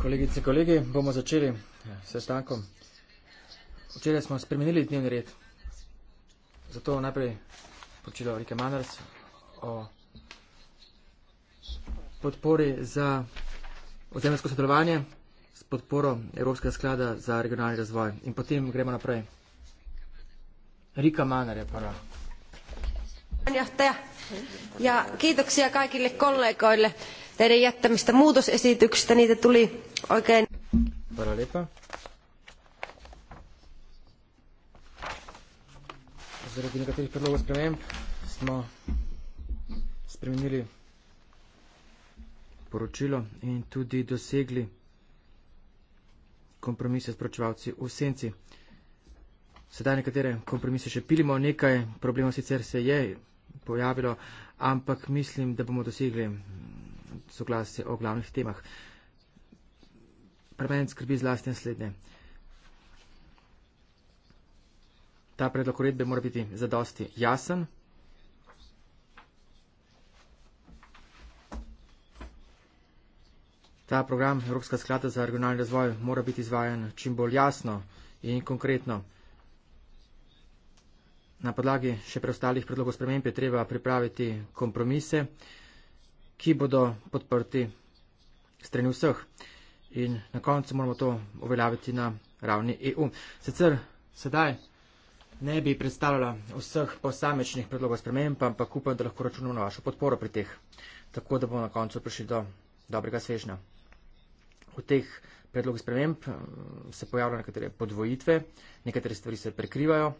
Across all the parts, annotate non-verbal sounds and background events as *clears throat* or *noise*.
Kolegice, kolegi, bomo začeli s eh, sestankom. Včeraj smo spremenili dnevni red. Zato najprej počilo Rike Manars o podpori za ozemljsko sodelovanje s podporo Evropskega sklada za regionalni razvoj. In potem gremo naprej. Rika Manar je prva puheenjohtaja. Ja kiitoksia kaikille kollegoille teidän jättämistä muutosesityksistä. Niitä tuli oikein... Zaradi nekaterih predlogov sprememb smo spremenili poročilo in tudi dosegli kompromise s pročevalci v senci. Sedaj nekatere kompromise še pilimo, nekaj problemov sicer se je pojavilo, ampak mislim, da bomo dosegli mm, soglasje o glavnih temah. Premen skrbi zlasti naslednje. Ta predlog uredbe mora biti zadosti jasen. Ta program Evropska sklada za regionalni razvoj mora biti izvajan čim bolj jasno in konkretno na podlagi še preostalih predlogov sprememb je treba pripraviti kompromise, ki bodo podprti strani vseh. In na koncu moramo to uveljaviti na ravni EU. Sicer sedaj ne bi predstavljala vseh posamečnih predlogov sprememb, ampak upam, da lahko računamo na vašo podporo pri teh, tako da bomo na koncu prišli do dobrega svežna. V teh predlogih sprememb eh, se pojavljajo nekatere podvojitve, nekatere stvari se prekrivajo.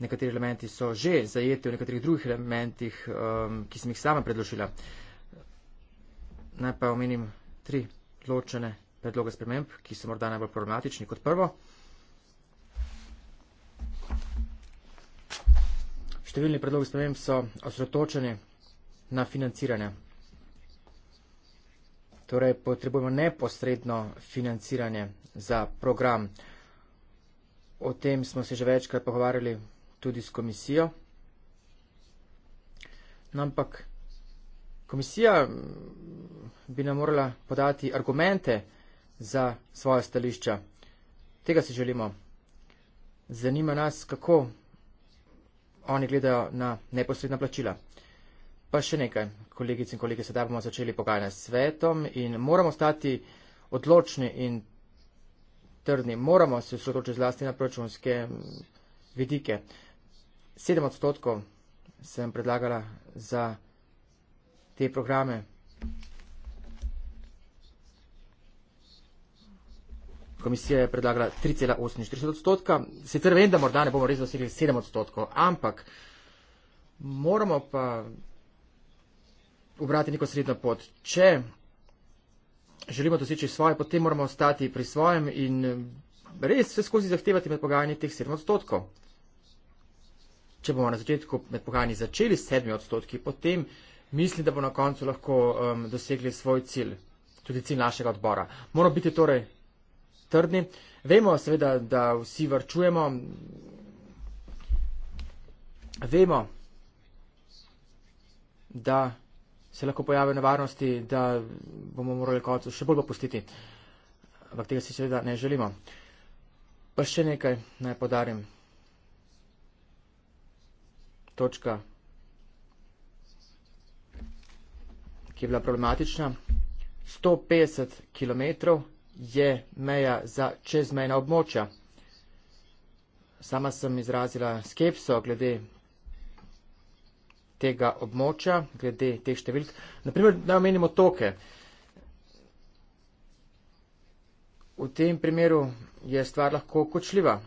Nekateri elementi so že zajeti v nekaterih drugih elementih, um, ki sem jih sama predložila. Naj pa omenim tri ločene predloge sprememb, ki so morda najbolj problematični. Kot prvo, številni predlogi sprememb so osredotočeni na financiranje. Torej, potrebujemo neposredno financiranje za program. O tem smo se že večkrat pogovarjali tudi s komisijo. No, ampak komisija mm, bi nam morala podati argumente za svoje stališča. Tega si želimo. Zanima nas, kako oni gledajo na neposredna plačila. Pa še nekaj, kolegice in kolege, sedaj bomo začeli pogajanja s svetom in moramo stati odločni in trdni. Moramo se osredotočiti zlasti na proračunske mm, vidike. 7 odstotkov sem predlagala za te programe. Komisija je predlagala 3,48 odstotka. Sicer vem, da morda ne bomo res dosegli 7 odstotkov, ampak moramo pa obrati neko srednjo pot. Če želimo doseči svoje, potem moramo ostati pri svojem in res vse skozi zahtevati med pogajanji teh 7 odstotkov če bomo na začetku med pogajanji začeli s sedmi odstotki, potem mislim, da bomo na koncu lahko um, dosegli svoj cilj, tudi cilj našega odbora. Moramo biti torej trdni. Vemo seveda, da vsi vrčujemo. Vemo, da se lahko pojavijo nevarnosti, da bomo morali koncu še bolj popustiti. Ampak tega si seveda ne želimo. Pa še nekaj naj podarim točka, ki je bila problematična. 150 km je meja za čezmejna območja. Sama sem izrazila skepso glede tega območja, glede teh številk. Naprimer, da omenimo toke. V tem primeru je stvar lahko kočljiva.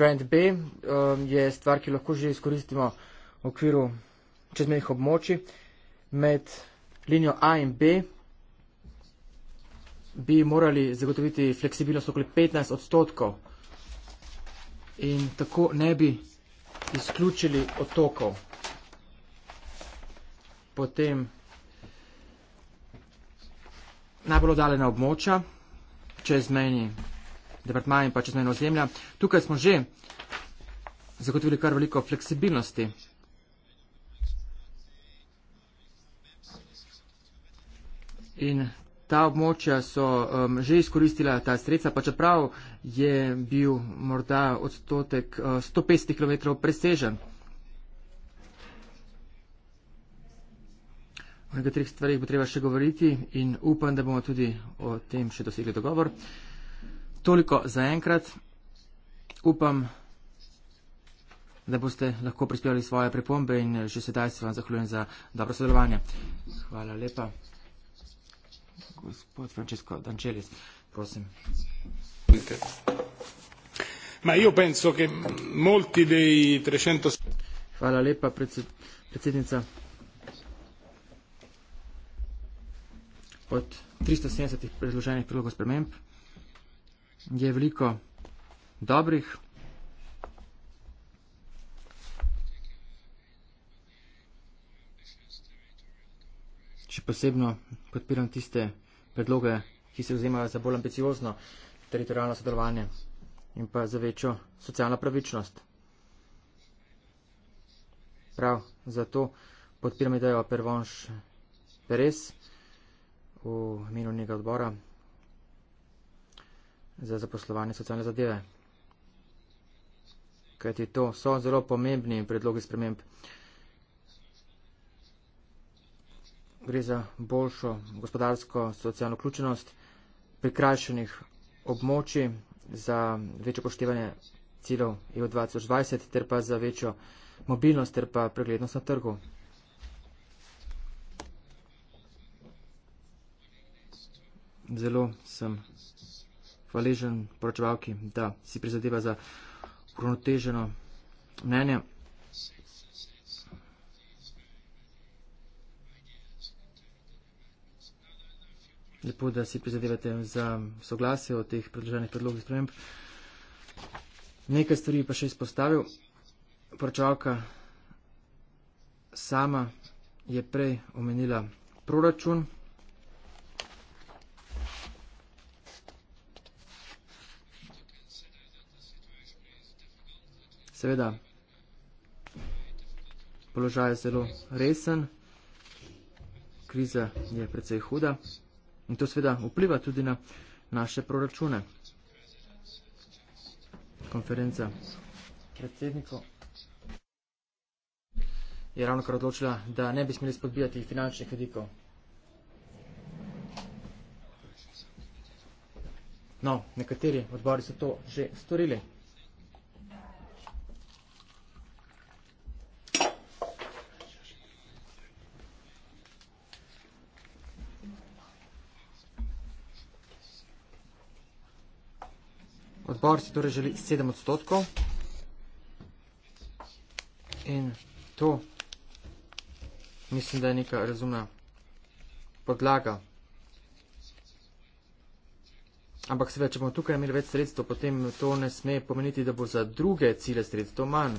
strand B um, je stvar, ki lahko že izkoristimo v okviru čezmejnih območij. Med linijo A in B bi morali zagotoviti fleksibilnost okoli 15 odstotkov in tako ne bi izključili otokov. Potem najbolj oddaljena območja, čezmejni območij departma in pa čezmejno zemlja. Tukaj smo že zagotovili kar veliko fleksibilnosti. In ta območja so um, že izkoristila ta sredstva, pa čeprav je bil morda odstotek uh, 150 km presežen. O nekaterih stvarih bo treba še govoriti in upam, da bomo tudi o tem še dosegli dogovor. Uh, toliko za enkrat. Upam, da boste lahko prispevali svoje pripombe in že sedaj se vam zahvaljujem za dobro sodelovanje. Hvala lepa. Gospod Francesco Dančelis, prosim. Ma io penso che molti dei 300... Hvala lepa, predsednica. Od 370 predloženih prilogov sprememb je veliko dobrih. Še posebno podpiram tiste predloge, ki se vzemajo za bolj ambiciozno teritorijalno sodelovanje in pa za večjo socialno pravičnost. Prav zato podpiram idejo Pervonš Peres v imenu njega odbora za zaposlovanje socialne zadeve. Kajti to so zelo pomembni predlogi sprememb. Gre za boljšo gospodarsko socialno vključenost prikrajšenih območij za večje poštevanje ciljev EU 2020 ter pa za večjo mobilnost ter pa preglednost na trgu. Zelo sem hvaležen poročevalki, da si prizadeva za uravnoteženo mnenje. Lepo, da si prizadevate za soglasje o teh predloženih predlogih sprememb. Nekaj stvari pa še izpostavil. Poročevalka sama je prej omenila proračun. Seveda, položaj je zelo resen, kriza je precej huda in to seveda vpliva tudi na naše proračune. Konferenca predsednikov je ravno kar odločila, da ne bi smeli spodbijati finančnih vidikov. No, nekateri odbori so to že storili. Odbor si torej želi 7 odstotkov in to mislim, da je neka razumna podlaga. Ampak seveda, če bomo tukaj imeli več sredstv, potem to ne sme pomeniti, da bo za druge cilje sredstv manj.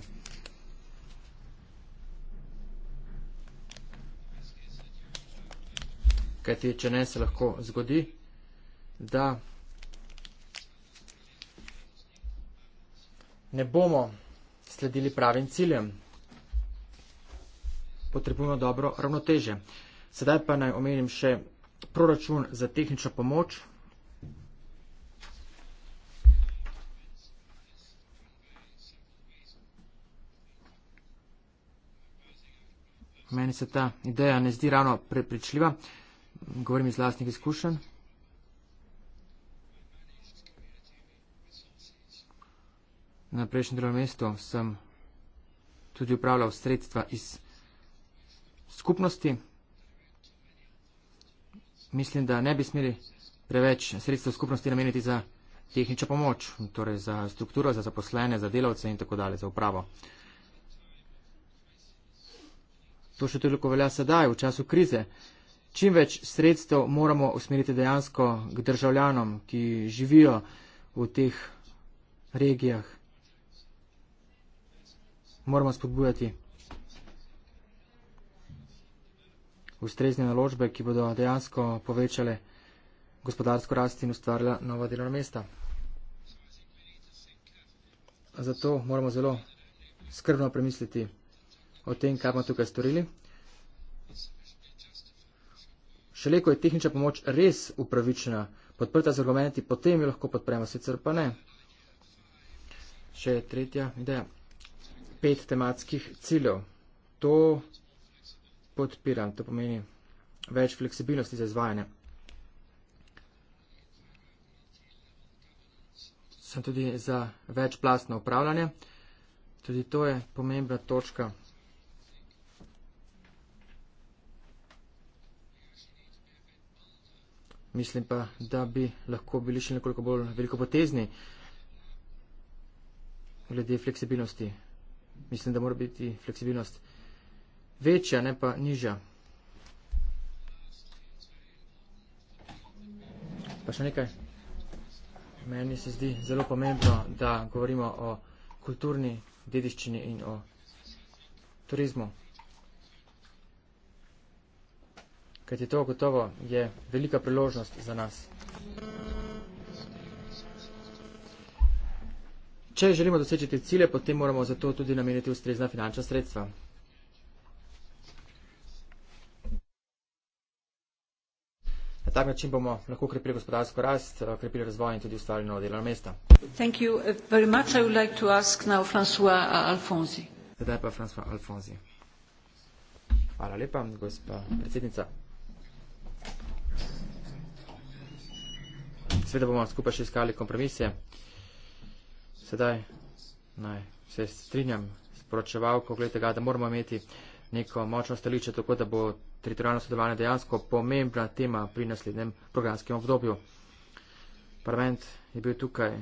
Kajti, če ne, se lahko zgodi, da ne bomo sledili pravim ciljem. Potrebujemo dobro ravnoteže. Sedaj pa naj omenim še proračun za tehnično pomoč. Meni se ta ideja ne zdi ravno prepričljiva, govorim iz vlastnih izkušenj. na prejšnjem delovnem mestu sem tudi upravljal sredstva iz skupnosti. Mislim, da ne bi smeli preveč sredstev skupnosti nameniti za tehnično pomoč, torej za strukturo, za zaposlene, za delavce in tako dalje, za upravo. To še toliko velja sedaj, v času krize. Čim več sredstev moramo usmeriti dejansko k državljanom, ki živijo v teh regijah moramo spodbujati ustrezne naložbe, ki bodo dejansko povečale gospodarsko rast in ustvarjala nova delovna mesta. Zato moramo zelo skrbno premisliti o tem, kaj bomo tukaj storili. Šele, ko je tehnična pomoč res upravičena, podprta z argumenti, potem jo lahko podpremo, sicer pa ne. Še tretja ideja pet tematskih ciljev. To podpiram, to pomeni več fleksibilnosti za izvajanje. Sem tudi za večplastno upravljanje. Tudi to je pomembna točka. Mislim pa, da bi lahko bili še nekoliko bolj velikopotezni glede fleksibilnosti mislim, da mora biti fleksibilnost večja, ne pa nižja. Pa še nekaj. Meni se zdi zelo pomembno, da govorimo o kulturni dediščini in o turizmu. Kajti to gotovo je velika priložnost za nas. Če želimo doseči te cilje, potem moramo za to tudi nameniti ustrezna finančna sredstva. Na tak način bomo lahko krepili gospodarsko rast, krepili razvoj in tudi ustvarili nova delovna mesta. Uh, uh, Zdaj pa François Alfonzi. Hvala lepa, gospa predsednica. Seveda bomo skupaj še iskali kompromise sedaj naj se strinjam s poročevalko, gledajte ga, da moramo imeti neko močno stališče, tako da bo teritorijalno sodelovanje dejansko pomembna tema pri naslednjem programskem obdobju. Parlament je bil tukaj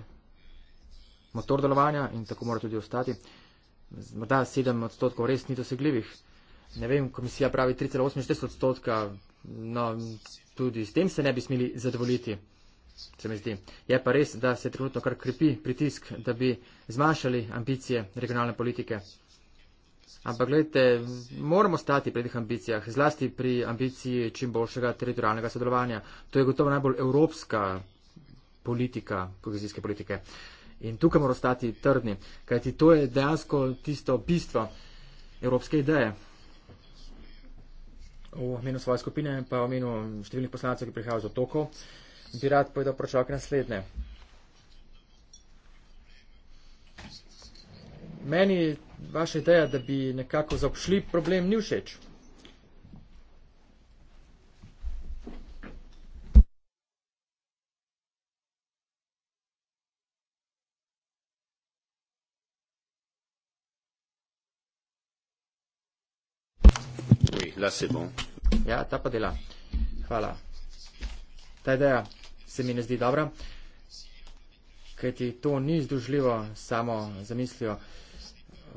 motor delovanja in tako mora tudi ostati. Morda 7 odstotkov res ni dosegljivih. Ne vem, komisija pravi 3,8 odstotka, no tudi s tem se ne bi smeli zadovoljiti se mi zdi. Je pa res, da se trenutno kar krepi pritisk, da bi zmanjšali ambicije regionalne politike. Ampak gledajte, moramo stati pri teh ambicijah, zlasti pri ambiciji čim boljšega teritorijalnega sodelovanja. To je gotovo najbolj evropska politika, kohezijske politike. In tukaj moramo stati trdni, kajti to je dejansko tisto bistvo evropske ideje. V imenu svoje skupine pa v imenu številnih poslancev, ki prihajajo z otokov bi rad povedal vprašalk naslednje. Meni vaša ideja, da bi nekako zaopšli problem, ni všeč. Ja, ta pa dela. Hvala. Ta ideja se mi ne zdi dobra, kajti to ni združljivo samo zamislijo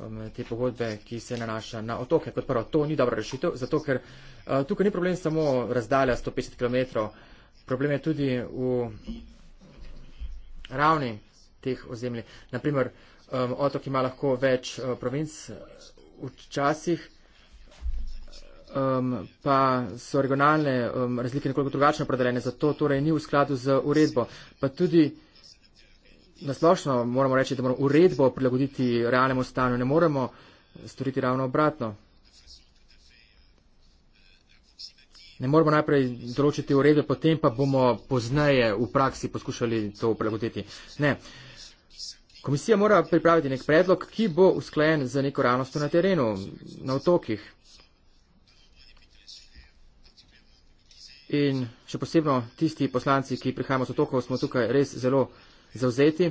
um, te pogodbe, ki se nanaša na otoke. Kot prvo, to ni dobra rešitev, zato ker uh, tukaj ni problem samo razdalja 150 km, problem je tudi v ravni teh ozemlji. Naprimer, um, otok ima lahko več uh, provinc, uh, včasih um, pa so regionalne um, razlike nekoliko drugačno opredeljene, zato torej ni v skladu z uredbo. Pa tudi nasplošno moramo reči, da moramo uredbo prilagoditi realnemu stanju, ne moremo storiti ravno obratno. Ne moramo najprej določiti uredbe, potem pa bomo poznaje v praksi poskušali to prilagoditi. Ne. Komisija mora pripraviti nek predlog, ki bo usklajen z neko realnostjo na terenu, na otokih. in še posebno tisti poslanci, ki prihajamo z otokov, smo tukaj res zelo zauzeti.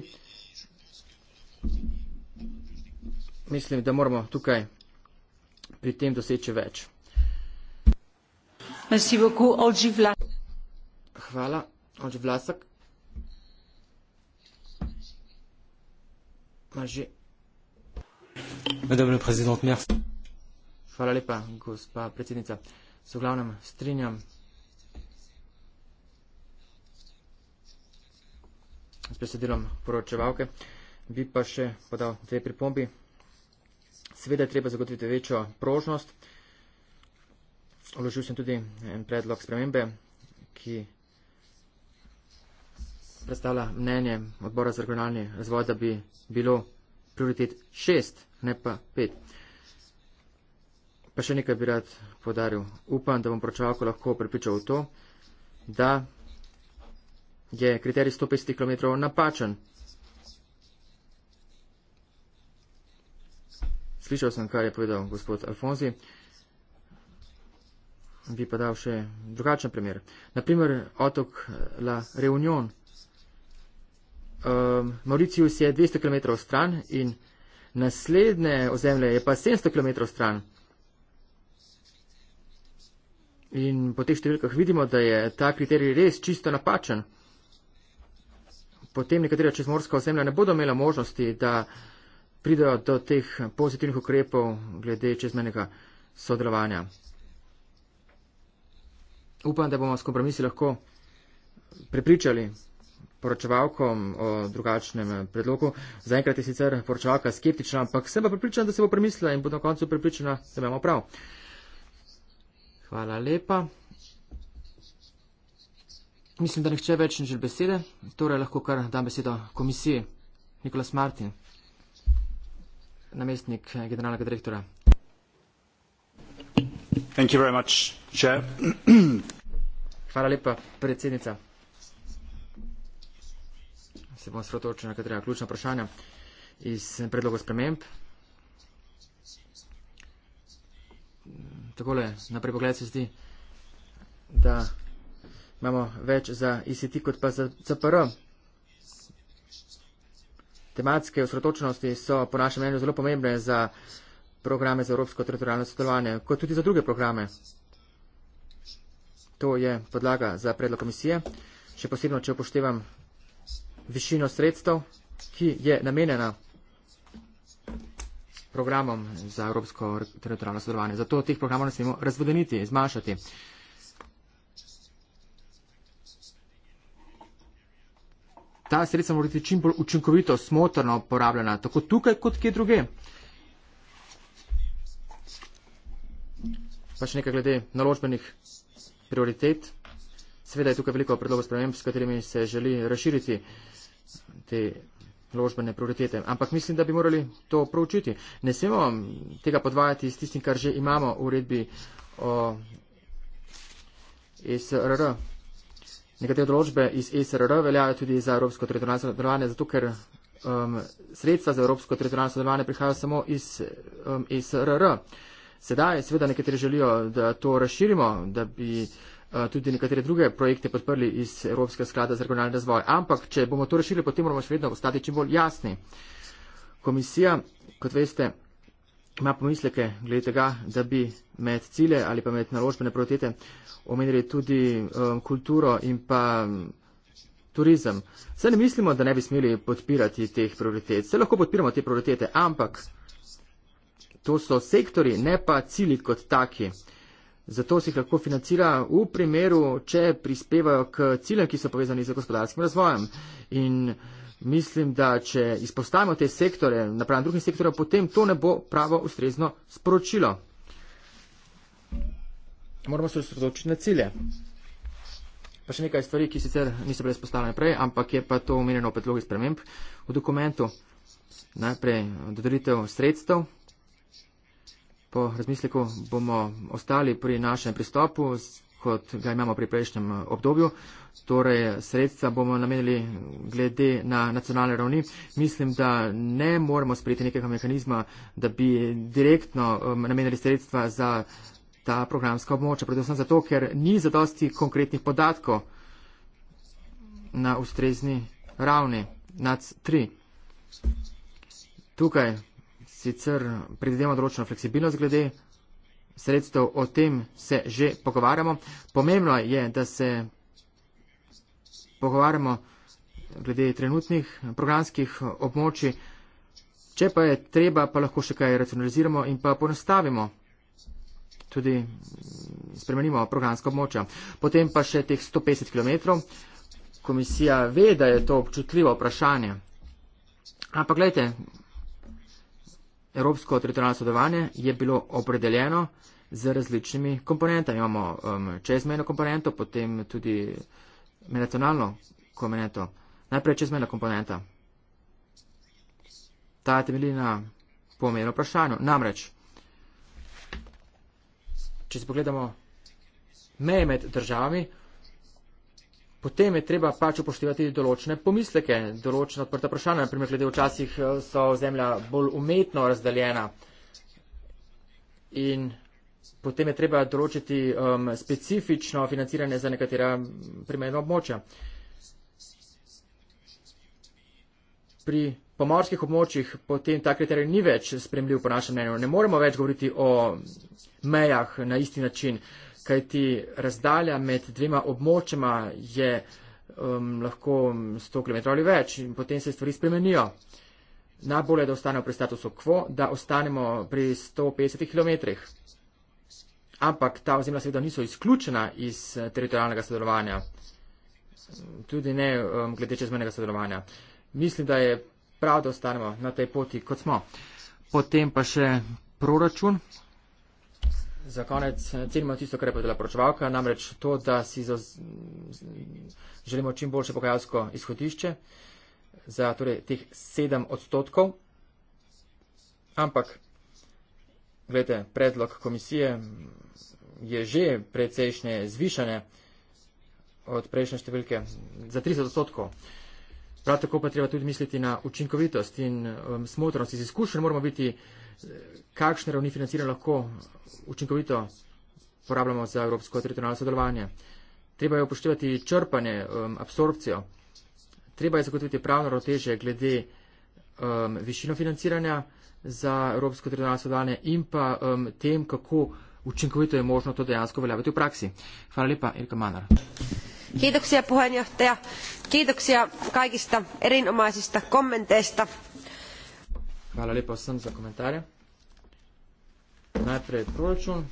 Mislim, da moramo tukaj pri tem doseči več. Hvala, Olži Vlasak. Maži. Madame la présidente, merci. Hvala lepa, gospa predsednica. So glavnem strinjam. s besedilom poročevalke. Bi pa še podal dve pripombi. Seveda je treba zagotoviti večjo prožnost. Oložil sem tudi en predlog spremembe, ki predstavlja mnenje odbora za regionalni razvoj, da bi bilo prioritet šest, ne pa pet. Pa še nekaj bi rad podaril. Upam, da bom poročevalko lahko prepričal v to, da je kriterij 150 km napačen. Slišal sem, kar je povedal gospod Alfonzi. Bi pa dal še drugačen primer. Naprimer, otok La Reunion. Um, ehm, Mauricius je 200 km stran in naslednje ozemlje je pa 700 km stran. In po teh številkah vidimo, da je ta kriterij res čisto napačen potem nekatera čezmorska ozemlja ne bodo imela možnosti, da pridajo do teh pozitivnih ukrepov glede čezmenega sodelovanja. Upam, da bomo s kompromisi lahko prepričali poročevalkom o drugačnem predlogu. Zaenkrat je sicer poročevalka skeptična, ampak sem pa prepričana, da se bo premislila in bo na koncu prepričana, da imamo prav. Hvala lepa. Mislim, da nihče več ne želi besede, torej lahko kar dam besedo komisiji. Nikolas Martin, namestnik eh, generalnega direktora. Thank you very much, chair. *clears throat* Hvala lepa, predsednica. Se bom srotočil na katera ključna vprašanja iz predloga sprememb. Takole, na prvi pogled se zdi, da imamo več za ICT e kot pa za CPR. Tematske osredotočenosti so po našem mnenju zelo pomembne za programe za evropsko teritorijalno sodelovanje, kot tudi za druge programe. To je podlaga za predlog komisije, še posebno, če upoštevam višino sredstev, ki je namenjena programom za evropsko teritorijalno sodelovanje. Zato teh programov ne smemo razvodeniti, zmanjšati. ta sredstva morajo biti čim bolj učinkovito, smotrno uporabljena, tako tukaj kot kje druge. Pa še nekaj glede naložbenih prioritet. Sveda je tukaj veliko predlogov sprememb, s katerimi se želi razširiti te naložbene prioritete. Ampak mislim, da bi morali to proučiti. Ne smemo tega podvajati s tistim, kar že imamo v uredbi o e SRR. Nekatere določbe iz ESRR veljajo tudi za Evropsko teritorijalno sodelovanje, zato ker um, sredstva za Evropsko teritorijalno sodelovanje prihajajo samo iz um, ESRR. Sedaj seveda nekateri želijo, da to razširimo, da bi uh, tudi nekatere druge projekte podprli iz Evropskega sklada za regionalni razvoj. Ampak, če bomo to rešili, potem moramo še vedno ostati čim bolj jasni. Komisija, kot veste, ima pomisleke glede tega, da bi med cilje ali pa med naložbene prioritete omenili tudi um, kulturo in pa um, turizem. Se ne mislimo, da ne bi smeli podpirati teh prioritet. Se lahko podpiramo te prioritete, ampak to so sektori, ne pa cili kot taki. Zato si jih lahko financira v primeru, če prispevajo k ciljem, ki so povezani z gospodarskim razvojem. In, mislim, da če izpostavimo te sektore napram drugim sektorjem, potem to ne bo pravo ustrezno sporočilo. Moramo se osredotočiti na cilje. Pa še nekaj stvari, ki sicer niso bile izpostavljene prej, ampak je pa to omenjeno v predlogi sprememb v dokumentu. Najprej dodelitev sredstev. Po razmisleku bomo ostali pri našem pristopu, kot ga imamo pri prejšnjem eh, obdobju. Torej, sredstva bomo namenili glede na nacionalne ravni. Mislim, da ne moramo sprejeti nekega mehanizma, da bi direktno namenili sredstva za ta programska območja, predvsem zato, ker ni zadosti konkretnih podatkov na ustrezni ravni, NAC 3. Tukaj sicer predvidevamo določeno fleksibilnost glede sredstev, o tem se že pogovarjamo. Pomembno je, da se pogovarjamo glede trenutnih programskih območij. Če pa je treba, pa lahko še kaj racionaliziramo in pa ponastavimo, tudi spremenimo programsko območje. Potem pa še teh 150 km. Komisija ve, da je to občutljivo vprašanje. Ampak gledajte, evropsko teritorijalno sodelovanje je bilo opredeljeno z različnimi komponentami. Imamo um, čezmejno komponento, potem tudi nacionalno komponento. Najprej čezmejna komponenta. Ta je temeljila na pomenu vprašanju. Namreč, če se pogledamo meje med državami, potem je treba pač upoštevati določene pomisleke, določene odprte vprašanja, naprimer, glede včasih eh, so zemlja bolj umetno razdaljena in potem je treba določiti um, specifično financiranje za nekatera primerna območja. Pri pomorskih območjih potem ta kriterij ni več spremljiv po našem mnenju. Ne moremo več govoriti o mejah na isti način. Uh, kajti razdalja med dvema območjama je um, lahko 100 km ali več in potem se stvari spremenijo. Najbolje je, da ostanemo pri statusu quo, da ostanemo pri 150 km. Ampak ta ozemlja seveda niso izključena iz eh, teritorijalnega sodelovanja, tudi ne um, glede čezmenega sodelovanja. Mislim, da je prav, da ostanemo na tej poti, kot smo. Potem pa še proračun za konec eh, cenimo tisto, kar je povedala poročevalka, namreč to, da si zaz, želimo čim boljše pogajalsko izhodišče za torej, teh sedem odstotkov. Ampak, gledajte, predlog komisije je že precejšnje zvišanje od prejšnje številke za 30 odstotkov. Prav tako pa treba tudi misliti na učinkovitost in um, smotrnost. Iz izkušenj moramo biti uh, kakšne ravni financiranja lahko učinkovito porabljamo za evropsko teritorijalno sodelovanje. Treba je upoštevati črpanje, um, absorpcijo, treba je zagotoviti pravno roteže glede um, višino financiranja za evropsko teritorijalno sodelovanje in pa um, tem, kako učinkovito je možno to dejansko uveljaviti v praksi. Hvala lepa, Irka Manar. Kiitoksia puheenjohtaja. Kiitoksia kaikista erinomaisista kommenteista. Hvala lepa vsem za komentarje. Najprej proračun.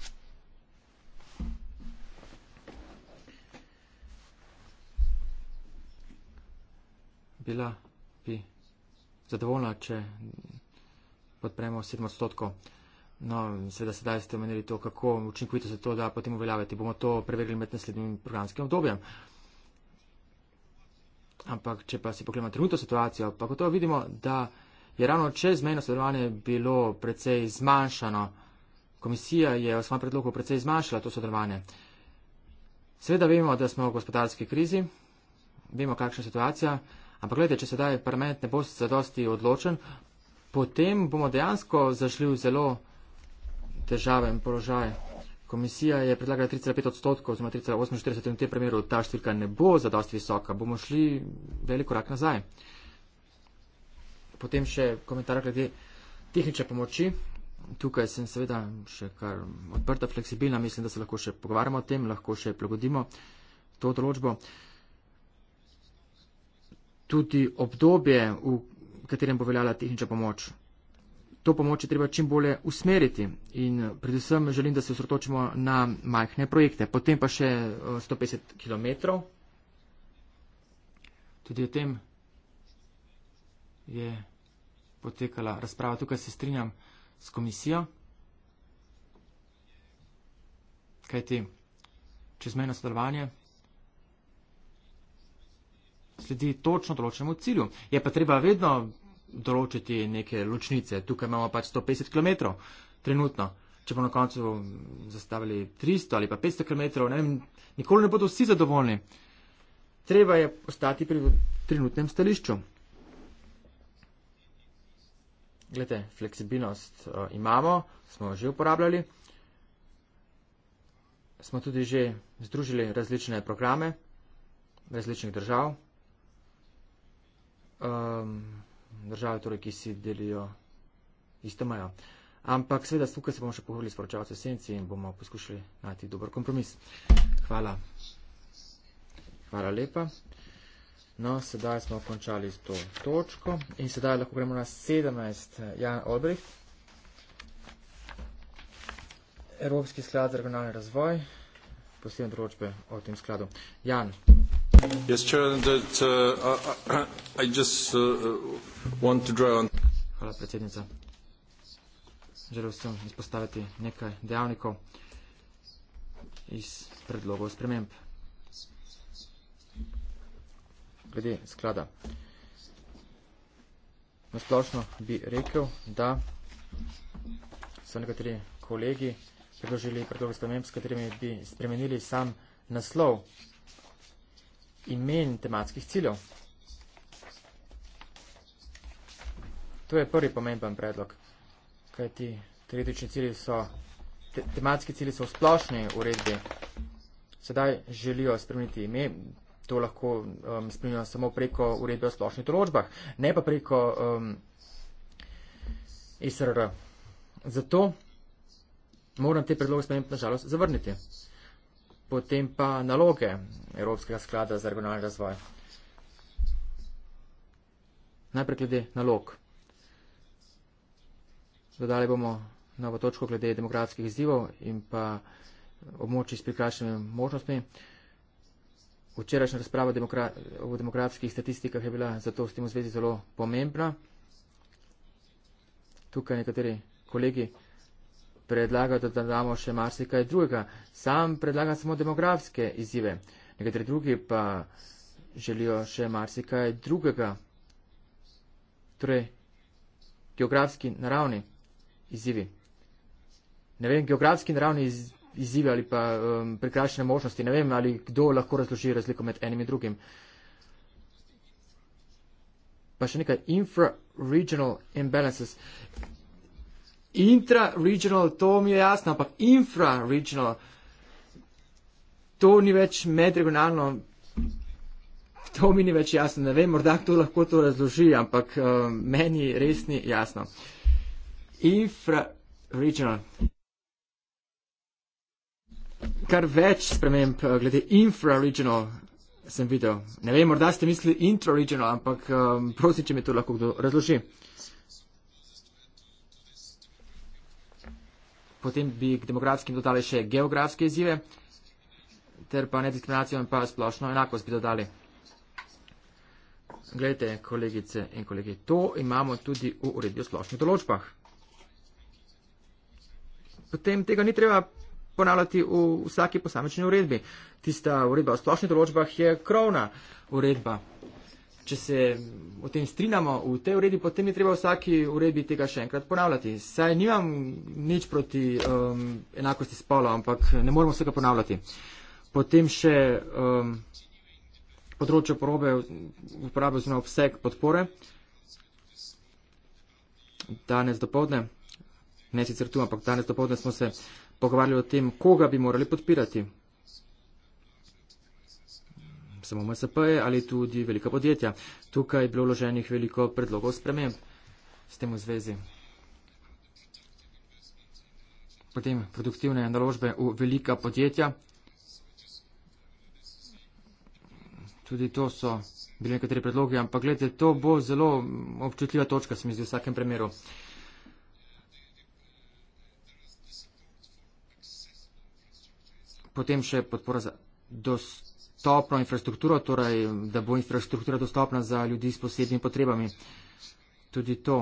Bila bi zadovoljna, če podpremo 7 odstotkov. No, seveda sedaj ste omenili to, kako učinkovito se to da potem uveljaviti. Bomo to preverili med naslednjim programskim obdobjem. Ampak, če pa si pogledamo trenutno situacijo, pa gotovo vidimo, da je ravno čezmejno sodelovanje bilo precej zmanjšano. Komisija je v svojem predlogu precej zmanjšala to sodelovanje. Seveda vemo, da smo v gospodarski krizi, vemo, kakšna je situacija, ampak gledajte, če sedaj parlament ne bo zadosti odločen, potem bomo dejansko zašli v zelo težaven položaj. Komisija je predlagala 3,5 odstotkov, oziroma 3,48 in v tem primeru ta številka ne bo zadosti visoka, bomo šli velik korak nazaj potem še komentar glede tehnične pomoči. Tukaj sem seveda še kar odprta, fleksibilna, mislim, da se lahko še pogovarjamo o tem, lahko še prilagodimo to določbo. Tudi obdobje, v katerem bo veljala tehnična pomoč. To pomoč je treba čim bolje usmeriti in predvsem želim, da se osredotočimo na majhne projekte, potem pa še 150 eh, km. Tudi o tem je. Yeah potekala razprava. Tukaj se strinjam s komisijo, kajti čezmejno sodelovanje sledi točno določenemu cilju. Je pa treba vedno določiti neke ločnice. Tukaj imamo pač 150 km trenutno. Če bomo na koncu zastavili 300 ali pa 500 km, ne vem, nikoli ne bodo vsi zadovoljni. Treba je ostati pri trenutnem stališču. Glede, fleksibilnost uh, imamo, smo jo že uporabljali, smo tudi že združili različne programe različnih držav, um, države torej, ki si delijo isto majo. Ampak seveda, tukaj se bomo še pogovorili s poročavci senci in bomo poskušali najti dober kompromis. Hvala. Hvala lepa. No, sedaj smo končali z to točko in sedaj lahko gremo na 17. Jan Olbricht, Evropski sklad za regionalni razvoj, posebne določbe o tem skladu. Jan. Yes, Chair, and that, uh, I, I just uh, uh, want to draw on. Hvala, predsednica. Želel sem izpostaviti nekaj dejavnikov iz predlogov sprememb glede sklada. Nasplošno bi rekel, da so nekateri kolegi predložili predloge spremembe, s katerimi bi spremenili sam naslov imen tematskih ciljev. To je prvi pomemben predlog, kajti teoretični cilji so, te, tematski cilji so v splošni uredbi. Sedaj želijo spremeniti ime, to lahko um, spremljajo samo preko uredbe o splošnih določbah, ne pa preko um, SRR. Zato moram te predloge sprememb nažalost zavrniti. Potem pa naloge Evropskega sklada za regionalni razvoj. Najprej glede nalog. Dodali bomo novo točko glede demokratskih izzivov in pa območij s prikrašenimi možnostmi. Uh, včerajšnja razprava demokra v demografskih statistikah je bila zato s tem v zvezi zelo pomembna. Tukaj nekateri kolegi predlagajo, da, da damo še marsikaj drugega. Sam predlagam samo demografske izzive, nekateri drugi pa želijo še marsikaj drugega, torej geografski naravni izzivi. Ne vem, geografski naravni izzive ali pa um, prekrajšene možnosti. Ne vem, ali kdo lahko razloži razliko med enim in drugim. Pa še nekaj, infra-regional imbalances. Intra-regional, to mi je jasno, ampak infra-regional, to ni več medregionalno, to mi ni več jasno. Ne vem, morda kdo lahko to razloži, ampak um, meni res ni jasno. Infra-regional kar več sprememb eh, glede infraregional sem videl. Ne vem, morda ste mislili intraregional, ampak um, prosim, če mi to lahko kdo razloži. Potem bi k demografskim dodali še geografske izzive, ter pa nediskriminacijo in pa splošno enakost bi dodali. Glejte, kolegice in kolegi, to imamo tudi v uredbi o splošnih določbah. Potem tega ni treba ponavljati v vsaki posamečni uredbi. Tista uredba o splošnih določbah je krovna uredba. Če se o tem strinjamo v tej uredbi, potem je treba vsaki uredbi tega še enkrat ponavljati. Saj nimam nič proti um, enakosti spola, ampak ne moramo vsega ponavljati. Potem še um, področje porobe, uporabe oziroma obseg podpore. Danes dopovdne, ne sicer tu, ampak danes dopovdne smo se uh, pogovarjali o tem, koga bi morali podpirati. Samo MSP -e ali tudi velika podjetja. Tukaj je bilo vloženih veliko predlogov sprememb s tem v zvezi. Potem produktivne naložbe v velika podjetja. Tudi to so bili nekateri predlogi, ampak gledajte, to bo zelo občutljiva točka, se mi zdi, v vsakem primeru. potem še podpora za dostopno infrastrukturo, torej da bo infrastruktura dostopna za ljudi s posebnimi potrebami. Tudi to.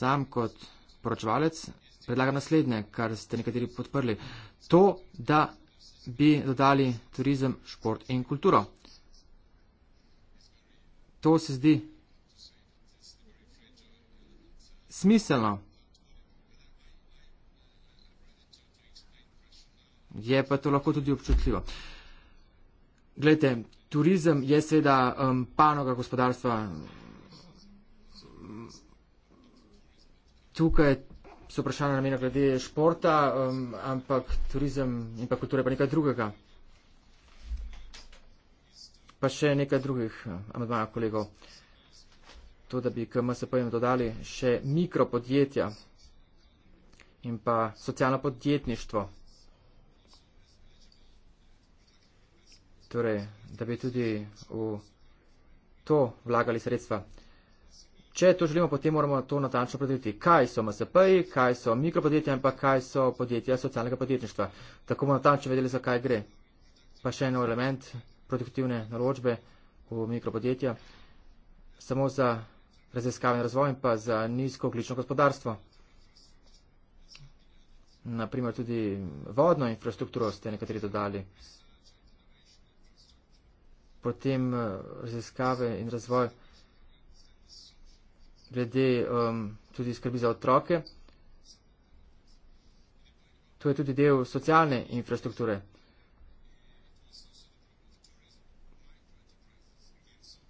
Sam kot poročevalec predlagam naslednje, kar ste nekateri podprli. To, da bi dodali turizem, šport in kulturo. To se zdi smiselno. je pa to lahko tudi občutljivo. Glejte, turizem je seveda um, panoga gospodarstva. Tukaj so vprašanja namena glede športa, um, ampak turizem in pa kultura je pa nekaj drugega. Pa še nekaj drugih uh, amedmanja kolegov. To, da bi k MSP-jem dodali še mikropodjetja in pa socialno podjetništvo. torej, da bi tudi v to vlagali sredstva. Če to želimo, potem moramo to natančno predvideti, kaj so MSP-ji, kaj so mikropodjetja in pa kaj so podjetja socialnega podjetništva. Tako bomo natančno vedeli, za kaj gre. Pa še en element produktivne naročbe v mikropodjetja, samo za raziskave in razvoj in pa za nizko oglično gospodarstvo. Naprimer tudi vodno infrastrukturo ste nekateri dodali potem eh, raziskave in razvoj glede um, tudi skrbi za otroke. To je tudi del socialne infrastrukture.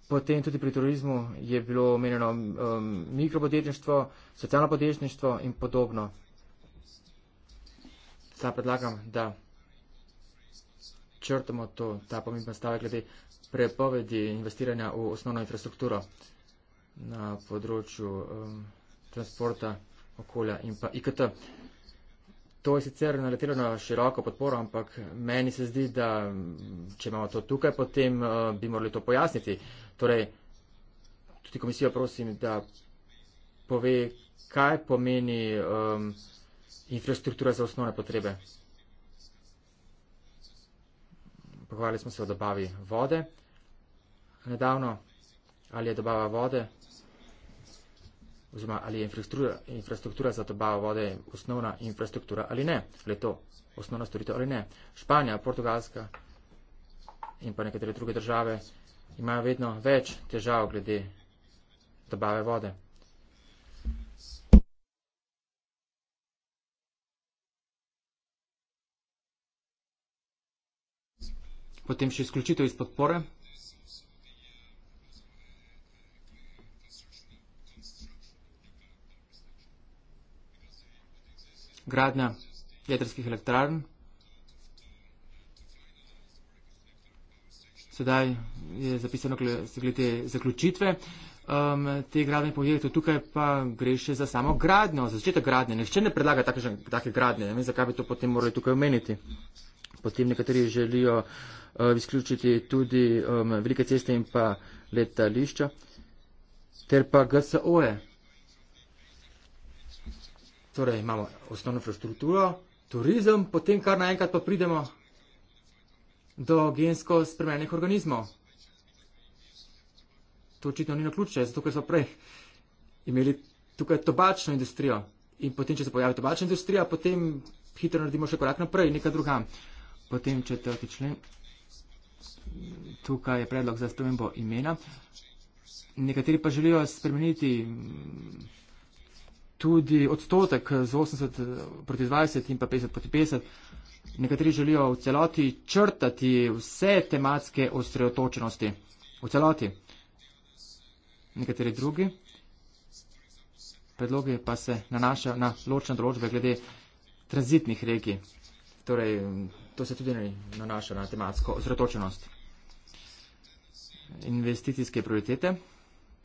Potem tudi pri turizmu je bilo omenjeno um, mikropodjetništvo, socialno podjetništvo in podobno. Zdaj predlagam, da črtamo to, ta pomembna stavek glede prepovedi investiranja v osnovno infrastrukturo na področju um, transporta, okolja in pa IKT. To je sicer naletelo na široko podporo, ampak meni se zdi, da mm, če imamo to tukaj, potem uh, bi morali to pojasniti. Torej, tudi komisijo prosim, da pove, kaj pomeni um, infrastruktura za osnovne potrebe. Pogovarjali smo se o dobavi vode nedavno, ali je dobava vode, oziroma ali je infrastruktura, infrastruktura za dobavo vode osnovna infrastruktura ali ne, ali je to osnovna storitev ali ne. Španija, Portugalska in pa nekatere druge države imajo vedno več težav glede dobave vode. Potem še izključitev iz podpore. gradnja jedrskih elektrarn. Sedaj je zapisano glede zaključitve um, te gradne pohjeje, tukaj pa gre še za samo gradnjo, za začetek gradnje. Nihče ne predlaga takšne, take gradnje, ne vem, zakaj bi to potem morali tukaj omeniti. Potem nekateri želijo uh, izključiti tudi um, velike ceste in pa letališča, ter pa GSO-je. Torej imamo osnovno infrastrukturo, turizem, potem kar naenkrat pa pridemo do gensko spremenjenih organizmov. To očitno ni na ključe, zato ker so prej imeli tukaj tobačno industrijo. In potem, če se pojavi tobačna industrija, potem hitro naredimo še korak naprej, nekaj druga. Potem četrti člen. Tukaj je predlog za spremembo imena. Nekateri pa želijo spremeniti. Mm, tudi odstotek z 80 proti 20 in pa 50 proti 50. Nekateri želijo v celoti črtati vse tematske osredotočenosti. V celoti. Nekateri drugi predlogi pa se nanašajo na ločne določbe glede tranzitnih regij. Torej, to se tudi nanaša na tematsko osredotočenost. Investicijske prioritete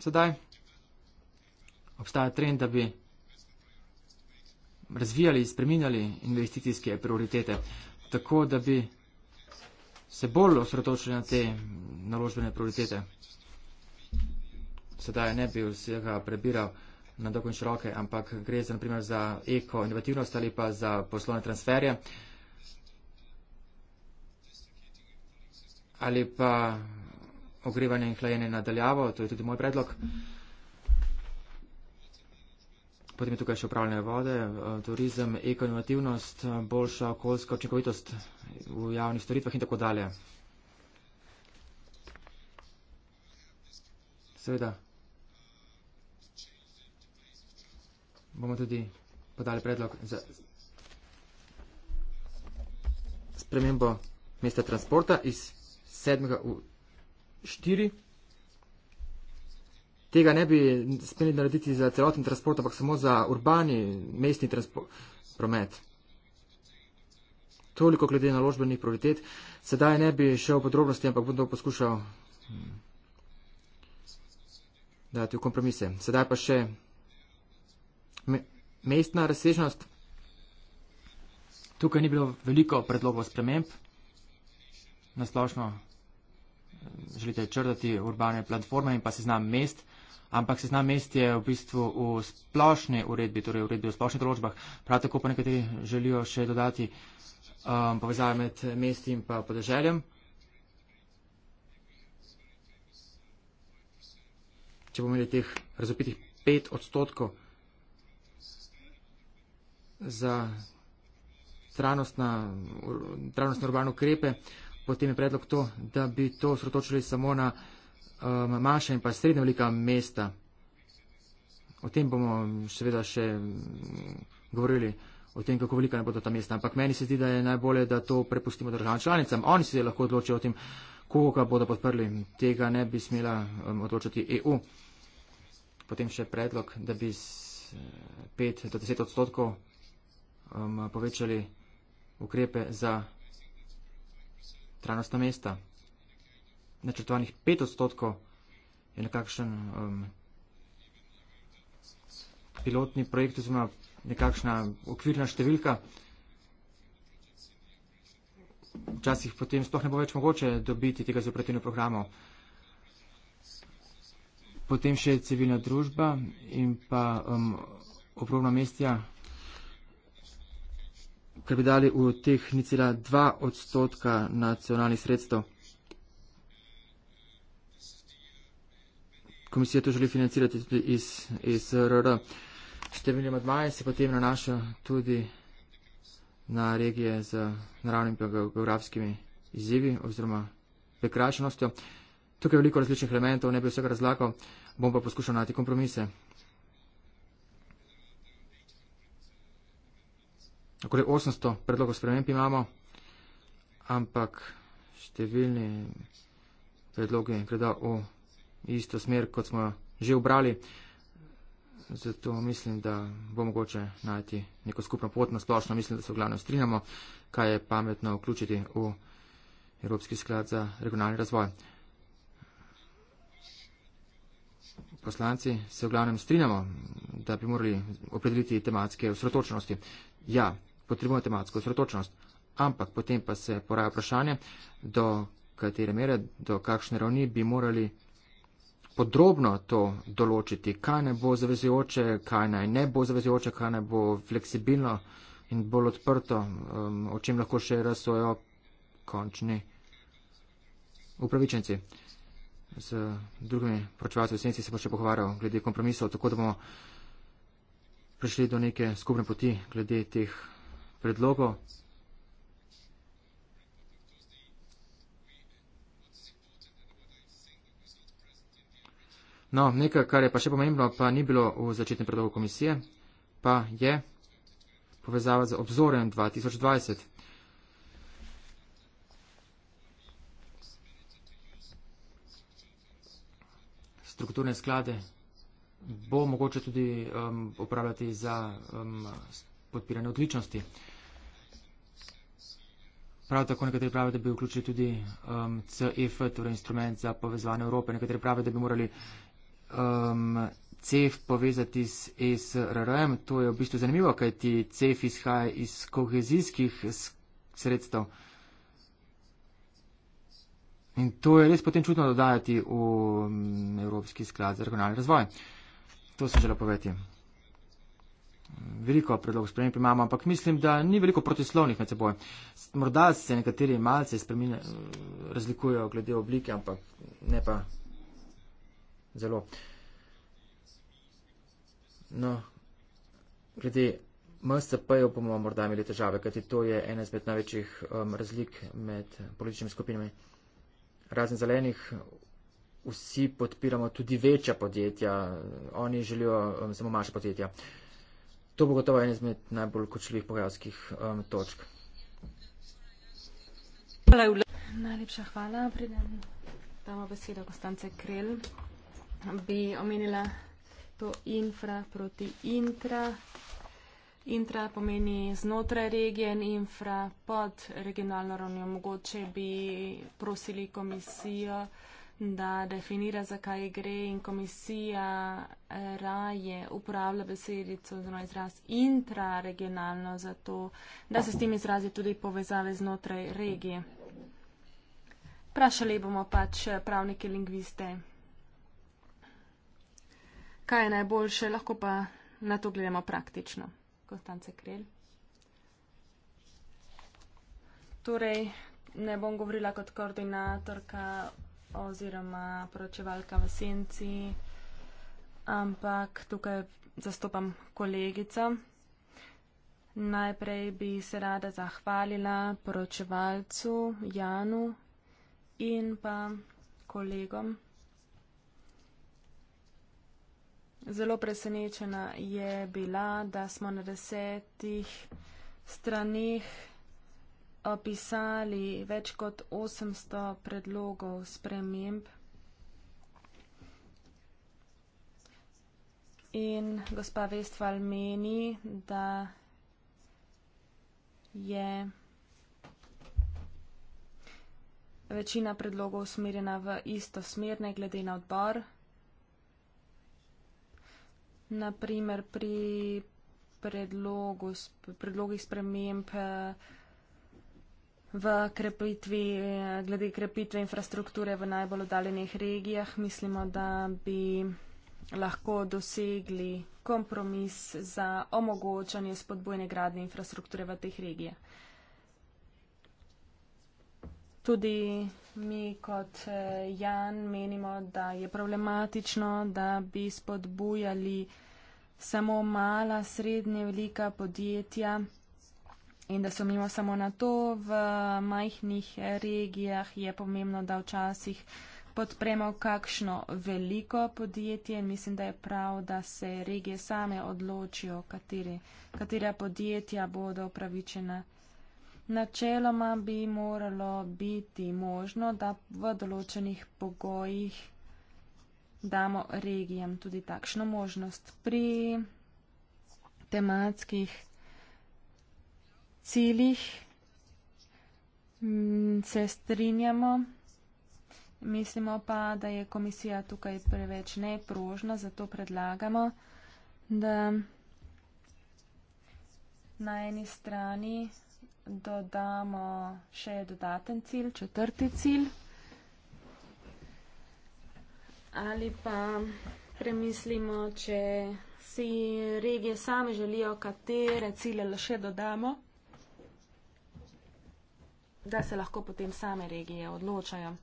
sedaj. Obstaja trend, da bi razvijali, spreminjali investicijske prioritete, tako da bi se bolj osredotočili na te naložbene prioritete. Sedaj ne bi vsega prebiral na dolgo in široke, ampak gre za, naprimer, za eko inovativnost ali pa za poslovne transferje ali pa ogrevanje in hlajenje nadaljavo, to je tudi moj predlog. Mm -hmm potem je tukaj še upravljanje vode, eh, turizem, ekonomativnost, eh, boljša okoljska očinkovitost v javnih storitvah in tako dalje. Seveda bomo tudi podali predlog za spremembo mesta transporta iz 7. v 4 tega ne bi smeli narediti za celoten transport, ampak samo za urbani mestni promet. Toliko glede naložbenih prioritet. Sedaj ne bi šel v podrobnosti, ampak bom to poskušal hm, dati v kompromise. Sedaj pa še me mestna razsežnost. Tukaj ni bilo veliko predlogov sprememb. Naslošno eh, želite črtati urbane platforme in pa seznam mest ampak seznam mest je v bistvu v splošni uredbi, torej uredbi o splošnih določbah. Prav tako pa nekateri želijo še dodati um, povezave med mesti in pa podeželjem. Če bomo imeli teh razopitih pet odstotkov za trajnostne urbane ukrepe, potem je predlog to, da bi to sredočili samo na um, manjša in pa srednja velika mesta. O tem bomo seveda še govorili, o tem, kako velika ne bodo ta mesta. Ampak meni se zdi, da je najbolje, da to prepustimo državam članicam. Oni se lahko odločijo o tem, koga bodo podprli. Tega ne bi smela um, odločiti EU. Potem še predlog, da bi s 5 eh, do 10 odstotkov um, povečali ukrepe za trajnostna mesta načrtovanih 5 odstotkov je nekakšen um, pilotni projekt, oziroma nekakšna okvirna številka. Včasih potem sploh ne bo več mogoče dobiti tega z operativnim programom. Potem še civilna družba in pa um, obrobna mestja, ker bi dali v teh nicela 2 odstotka nacionalnih sredstev. komisija to želi financirati tudi iz, iz RR. Številne madmaje se potem nanaša tudi na regije z naravnimi geografskimi izzivi oziroma prekrašenostjo. Tukaj je veliko različnih elementov, ne bi vsega razlagal, bom pa poskušal najti kompromise. Okoli 800 predlogov sprememb imamo, ampak številni predlogi gredo v isto smer, kot smo že obrali. Zato mislim, da bo mogoče najti neko skupno pot na splošno. Mislim, da se v glavnem strinjamo, kaj je pametno vključiti v Evropski sklad za regionalni razvoj. Poslanci se v glavnem strinjamo, da bi morali opredeliti tematske osredotočnosti. Ja, potrebujemo tematsko osredotočnost, ampak potem pa se poraja vprašanje, do katere mere, do kakšne ravni bi morali podrobno to določiti, kaj naj bo zavezujoče, kaj naj ne bo zavezujoče, kaj naj bo fleksibilno in bolj odprto, um, o čem lahko še razsojo končni upravičenci. Z drugimi pročevalci v senci se bo še pohvarjal glede kompromisov, tako da bomo prišli do neke skupne poti glede teh predlogov. No, nekaj, kar je pa še pomembno, pa ni bilo v začetnem predlogu komisije, pa je povezava z obzorjem 2020. Strukturne sklade bo mogoče tudi um, upravljati za um, podpiranje odličnosti. Prav tako nekateri pravijo, da bi vključili tudi um, CEF, torej instrument za povezovanje Evrope. Nekateri pravijo, da bi morali um, CEF povezati s ESRR-em. To je v bistvu zanimivo, kaj ti CEF izhaja iz kohezijskih sredstev. In to je res potem čudno dodajati v um, Evropski sklad za regionalni razvoj. To sem želel povedati. Veliko predlogov sprememb imamo, ampak mislim, da ni veliko protislovnih med seboj. Morda se nekateri malce spremine, uh, razlikujejo glede oblike, ampak ne pa zelo. No, glede MSP-jev bomo morda imeli težave, kajti to je ena izmed največjih um, razlik med političnimi skupinami. Razen zelenih, vsi podpiramo tudi večja podjetja, oni želijo um, samo manjša podjetja. To bo gotovo ena izmed najbolj kočljivih pogajalskih um, točk. Najlepša hvala, predem damo besedo Konstance Krel bi omenila to infra proti intra. Intra pomeni znotraj regije in infra pod regionalno ravnjo. Mogoče bi prosili komisijo, da definira, zakaj gre in komisija eh, raje uporablja besedico oziroma izraz intraregionalno za to, da se s tem izrazi tudi povezave znotraj regije. Prašali bomo pač eh, pravnike lingviste kaj je najboljše, lahko pa na to gledamo praktično. Kostance Krel. Torej, ne bom govorila kot koordinatorka oziroma poročevalka v senci, ampak tukaj zastopam kolegico. Najprej bi se rada zahvalila poročevalcu Janu in pa kolegom. Zelo presenečena je bila, da smo na desetih stranih opisali eh, več kot 800 predlogov sprememb. In gospa Vestval meni, da je večina predlogov usmerjena v isto smer, ne glede na odbor naprimer pri predlogu, predlogih sprememb eh, v krepitvi, eh, glede krepitve infrastrukture v najbolj oddaljenih regijah, mislimo, da bi lahko dosegli kompromis za omogočanje spodbojne gradne infrastrukture v teh regijah. Tudi mi kot eh, Jan menimo, da je problematično, da bi spodbujali samo mala, srednje, velika podjetja in da sumimo samo na to. V majhnih regijah je pomembno, da včasih podpremo kakšno veliko podjetje in mislim, da je prav, da se regije same odločijo, katere, katera podjetja bodo upravičena načeloma bi moralo biti možno, da v določenih pogojih damo regijam tudi takšno možnost. Pri tematskih ciljih mm, se strinjamo, mislimo pa, da je komisija tukaj preveč neprožna, zato predlagamo, da na eni strani dodamo še dodaten cilj, četrti cilj. Ali pa premislimo, če si regije same želijo, katere cilje le še dodamo, da se lahko potem same regije odločajo.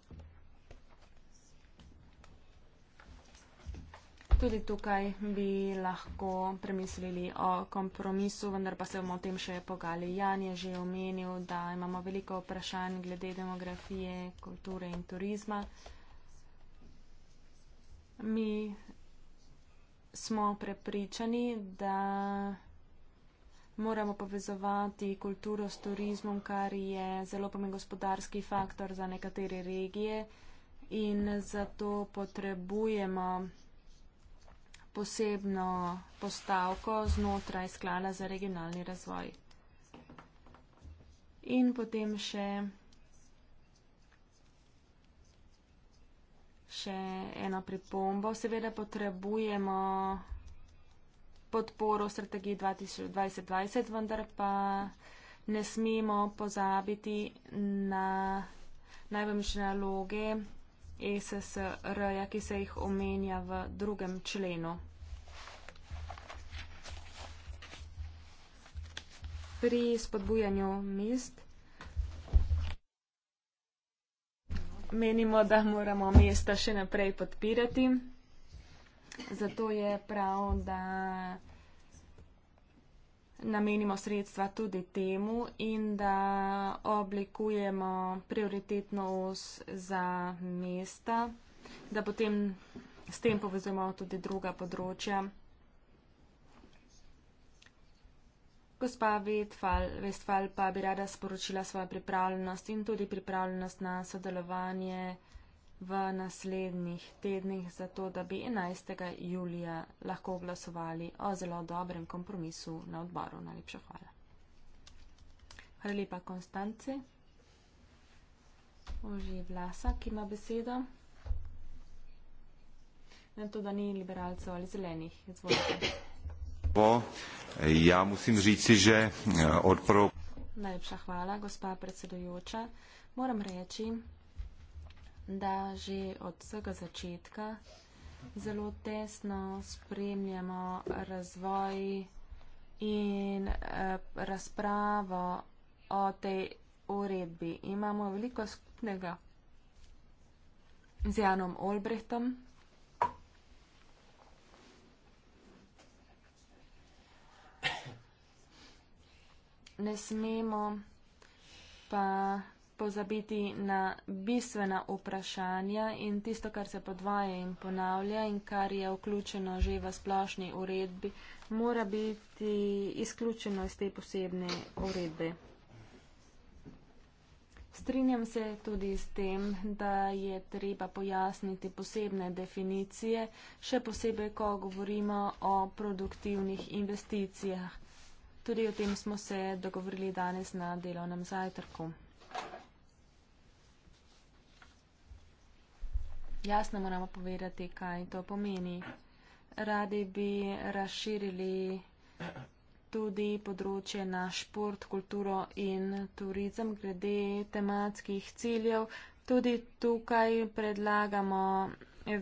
tudi tukaj bi lahko premislili o kompromisu, vendar pa se bomo o tem še pogali. Jan je že omenil, da imamo veliko vprašanj glede demografije, kulture in turizma. Mi smo prepričani, da moramo povezovati kulturo s turizmom, kar je zelo pomen gospodarski faktor za nekatere regije in zato potrebujemo posebno postavko znotraj sklada za regionalni razvoj. In potem še, še eno pripombo. Seveda potrebujemo podporo strategiji 2020, vendar pa ne smemo pozabiti na najvišje naloge SSR-ja, ki se jih omenja v drugem členu. Pri spodbujanju mest menimo, da moramo mesta še naprej podpirati. Zato je prav, da namenimo sredstva tudi temu in da oblikujemo prioritetno os za mesta, da potem s tem povezujemo tudi druga področja. Gospa Vetfal, Vestfal pa bi rada sporočila svojo pripravljenost in tudi pripravljenost na sodelovanje v naslednjih tednih, zato da bi 11. julija lahko glasovali o zelo dobrem kompromisu na odboru. Najlepša hvala. Hvala lepa, Konstanci. Oži Vlasa, ki ima besedo. Na to, da ni liberalcev ali zelenih. Izvolite. Ja, musim říci, že eh, odprav. Najlepša hvala, gospa predsedujoča. Moram reči, da že od vsega začetka zelo tesno spremljamo razvoj in eh, razpravo o tej uredbi. Imamo veliko skupnega z Janom Olbrehtom. Ne smemo pa pozabiti na bistvena vprašanja in tisto, kar se podvaja in ponavlja in kar je vključeno že v splošni uredbi, mora biti izključeno iz te posebne uredbe. Strinjam se tudi s tem, da je treba pojasniti posebne definicije, še posebej, ko govorimo o produktivnih investicijah. Tudi o tem smo se dogovorili danes na delovnem zajtrku. jasno moramo povedati, kaj to pomeni. Radi bi razširili tudi področje na šport, kulturo in turizem glede tematskih ciljev. Tudi tukaj predlagamo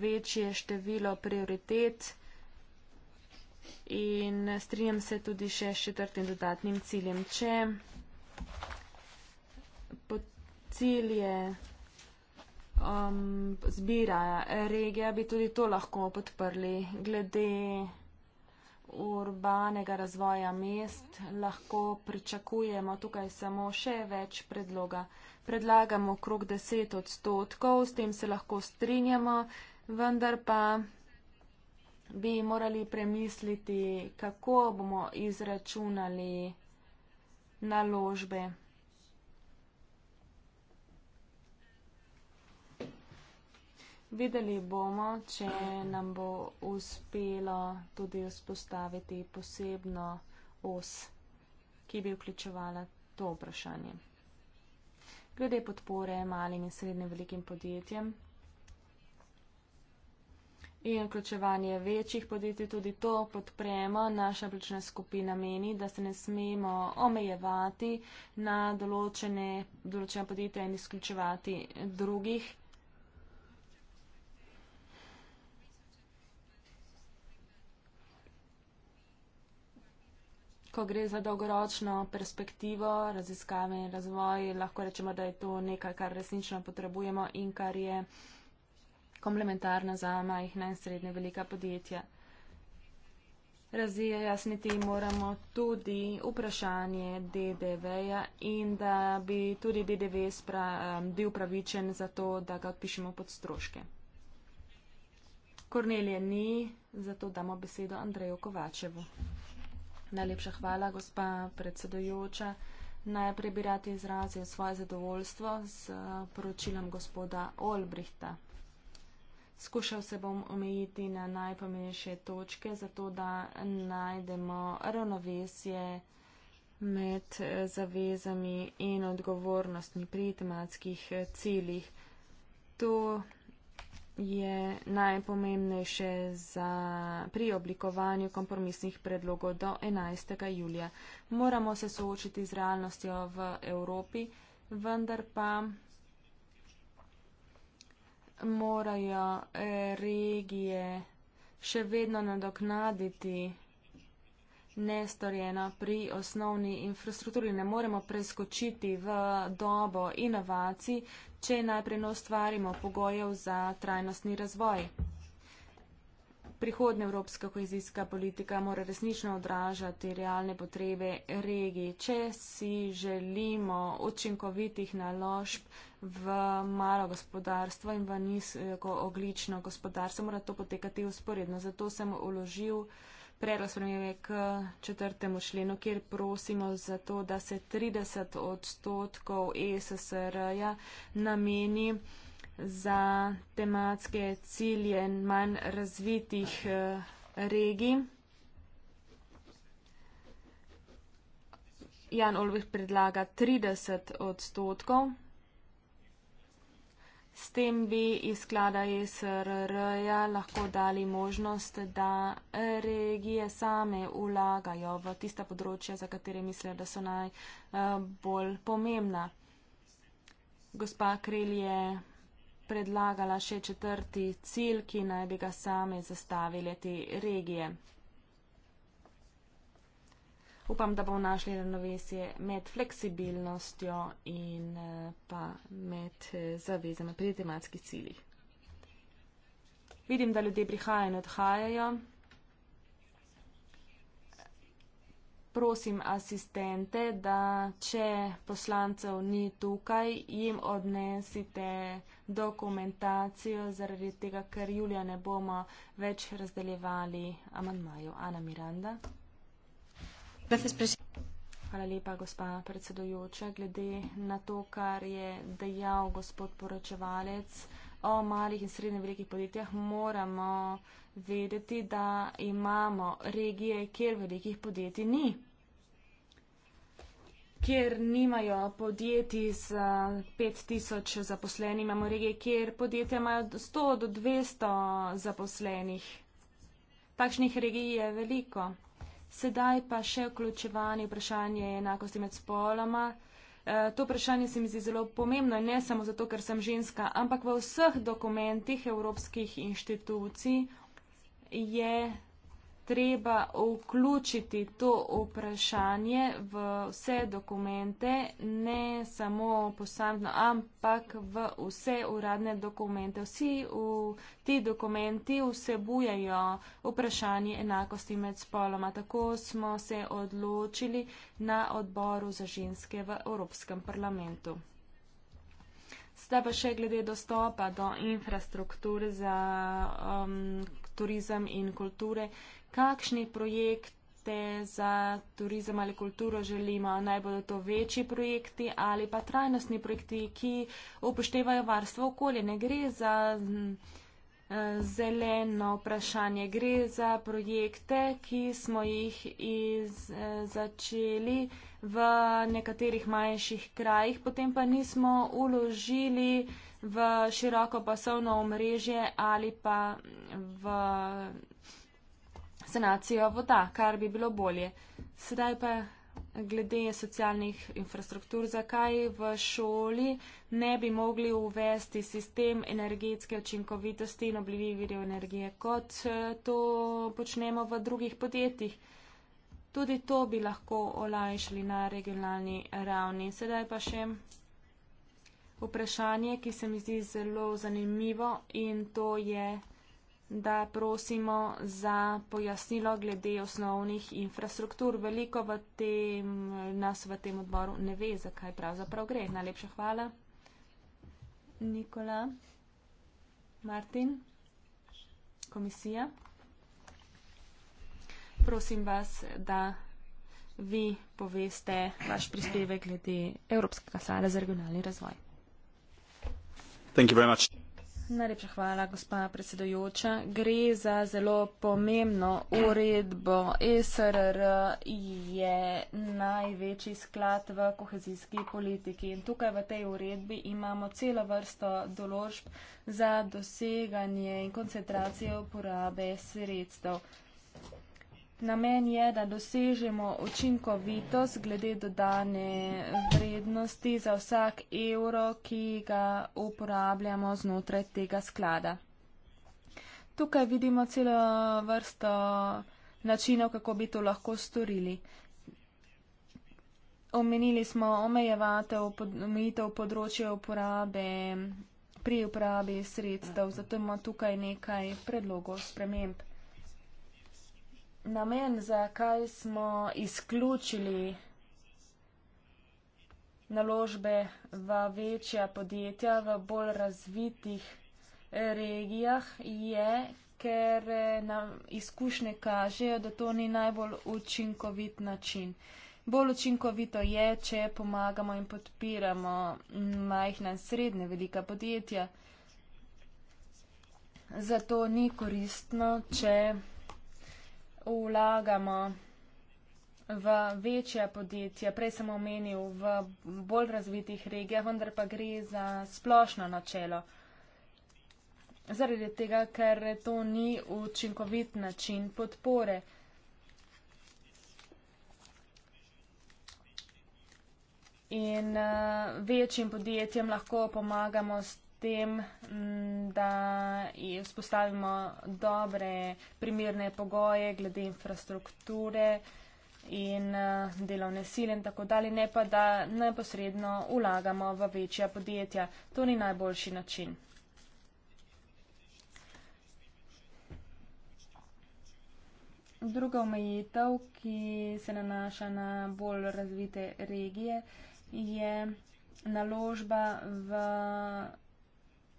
večje število prioritet in strinjam se tudi še s četrtim dodatnim ciljem. Če cilje um, zbira regija, bi tudi to lahko podprli. Glede urbanega razvoja mest lahko pričakujemo tukaj samo še več predloga. Predlagamo krok 10 odstotkov, s tem se lahko strinjamo, vendar pa bi morali premisliti, kako bomo izračunali naložbe. Videli bomo, če nam bo uspelo tudi vzpostaviti posebno os, ki bi vključevala to vprašanje. Glede podpore malim in srednjim velikim podjetjem in vključevanje večjih podjetij, tudi to podpremo. Naša plačna skupina meni, da se ne smemo omejevati na določene, določena podjetja in izključevati drugih. ko gre za dolgoročno perspektivo raziskave in razvoj, lahko rečemo, da je to nekaj, kar resnično potrebujemo in kar je komplementarno za majhne in srednje velika podjetja. Razjasniti moramo tudi vprašanje DDV-ja in da bi tudi DDV spra, um, bil pravičen za to, da ga odpišemo pod stroške. Kornelije ni, zato damo besedo Andreju Kovačevu. Najlepša hvala, gospa predsedojoča. Najprej bi rad izrazil svoje zadovoljstvo z eh, poročilom gospoda Olbrihta. Skušal se bom omejiti na najpomenjše točke, zato da najdemo ravnovesje med eh, zavezami in odgovornostmi pri tematskih eh, ciljih. To je najpomembnejše za, pri oblikovanju kompromisnih predlogov do 11. julija. Moramo se soočiti z realnostjo v Evropi, vendar pa morajo regije še vedno nadoknaditi nestorjena pri osnovni infrastrukturi. Ne moremo preskočiti v dobo inovacij, če najprej ne ustvarimo pogojev za trajnostni razvoj. Prihodna evropska kohezijska politika mora resnično odražati realne potrebe regij, če si želimo učinkovitih naložb v malo gospodarstvo in v nizko oglično gospodarstvo, mora to potekati usporedno. Zato sem uložil predlog spremljive k četrtemu členu, kjer prosimo za to, da se 30 odstotkov ESSR-ja nameni za tematske cilje manj razvitih eh, regij. Jan Olvih predlaga 30 odstotkov. S tem bi iz sklada ISRR-ja lahko dali možnost, da regije same ulagajo v tista področja, za katere mislijo, da so najbolj eh, pomembna. Gospa Krelj je predlagala še četrti cilj, ki naj bi ga same zastavile te regije upam, da bomo našli ravnovesje med fleksibilnostjo in eh, pa med eh, zavezami pri tematskih ciljih. Vidim, da ljudje prihajajo in odhajajo. Prosim asistente, da če poslancev ni tukaj, jim odnesite dokumentacijo zaradi tega, ker Julija ne bomo več razdeljevali amanmajo. Ana Miranda. Hvala lepa, gospa predsedujoča. Glede na to, kar je dejal gospod poročevalec o malih in srednje velikih podjetjah, moramo vedeti, da imamo regije, kjer velikih podjetij ni. Kjer nimajo podjetij z 5000 eh, zaposlenimi, imamo regije, kjer podjetja imajo 100 do 200 zaposlenih. Takšnih regij je veliko. Sedaj pa še vključevanje vprašanje enakosti med spoloma. E, to vprašanje se mi zdi zelo pomembno in ne samo zato, ker sem ženska, ampak v vseh dokumentih evropskih inštitucij je treba vključiti to vprašanje v vse dokumente, ne samo posamezno, ampak v vse uradne dokumente. Vsi v, ti dokumenti vsebujejo vprašanje enakosti med spoloma. Tako smo se odločili na odboru za ženske v Evropskem parlamentu. Zdaj pa še glede dostopa do infrastrukture za um, turizem in kulture kakšni projekte za turizem ali kulturo želimo. Naj bodo to večji projekti ali pa trajnostni projekti, ki upoštevajo varstvo okolje. Ne gre za eh, zeleno vprašanje. Gre za projekte, ki smo jih iz, eh, začeli v nekaterih manjših krajih, potem pa nismo uložili v široko pasovno omrežje ali pa v sanacijo voda, kar bi bilo bolje. Sedaj pa glede socialnih infrastruktur, zakaj v šoli ne bi mogli uvesti sistem energetske učinkovitosti in obljivi virjev energije, kot eh, to počnemo v drugih podjetjih. Tudi to bi lahko olajšali na regionalni ravni. Sedaj pa še vprašanje, ki se mi zdi zelo zanimivo in to je da prosimo za pojasnilo glede osnovnih infrastruktur. Veliko v tem, nas v tem odboru ne ve, zakaj pravzaprav gre. Najlepša hvala. Nikola, Martin, komisija. Prosim vas, da vi poveste vaš prispevek glede Evropskega sala za regionalni razvoj. Thank you very much. Najlepša hvala, gospa predsedojoča. Gre za zelo pomembno uredbo. SRR je največji sklad v kohezijski politiki in tukaj v tej uredbi imamo celo vrsto določb za doseganje in koncentracijo uporabe sredstev. Namen je, da dosežemo učinkovitost glede dodane vrednosti za vsak evro, ki ga uporabljamo znotraj tega sklada. Tukaj vidimo celo vrsto načinov, kako bi to lahko storili. Omenili smo omejevatev, omejitev področja uporabe pri uporabi sredstev, zato ima tukaj nekaj predlogov sprememb namen, zakaj smo izključili naložbe v večja podjetja v bolj razvitih regijah, je, ker nam izkušnje kažejo, da to ni najbolj učinkovit način. Bolj učinkovito je, če pomagamo in podpiramo majhna in srednje velika podjetja. Zato ni koristno, če vlagamo v večje podjetje, prej sem omenil v bolj razvitih regijah, vendar pa gre za splošno načelo. Zaradi tega, ker to ni učinkovit način podpore. In uh, večjim podjetjem lahko pomagamo s tem, da vzpostavimo dobre, primerne pogoje glede infrastrukture in e, delovne sile in tako dalje, ne pa da neposredno ulagamo v večja podjetja. To ni najboljši način. Druga omejitev, ki se nanaša na bolj razvite regije, je naložba v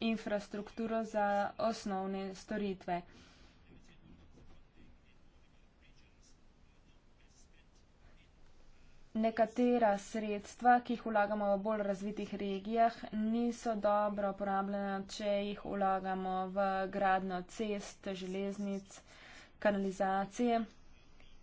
infrastrukturo za osnovne storitve. Nekatera sredstva, ki jih vlagamo v bolj razvitih regijah, niso dobro porabljena, če jih vlagamo v gradno cest, železnic, kanalizacije.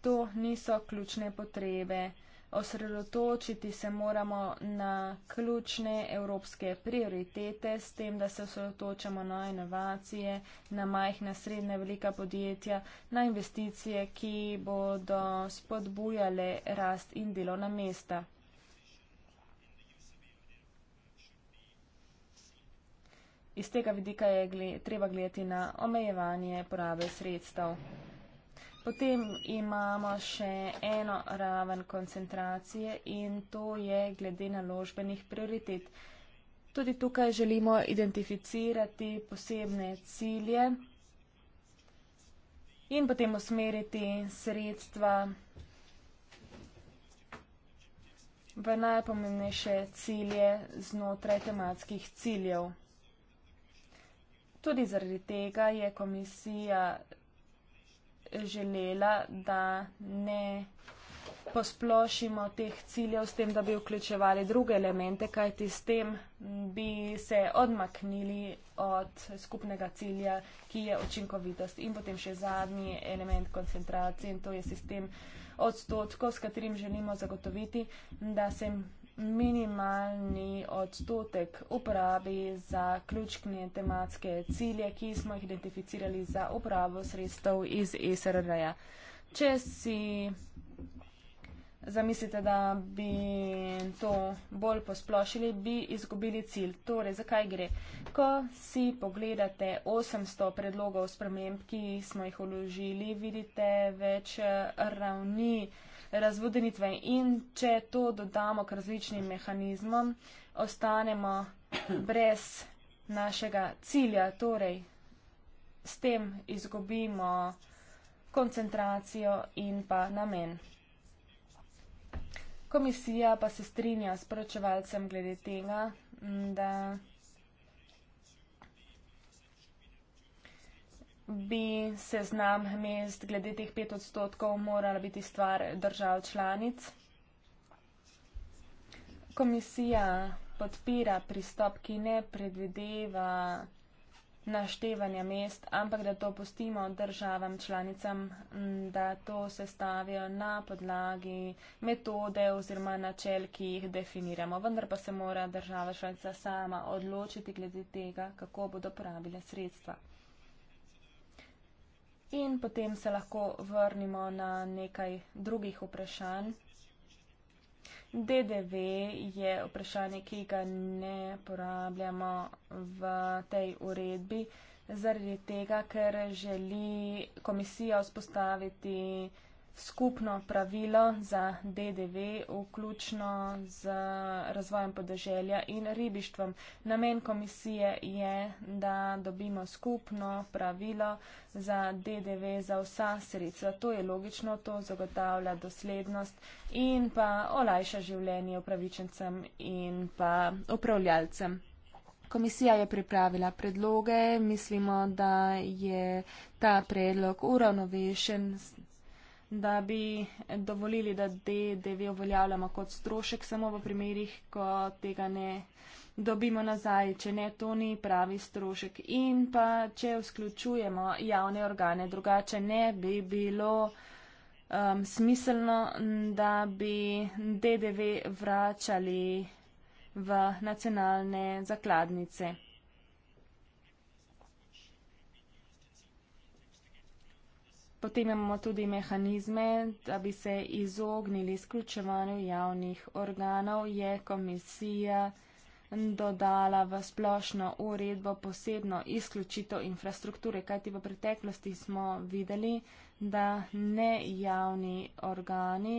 To niso ključne potrebe. Osredotočiti se moramo na ključne evropske prioritete, s tem, da se osredotočamo na inovacije, na majhna, srednja, velika podjetja, na investicije, ki bodo spodbujale rast in delovna mesta. Iz tega vidika je gled, treba gledati na omejevanje porabe sredstev. Potem imamo še eno raven koncentracije in to je glede naložbenih prioritet. Tudi tukaj želimo identificirati posebne cilje in potem usmeriti sredstva v najpomembnejše cilje znotraj tematskih ciljev. Tudi zaradi tega je komisija želela, da ne posplošimo teh ciljev s tem, da bi vključevali druge elemente, kajti s tem bi se odmaknili od skupnega cilja, ki je očinkovitost. In potem še zadnji element koncentracije in to je sistem odstotkov, s katerim želimo zagotoviti, da se minimalni odstotek uporabi za ključne tematske cilje, ki smo jih identificirali za upravo sredstev iz SRR-ja. Če si zamislite, da bi to bolj posplošili, bi izgubili cilj. Torej, zakaj gre? Ko si pogledate 800 predlogov sprememb, ki smo jih uložili, vidite več ravni razvodenitve. In če to dodamo k različnim mehanizmom, ostanemo brez našega cilja, torej s tem izgubimo koncentracijo in pa namen. Komisija pa se strinja s pročevalcem glede tega, da bi seznam mest glede teh pet odstotkov morala biti stvar držav članic. Komisija podpira pristop, ki ne predvideva naštevanja mest, ampak da to pustimo državam članicam, da to se stavijo na podlagi metode oziroma načel, ki jih definiramo. Vendar pa se mora država članica sama odločiti glede tega, kako bodo pravile sredstva in potem se lahko vrnimo na nekaj drugih vprašanj. DDV je vprašanje, ki ga ne porabljamo v tej uredbi, zaradi tega, ker želi komisija vzpostaviti skupno pravilo za DDV, vključno z razvojem podeželja in ribištvom. Namen komisije je, da dobimo skupno pravilo za DDV za vsa sredstva. To je logično, to zagotavlja doslednost in pa olajša življenje upravičencem in pa upravljalcem. Komisija je pripravila predloge, mislimo, da je ta predlog uravnovešen z da bi dovolili, da DDV uveljavljamo kot strošek samo v primerih, ko tega ne dobimo nazaj, če ne, to ni pravi strošek. In pa, če vzključujemo javne organe, drugače ne bi bilo um, smiselno, da bi DDV vračali v nacionalne zakladnice. Potem imamo tudi mehanizme, da bi se izognili izključevanju javnih organov, je komisija dodala v splošno uredbo posebno izključitev infrastrukture, kajti v preteklosti smo videli, da ne javni organi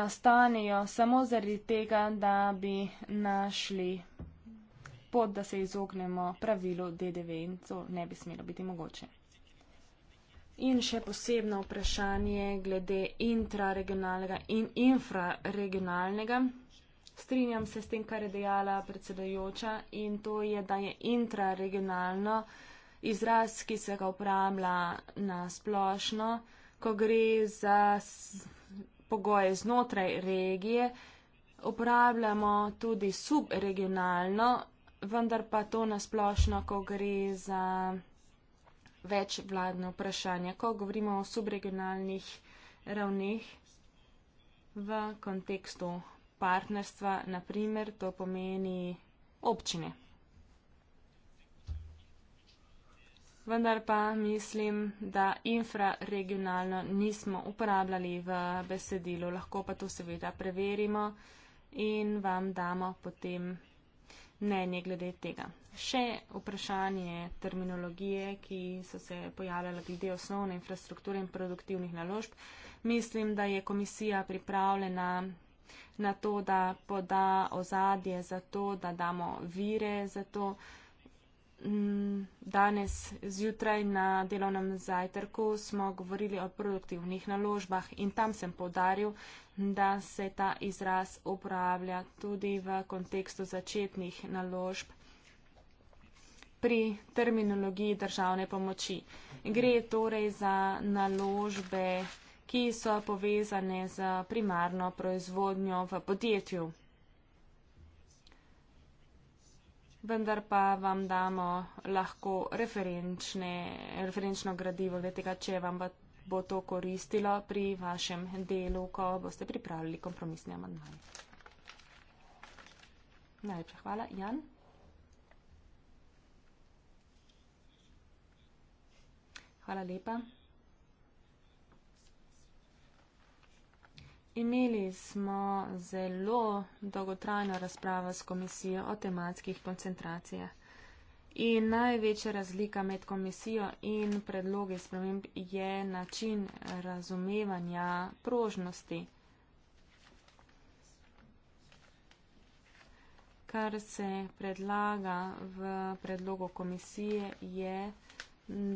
nastanejo samo zaradi tega, da bi našli pot, da se izognemo pravilu DDV in to ne bi smelo biti mogoče. In še posebno vprašanje glede intraregionalnega in infraregionalnega. Strinjam se s tem, kar je dejala predsedajoča in to je, da je intraregionalno izraz, ki se ga uporablja na splošno, ko gre za pogoje znotraj regije, uporabljamo tudi subregionalno vendar pa to nasplošno, ko gre za več vladne vprašanja. Ko govorimo o subregionalnih ravneh v kontekstu partnerstva, naprimer, to pomeni občine. Vendar pa mislim, da infraregionalno nismo uporabljali v besedilu, lahko pa to seveda preverimo in vam damo potem mnenje glede tega. Še vprašanje terminologije, ki so se pojavljala glede osnovne infrastrukture in produktivnih naložb. Mislim, da je komisija pripravljena na to, da poda ozadje za to, da damo vire za to. Mm, danes zjutraj na delovnem zajtrku smo govorili o produktivnih naložbah in tam sem podaril, da se ta izraz uporablja tudi v kontekstu začetnih naložb pri terminologiji državne pomoči. Gre torej za naložbe, ki so povezane z primarno proizvodnjo v podjetju. Vendar pa vam damo lahko referenčno gradivo, letega, če vam bo to koristilo pri vašem delu, ko boste pripravljali kompromisne amandmaje. Najlepša hvala. Jan? Hvala lepa. Imeli smo zelo dolgotrajno razpravo s komisijo o tematskih koncentracijah. In največja razlika med komisijo in predlogi sprememb je način razumevanja prožnosti. Kar se predlaga v predlogu komisije je,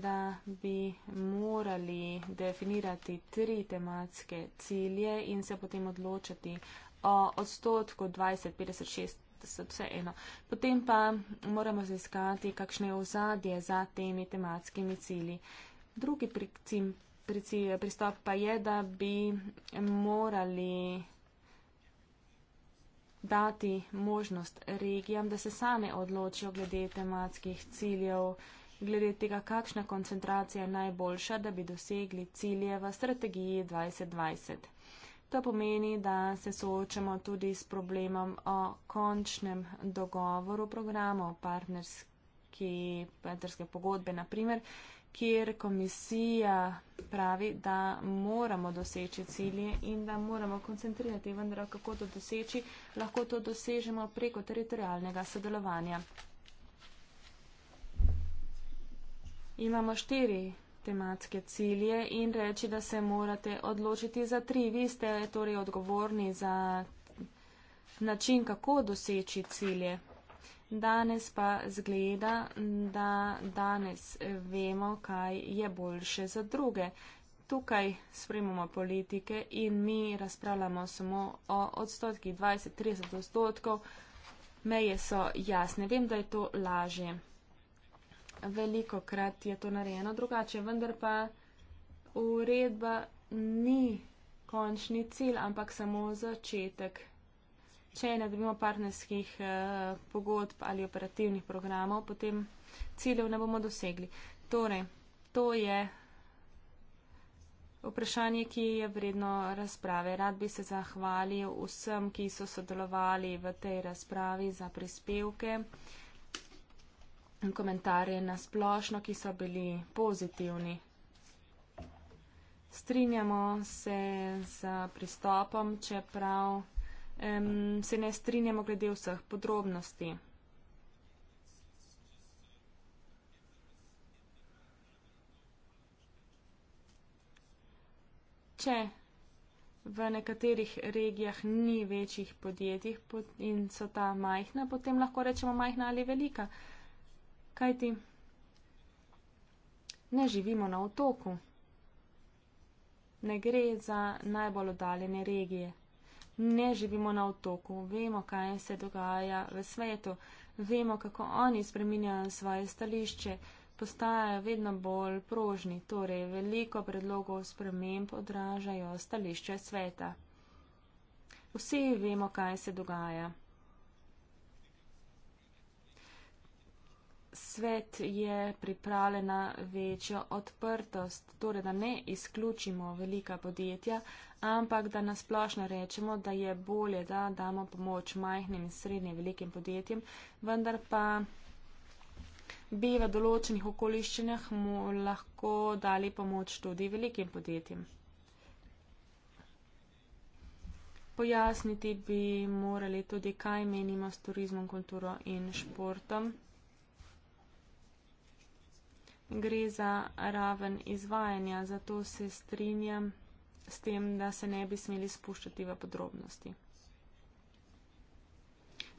da bi morali definirati tri tematske cilje in se potem odločati o odstotku 20, 50, 60 vseeno. Potem pa moramo zaiskati, kakšne je ozadje za temi tematskimi cilji. Drugi pri, pri, pri, pristop pa je, da bi morali dati možnost regijam, da se same odločijo glede tematskih ciljev, glede tega, kakšna koncentracija je najboljša, da bi dosegli cilje v strategiji 2020. To pomeni, da se soočamo tudi s problemom o končnem dogovoru programov partnerske, partnerske pogodbe, naprimer, kjer komisija pravi, da moramo doseči cilje in da moramo koncentrirati, vendar kako to doseči, lahko to dosežemo preko teritorijalnega sodelovanja. Imamo štiri tematske cilje in reči, da se morate odločiti za tri. Vi ste torej odgovorni za način, kako doseči cilje. Danes pa zgleda, da danes vemo, kaj je boljše za druge. Tukaj spremamo politike in mi razpravljamo samo o odstotki 20-30 odstotkov. Meje so jasne. Vem, da je to lažje veliko krat je to narejeno drugače, vendar pa uredba ni končni cilj, ampak samo začetek. Če ne dobimo partnerskih eh, pogodb ali operativnih programov, potem ciljev ne bomo dosegli. Torej, to je vprašanje, ki je vredno razprave. Rad bi se zahvalil vsem, ki so sodelovali v tej razpravi za prispevke. Eh, komentarje na splošno, ki so bili pozitivni. Strinjamo se z pristopom, čeprav um, se ne strinjamo glede vseh podrobnosti. Če v nekaterih regijah ni večjih podjetij in so ta majhna, potem lahko rečemo majhna ali velika kaj ti ne živimo na otoku. Ne gre za najbolj oddaljene regije. Ne živimo na otoku, vemo, kaj se dogaja v svetu, vemo, kako oni spreminjajo svoje stališče, postajajo vedno bolj prožni, torej veliko predlogov sprememb odražajo stališče sveta. Vsi vemo, kaj se dogaja. svet je pripravljena večjo odprtost, torej da ne izključimo velika podjetja, ampak da nasplošno rečemo, da je bolje, da damo pomoč majhnim in srednje velikim podjetjem, vendar pa bi v določenih okoliščinah mu lahko dali pomoč tudi velikim podjetjem. Pojasniti bi morali tudi, kaj menimo s turizmom, kulturo in športom gre za raven izvajanja, zato se strinjam s tem, da se ne bi smeli spuščati v podrobnosti.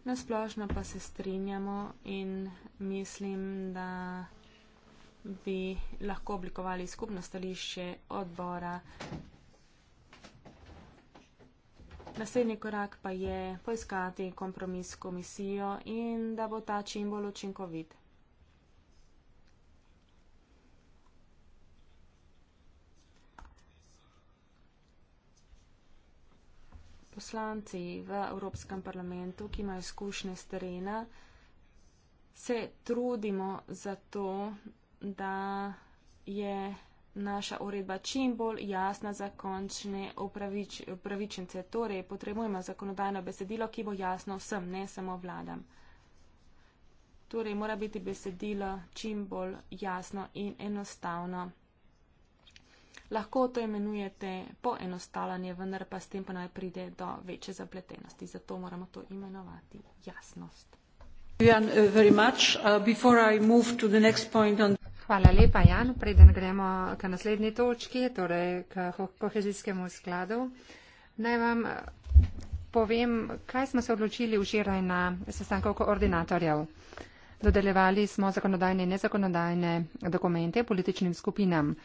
Nasplošno pa se strinjamo in mislim, da bi lahko oblikovali skupno stališče odbora. Naslednji korak pa je poiskati kompromis s komisijo in da bo ta čim bolj učinkovit. poslanci v Evropskem parlamentu, ki imajo izkušnje z terena, se trudimo za to, da je naša uredba čim bolj jasna za končne upravič, upravičence. Torej, potrebujemo zakonodajno besedilo, ki bo jasno vsem, ne samo vladam. Torej, mora biti besedilo čim bolj jasno in enostavno lahko to imenujete poenostavljanje, vendar pa s tem pa naj pride do večje zapletenosti. Zato moramo to imenovati jasnost. Eh, uh, Hvala lepa, Jan. Preden gremo k naslednji točki, torej k kohezijskemu skladu, naj vam eh, povem, kaj smo se odločili včeraj na sestanku koordinatorjev. Dodelevali smo zakonodajne in nezakonodajne dokumente političnim skupinam.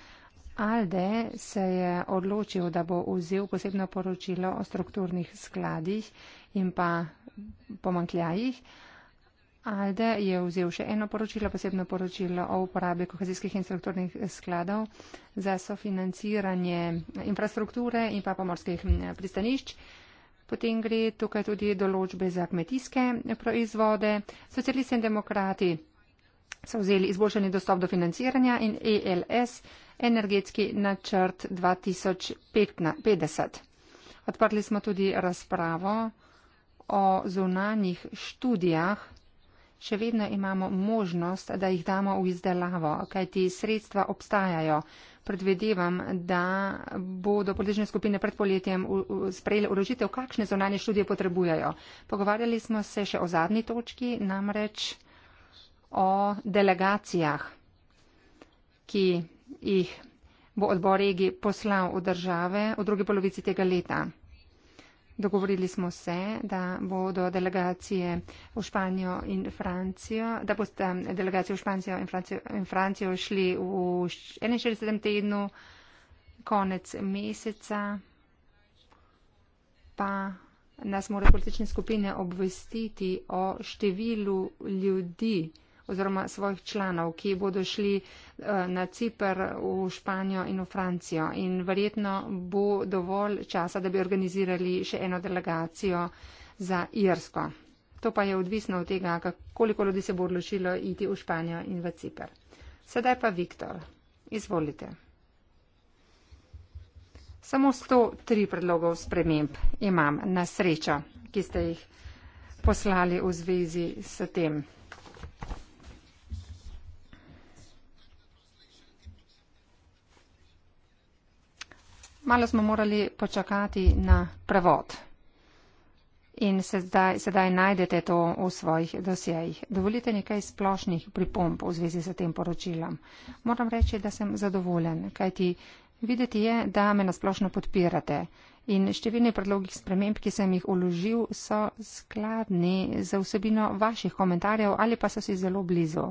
Alde se je odločil, da bo vzel posebno poročilo o strukturnih skladih in pa pomankljajih. Alde je vzel še eno poročilo, posebno poročilo o uporabi kohezijskih in strukturnih skladov za sofinanciranje infrastrukture in pa pomorskih pristanišč. Potem gre tukaj tudi določbe za kmetijske proizvode. Socialisti in demokrati so vzeli izboljšanje dostop do financiranja in ELS energetski načrt 2050. Odprli smo tudi razpravo o zunanjih študijah. Še vedno imamo možnost, da jih damo v izdelavo, kajti sredstva obstajajo. Predvedevam, da bodo podležne skupine pred poletjem sprejeli urožitev, kakšne zonanje študije potrebujejo. Pogovarjali smo se še o zadnji točki, namreč o delegacijah, ki jih bo odbor regi poslal v države v drugi polovici tega leta. Dogovorili smo se, da bodo delegacije v Španijo in Francijo, da boste delegacije v Španijo in Francijo, in Francijo šli v 61. tednu, konec meseca, pa nas morajo politične skupine obvestiti o številu ljudi, oziroma svojih članov, ki bodo šli eh, na Cipr, v Španijo in v Francijo. In verjetno bo dovolj časa, da bi organizirali še eno delegacijo za Irsko. To pa je odvisno od tega, koliko ljudi se bo odločilo iti v Španijo in v Cipr. Sedaj pa Viktor, izvolite. Samo 103 predlogov sprememb imam na srečo, ki ste jih poslali v zvezi s tem. malo smo morali počakati na prevod. In se zdaj, sedaj najdete to v svojih dosjejih. Dovolite nekaj splošnih pripomp v zvezi s tem poročilom. Moram reči, da sem zadovoljen, kajti videti je, da me nasplošno podpirate. In številni predlogih sprememb, ki sem jih uložil, so skladni za vsebino vaših komentarjev ali pa so si zelo blizu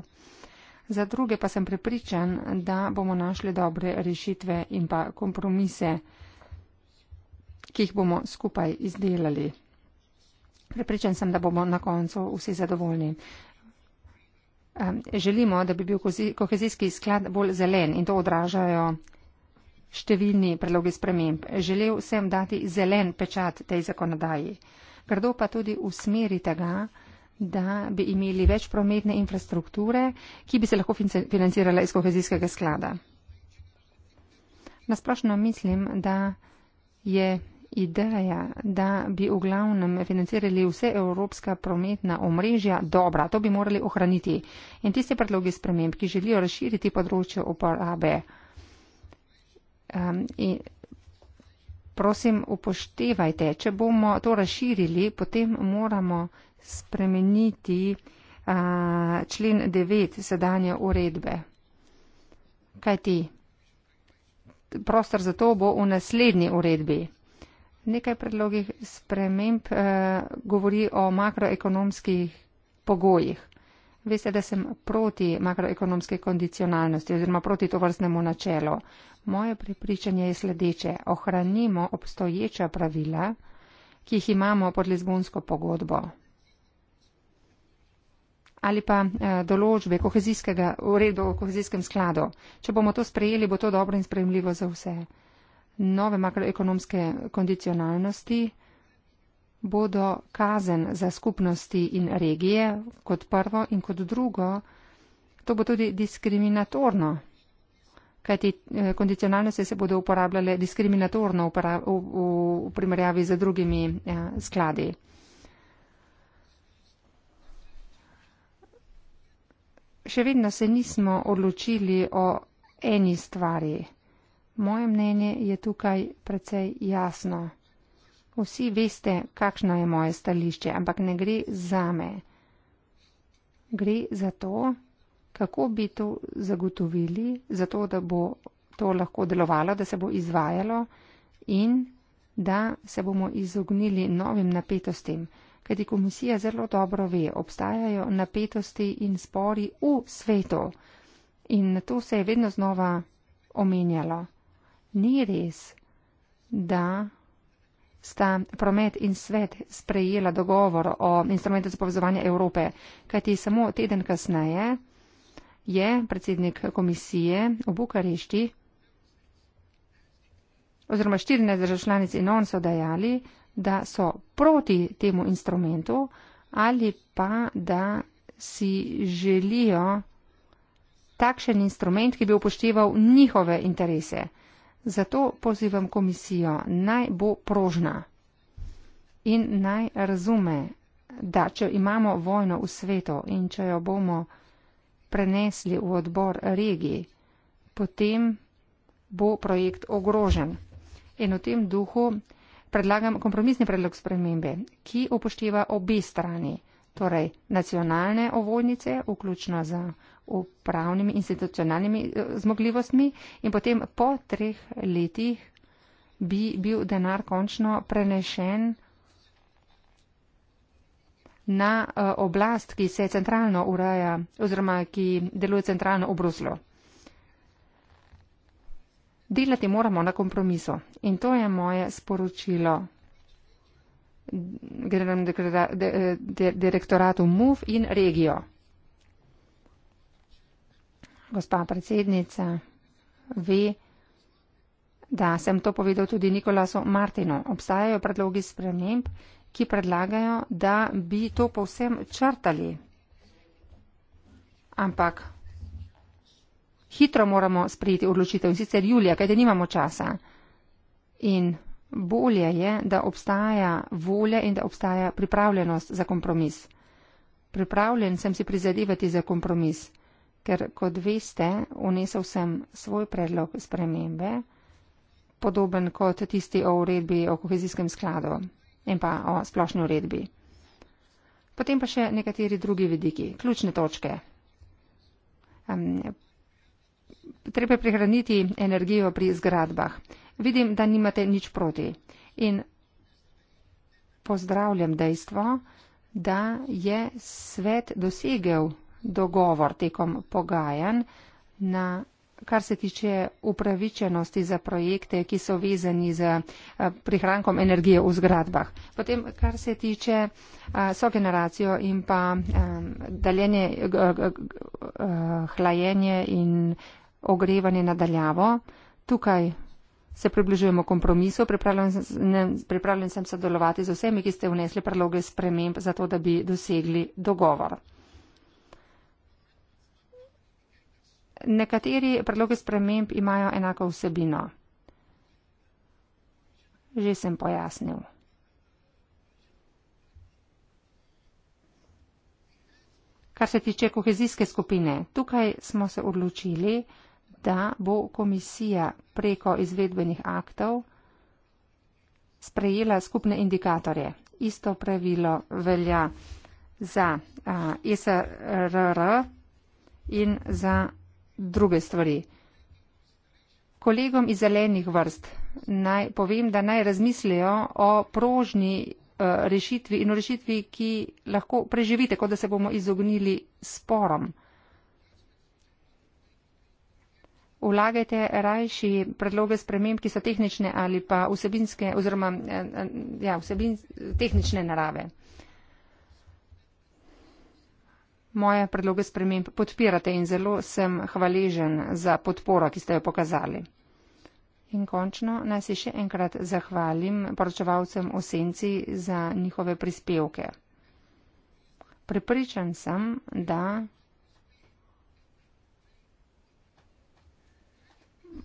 za druge pa sem prepričan, da bomo našli dobre rešitve in pa kompromise, ki jih bomo skupaj izdelali. Prepričan sem, da bomo na koncu vsi zadovoljni. Želimo, da bi bil kohezijski sklad bolj zelen in to odražajo številni predlogi sprememb. Želel sem dati zelen pečat tej zakonodaji. Grdo pa tudi v smeri tega, da bi imeli več prometne infrastrukture, ki bi se lahko financirala iz kohezijskega sklada. Nasplošno mislim, da je ideja, da bi v glavnem financirali vse evropska prometna omrežja dobra, to bi morali ohraniti. In tiste predloge sprememb, ki želijo razširiti področje uporabe, um, prosim upoštevajte, če bomo to razširili, potem moramo spremeniti a, člen 9 sedanje uredbe. Kaj ti? Prostor za to bo v naslednji uredbi. Nekaj predlogih sprememb e, govori o makroekonomskih pogojih. Veste, da sem proti makroekonomske kondicionalnosti oziroma proti to vrstnemu načelu. Moje prepričanje je sledeče. Ohranimo obstoječa pravila, ki jih imamo pod Lizbonsko pogodbo ali pa uh, določbe kohezijskega uredu o kohezijskem skladu. Če bomo to sprejeli, bo to dobro in sprejemljivo za vse. Nove makroekonomske kondicionalnosti bodo kazen za skupnosti in regije kot prvo in kot drugo. To bo tudi diskriminatorno, kajti eh, kondicionalnosti se bodo uporabljale diskriminatorno v, v, v primerjavi z drugimi ja, skladi. še vedno se nismo odločili o eni stvari. Moje mnenje je tukaj precej jasno. Vsi veste, kakšno je moje stališče, ampak ne gre za me. Gre za to, kako bi to zagotovili, zato da bo to lahko delovalo, da se bo izvajalo in da se bomo izognili novim napetostim kajti komisija zelo dobro ve, obstajajo napetosti in spori v svetu. In to se je vedno znova omenjalo. Ni res, da sta promet in svet sprejela dogovor o instrumentu za povezovanje Evrope, kajti samo teden kasneje je predsednik komisije v Bukarešti oziroma 14 držav članic in on so dejali, da so proti temu instrumentu ali pa da si želijo takšen instrument, ki bi upošteval njihove interese. Zato pozivam komisijo, naj bo prožna in naj razume, da če imamo vojno v svetu in če jo bomo prenesli v odbor regiji, potem bo projekt ogrožen. In v tem duhu predlagam kompromisni predlog spremembe, ki upošteva obe strani, torej nacionalne ovojnice, vključno z upravnimi in institucionalnimi eh, zmogljivostmi in potem po treh letih bi bil denar končno prenešen na eh, oblast, ki se centralno uraja oziroma ki deluje centralno v Bruslu delati moramo na kompromisu. In to je moje sporočilo direktoratu MUF in regijo. Gospa predsednica ve, da sem to povedal tudi Nikolasu Martinu. Obstajajo predlogi sprememb, ki predlagajo, da bi to povsem črtali. Ampak hitro moramo sprejeti odločitev in sicer julija, kajte nimamo časa. In bolje je, da obstaja volja in da obstaja pripravljenost za kompromis. Pripravljen sem si prizadevati za kompromis, ker kot veste, unesel sem svoj predlog spremembe, podoben kot tisti o uredbi o kohezijskem skladu in pa o splošni uredbi. Potem pa še nekateri drugi vidiki, ključne točke. Treba je prihraniti energijo pri zgradbah. Vidim, da nimate nič proti. In pozdravljam dejstvo, da je svet dosegel dogovor tekom pogajanj, na, kar se tiče upravičenosti za projekte, ki so vezani z eh, prihrankom energije v zgradbah. Potem, kar se tiče eh, sogeneracijo in pa eh, daljenje, hlajenje in ogrevanje nadaljavo. Tukaj se približujemo kompromisu. Pripravljen, pripravljen sem sodelovati z vsemi, ki ste vnesli predloge sprememb, zato da bi dosegli dogovor. Nekateri predloge sprememb imajo enako vsebino. Že sem pojasnil. Kar se tiče kohezijske skupine, tukaj smo se odločili, da bo komisija preko izvedbenih aktov sprejela skupne indikatorje. Isto pravilo velja za SRR in za druge stvari. Kolegom iz zelenih vrst naj povem, da naj razmislijo o prožni e, rešitvi in o rešitvi, ki lahko preživite, kot da se bomo izognili sporom. vlagajte rajši predloge sprememb, ki so tehnične ali pa vsebinske oziroma eh, ja, vsebin, tehnične narave. Moje predloge sprememb podpirate in zelo sem hvaležen za podporo, ki ste jo pokazali. In končno naj se še enkrat zahvalim poročevalcem o senci za njihove prispevke. Pripričan sem, da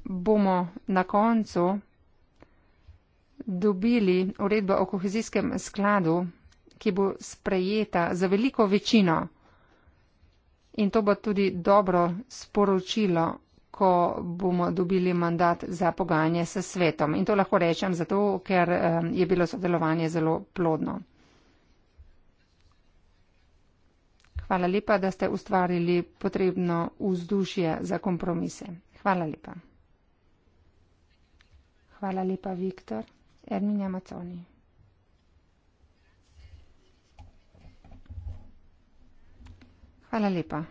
bomo na koncu dobili uredbo o kohezijskem skladu, ki bo sprejeta za veliko večino. In to bo tudi dobro sporočilo, ko bomo dobili mandat za pogajanje s svetom. In to lahko rečem zato, ker eh, je bilo sodelovanje zelo plodno. Hvala lepa, da ste ustvarili potrebno vzdušje za kompromise. Hvala lepa. Hvala lepa, Viktor. Erminja Maconi. Hvala lepa.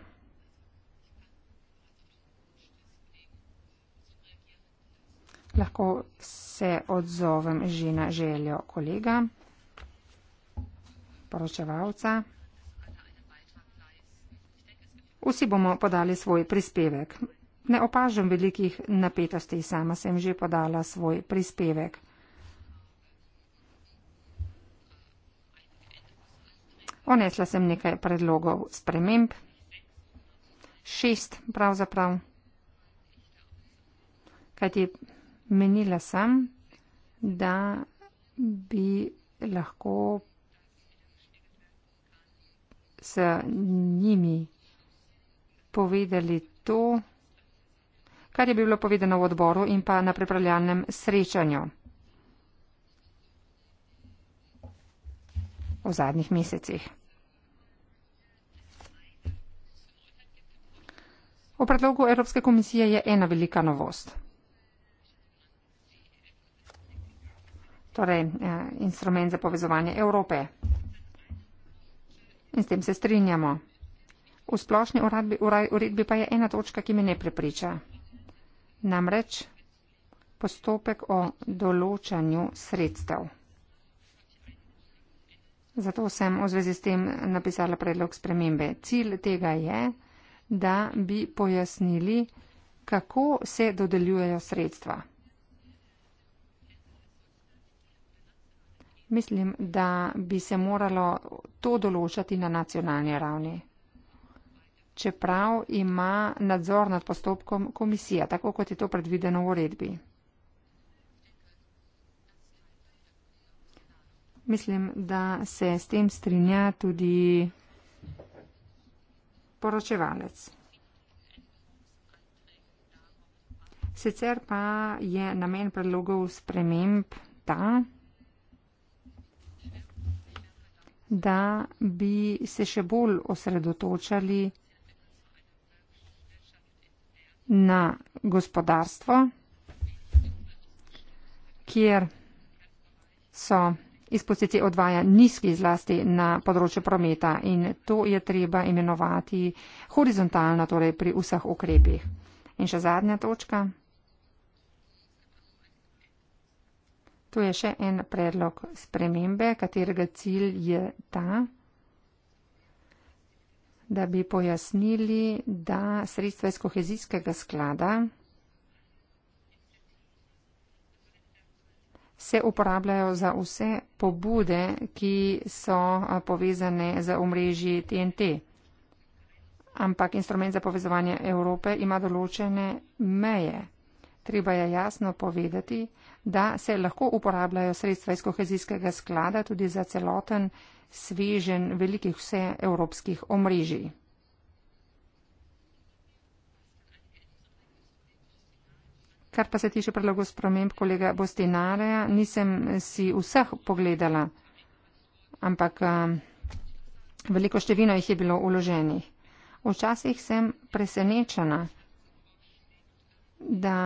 Lahko se odzovem že na željo kolega, poročevalca. Vsi bomo podali svoj prispevek. Ne opažam velikih napetosti, sama sem že podala svoj prispevek. Onesla sem nekaj predlogov sprememb, šest pravzaprav, kajti menila sem, da bi lahko s njimi povedali to, kar je bilo povedano v odboru in pa na prepravljalnem srečanju v zadnjih mesecih. V predlogu Evropske komisije je ena velika novost. Torej, eh, instrument za povezovanje Evrope. In s tem se strinjamo. V splošni uradbi, uraj, uredbi pa je ena točka, ki me ne prepriča namreč postopek o določanju sredstev. Zato sem v zvezi s tem napisala predlog spremembe. Cilj tega je, da bi pojasnili, kako se dodeljujejo sredstva. Mislim, da bi se moralo to določati na nacionalni ravni čeprav ima nadzor nad postopkom komisija, tako kot je to predvideno v uredbi. Mislim, da se s tem strinja tudi poročevalec. Sicer pa je namen predlogov sprememb ta, da bi se še bolj osredotočali na gospodarstvo, kjer so izpusti CO2 nizki zlasti na področju prometa in to je treba imenovati horizontalno, torej pri vseh ukrepih. In še zadnja točka. Tu je še en predlog spremembe, katerega cilj je ta da bi pojasnili, da sredstva iz kohezijskega sklada se uporabljajo za vse pobude, ki so povezane z omrežji TNT. Ampak instrument za povezovanje Evrope ima določene meje. Treba je jasno povedati, da se lahko uporabljajo sredstva iz kohezijskega sklada tudi za celoten sveženj velikih vseevropskih omrežij. Kar pa se tiče predlogov sprememb kolega Bostinareja, nisem si vseh pogledala, ampak eh, veliko število jih je bilo uloženih. Včasih sem presenečena, da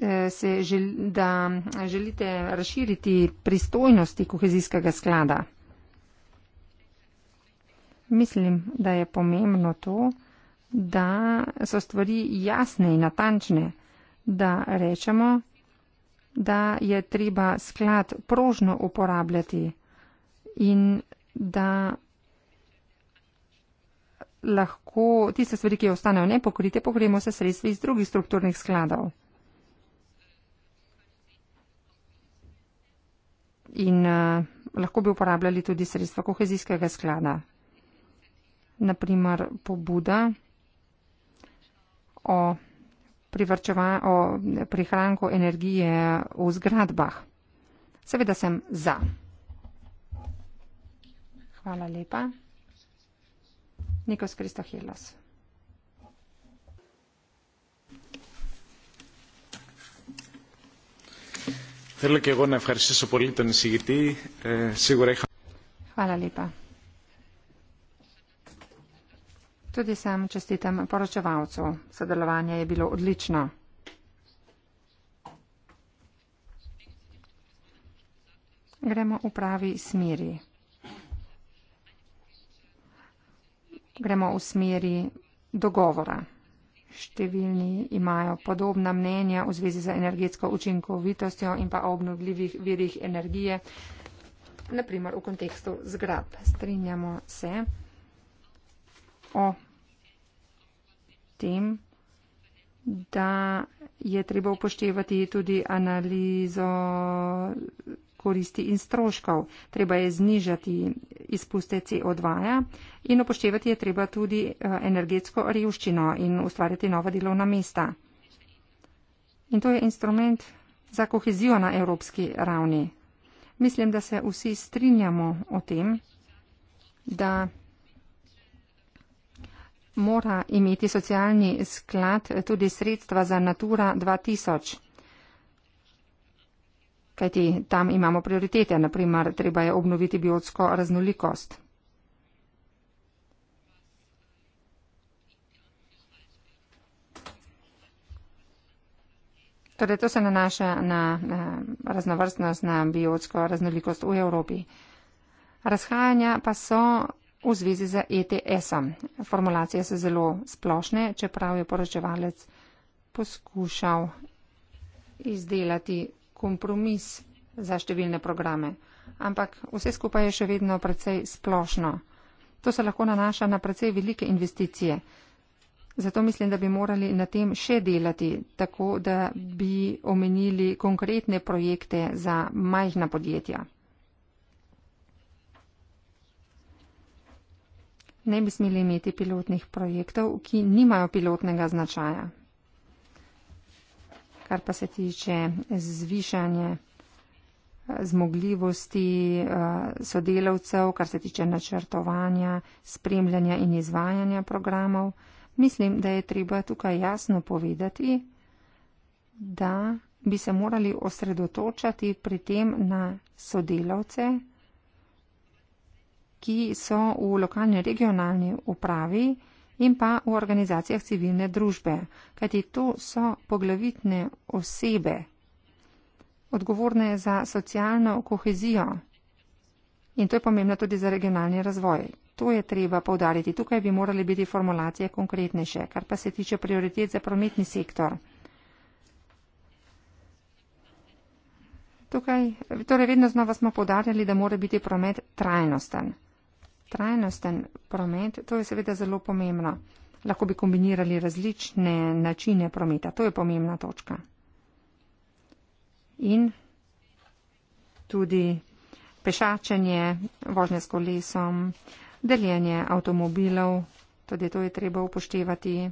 Eh, se žel, da eh, želite razširiti pristojnosti kohezijskega sklada. Mislim, da je pomembno to, da so stvari jasne in natančne, da rečemo, da je treba sklad prožno uporabljati in da lahko tiste stvari, ki ostanejo nepokrite, pokrijemo se sredstvi iz drugih strukturnih skladov. in uh, lahko bi uporabljali tudi sredstva kohezijskega sklada. Naprimer, pobuda o, o prihranku energije v zgradbah. Seveda sem za. Hvala lepa. Nikos Kristohilos. Θέλω και εγώ να ευχαριστήσω πολύ τον εισηγητή. Ε, σίγουρα είχα... Hvala lepa. Tudi sam čestitam poročevalcu. Sodelovanje je bilo odlično. Gremo v pravi smeri. Gremo v smeri dogovora številni imajo podobna mnenja v zvezi z energetsko učinkovitostjo in pa obnovljivih virih energije, naprimer v kontekstu zgrab. Strinjamo se o tem, da je treba upoštevati tudi analizo koristi in stroškov. Treba je znižati izpuste CO2 in upoštevati je treba tudi eh, energetsko revščino in ustvarjati nova delovna mesta. In to je instrument za kohezijo na evropski ravni. Mislim, da se vsi strinjamo o tem, da mora imeti socialni sklad tudi sredstva za Natura 2000 kajti tam imamo prioritete, naprimer treba je obnoviti biotsko raznolikost. Torej, to se nanaša na, na raznovrstnost, na biotsko raznolikost v Evropi. Razhajanja pa so v zvezi z ETS-om. Formulacije so zelo splošne, čeprav je poročevalec poskušal izdelati kompromis za številne programe, ampak vse skupaj je še vedno precej splošno. To se lahko nanaša na precej velike investicije. Zato mislim, da bi morali na tem še delati, tako da bi omenili konkretne projekte za majhna podjetja. Ne bi smeli imeti pilotnih projektov, ki nimajo pilotnega značaja kar pa se tiče zvišanje eh, zmogljivosti eh, sodelavcev, kar se tiče načrtovanja, spremljanja in izvajanja programov, mislim, da je treba tukaj jasno povedati, da bi se morali osredotočati pri tem na sodelavce, ki so v lokalni regionalni upravi, in pa v organizacijah civilne družbe, kajti to so poglavitne osebe, odgovorne za socialno kohezijo. In to je pomembno tudi za regionalni razvoj. To je treba povdariti. Tukaj bi morali biti formulacije konkretnejše, kar pa se tiče prioritet za prometni sektor. Tukaj, torej vedno znova smo povdarjali, da mora biti promet trajnosten trajnosten promet, to je seveda zelo pomembno. Lahko bi kombinirali različne načine prometa, to je pomembna točka. In tudi pešačenje, vožnje s kolesom, deljenje avtomobilov, tudi to je treba upoštevati,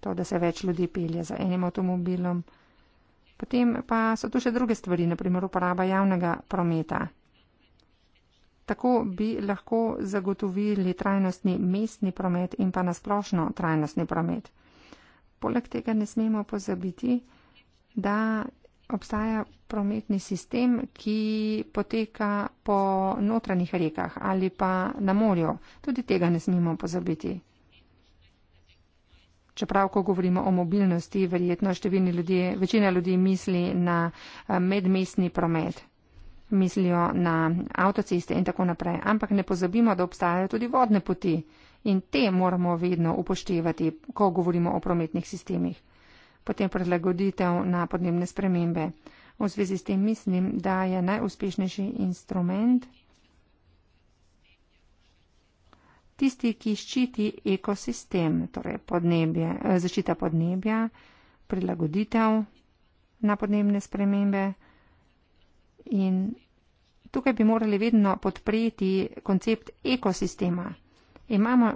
to, da se več ljudi pelje za enim avtomobilom. Potem pa so tu še druge stvari, naprimer uporaba javnega prometa. Tako bi lahko zagotovili trajnostni mestni promet in pa nasplošno trajnostni promet. Poleg tega ne smemo pozabiti, da obstaja prometni sistem, ki poteka po notranjih rekah ali pa na morju. Tudi tega ne smemo pozabiti. Čeprav, ko govorimo o mobilnosti, verjetno številni ljudje, večina ljudi misli na eh, medmestni promet mislijo na avtoceste in tako naprej. Ampak ne pozabimo, da obstajajo tudi vodne poti in te moramo vedno upoštevati, ko govorimo o prometnih sistemih. Potem prilagoditev na podnebne spremembe. V zvezi s tem mislim, da je najuspešnejši instrument tisti, ki ščiti ekosistem, torej podnebje, eh, zaščita podnebja, prilagoditev na podnebne spremembe. In tukaj bi morali vedno podpreti koncept ekosistema. Imamo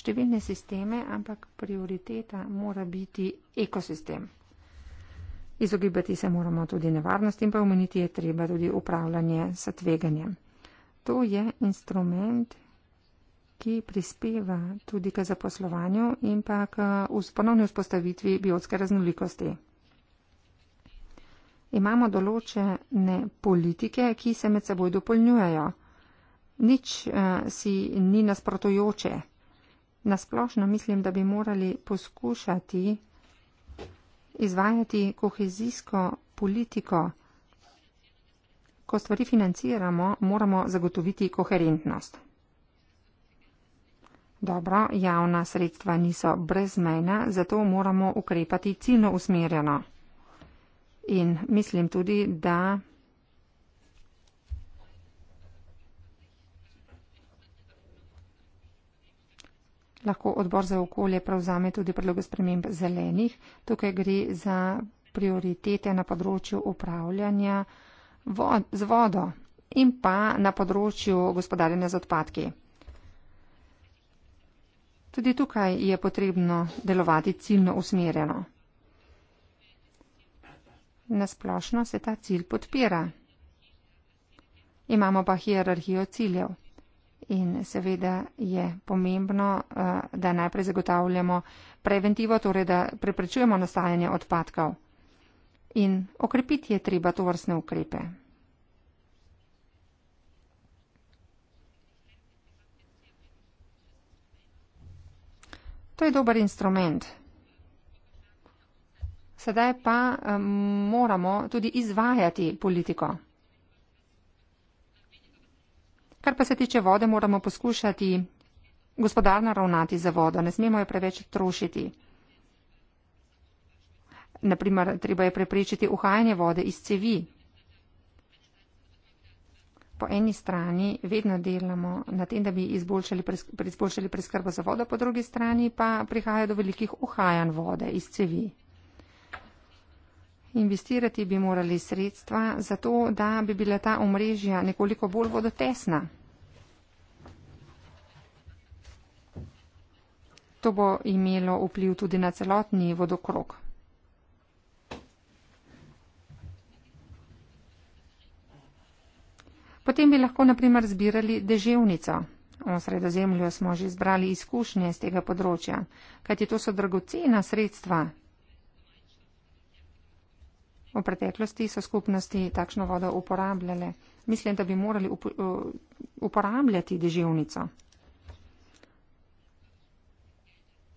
številne sisteme, ampak prioriteta mora biti ekosistem. Izogibati se moramo tudi nevarnosti in pa omeniti je treba tudi upravljanje s tveganjem. To je instrument, ki prispeva tudi k zaposlovanju in pa k ponovni vzpostavitvi biotske raznolikosti imamo določene politike, ki se med seboj dopolnjujejo. Nič eh, si ni nasprotujoče. Nasplošno mislim, da bi morali poskušati izvajati kohezijsko politiko. Ko stvari financiramo, moramo zagotoviti koherentnost. Dobro, javna sredstva niso brezmejna, zato moramo ukrepati ciljno usmerjeno. In mislim tudi, da lahko odbor za okolje prevzame tudi predloge sprememb zelenih. Tukaj gre za prioritete na področju upravljanja vod, z vodo in pa na področju gospodarjenja z odpadki. Tudi tukaj je potrebno delovati ciljno usmerjeno na splošno se ta cilj podpira. Imamo pa hierarhijo ciljev. In seveda je pomembno, eh, da najprej zagotavljamo preventivo, torej da preprečujemo nastajanje odpadkov. In okrepiti je treba to vrstne ukrepe. To je dober instrument, Sedaj pa moramo tudi izvajati politiko. Kar pa se tiče vode, moramo poskušati gospodarno ravnati za vodo, ne smemo jo preveč trošiti. Naprimer, treba je prepričati uhajanje vode iz cevi. Po eni strani vedno delamo na tem, da bi izboljšali preskrbo za vodo, po drugi strani pa prihaja do velikih uhajanj vode iz cevi. Investirati bi morali sredstva za to, da bi bila ta omrežja nekoliko bolj vodotesna. To bo imelo vpliv tudi na celotni vodokrog. Potem bi lahko naprimer zbirali deževnico. O sredozemlju smo že zbrali izkušnje z tega področja, kajti to so dragocena sredstva, V preteklosti so skupnosti takšno vodo uporabljale. Mislim, da bi morali up eh, uporabljati deževnico.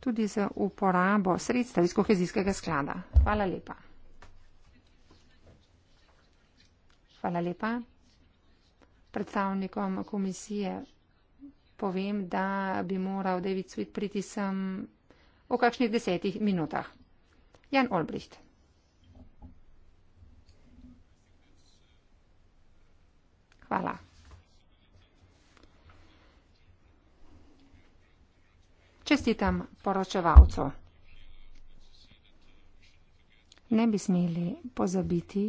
Tudi za uporabo sredstev iz kohezijskega sklada. Hvala lepa. Hvala lepa. Predstavnikom komisije povem, da bi moral David Svit priti sem v kakšnih desetih minutah. Jan Olbricht. Hvala. Čestitam poročevalcu. Ne bi smeli pozabiti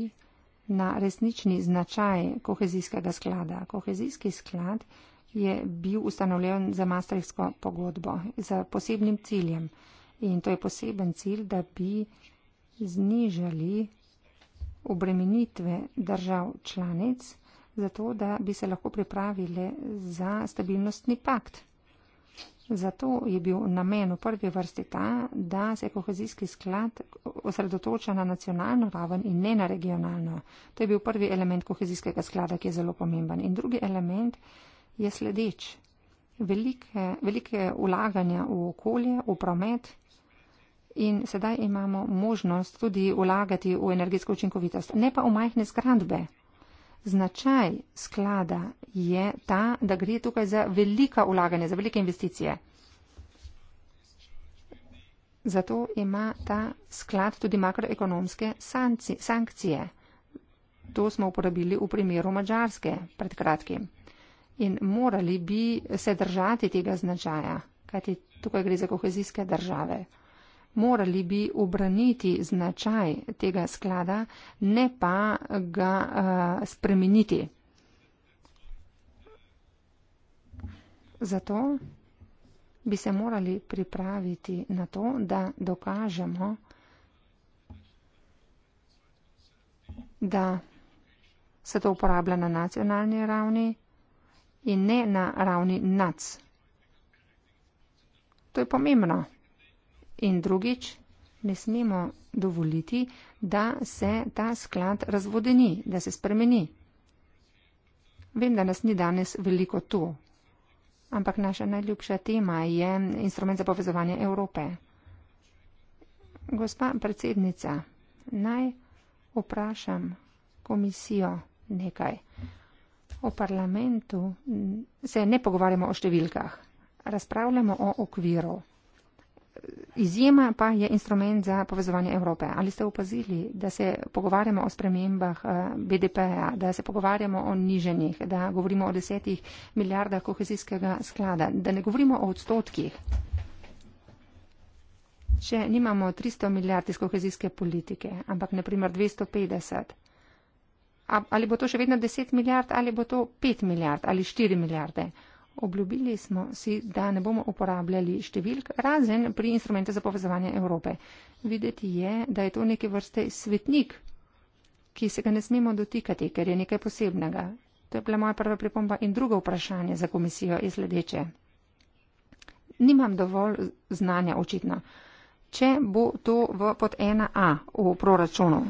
na resnični značaj kohezijskega sklada. Kohezijski sklad je bil ustanovljen za mastrihsko pogodbo, za posebnim ciljem. In to je poseben cilj, da bi znižali obremenitve držav članic zato da bi se lahko pripravili za stabilnostni pakt. Zato je bil namen v prvi vrsti ta, da se kohezijski sklad osredotoča na nacionalno raven in ne na regionalno. To je bil prvi element kohezijskega sklada, ki je zelo pomemben. In drugi element je sledeč. Velike, velike ulaganja v okolje, v promet in sedaj imamo možnost tudi ulagati v energetsko učinkovitost, ne pa v majhne zgradbe značaj sklada je ta, da gre tukaj za velika ulaganja, za velike investicije. Zato ima ta sklad tudi makroekonomske sankcije. To smo uporabili v primeru Mačarske pred kratkim. In morali bi se držati tega značaja, kajti tukaj gre za kohezijske države. Morali bi obraniti značaj tega sklada, ne pa ga uh, spremeniti. Zato bi se morali pripraviti na to, da dokažemo, da se to uporablja na nacionalni ravni in ne na ravni nac. To je pomembno. In drugič, ne smemo dovoliti, da se ta sklad razvodeni, da se spremeni. Vem, da nas ni danes veliko tu, ampak naša najljubša tema je instrument za povezovanje Evrope. Gospa predsednica, naj vprašam komisijo nekaj. O parlamentu se ne pogovarjamo o številkah, razpravljamo o okviru izjema pa je instrument za povezovanje Evrope. Ali ste opazili, da se pogovarjamo o spremembah eh, BDP-ja, da se pogovarjamo o niženjih, da govorimo o desetih milijardah kohezijskega sklada, da ne govorimo o odstotkih? Če nimamo 300 milijard iz kohezijske politike, ampak naprimer 250, ali bo to še vedno 10 milijard, ali bo to 5 milijard, ali 4 milijarde? Obljubili smo si, da ne bomo uporabljali številk, razen pri instrumente za povezovanje Evrope. Videti je, da je to neke vrste svetnik, ki se ga ne smemo dotikati, ker je nekaj posebnega. To je bila moja prva pripomba in drugo vprašanje za komisijo je sledeče. Nimam dovolj znanja očitno. Če bo to v pod 1a v proračunu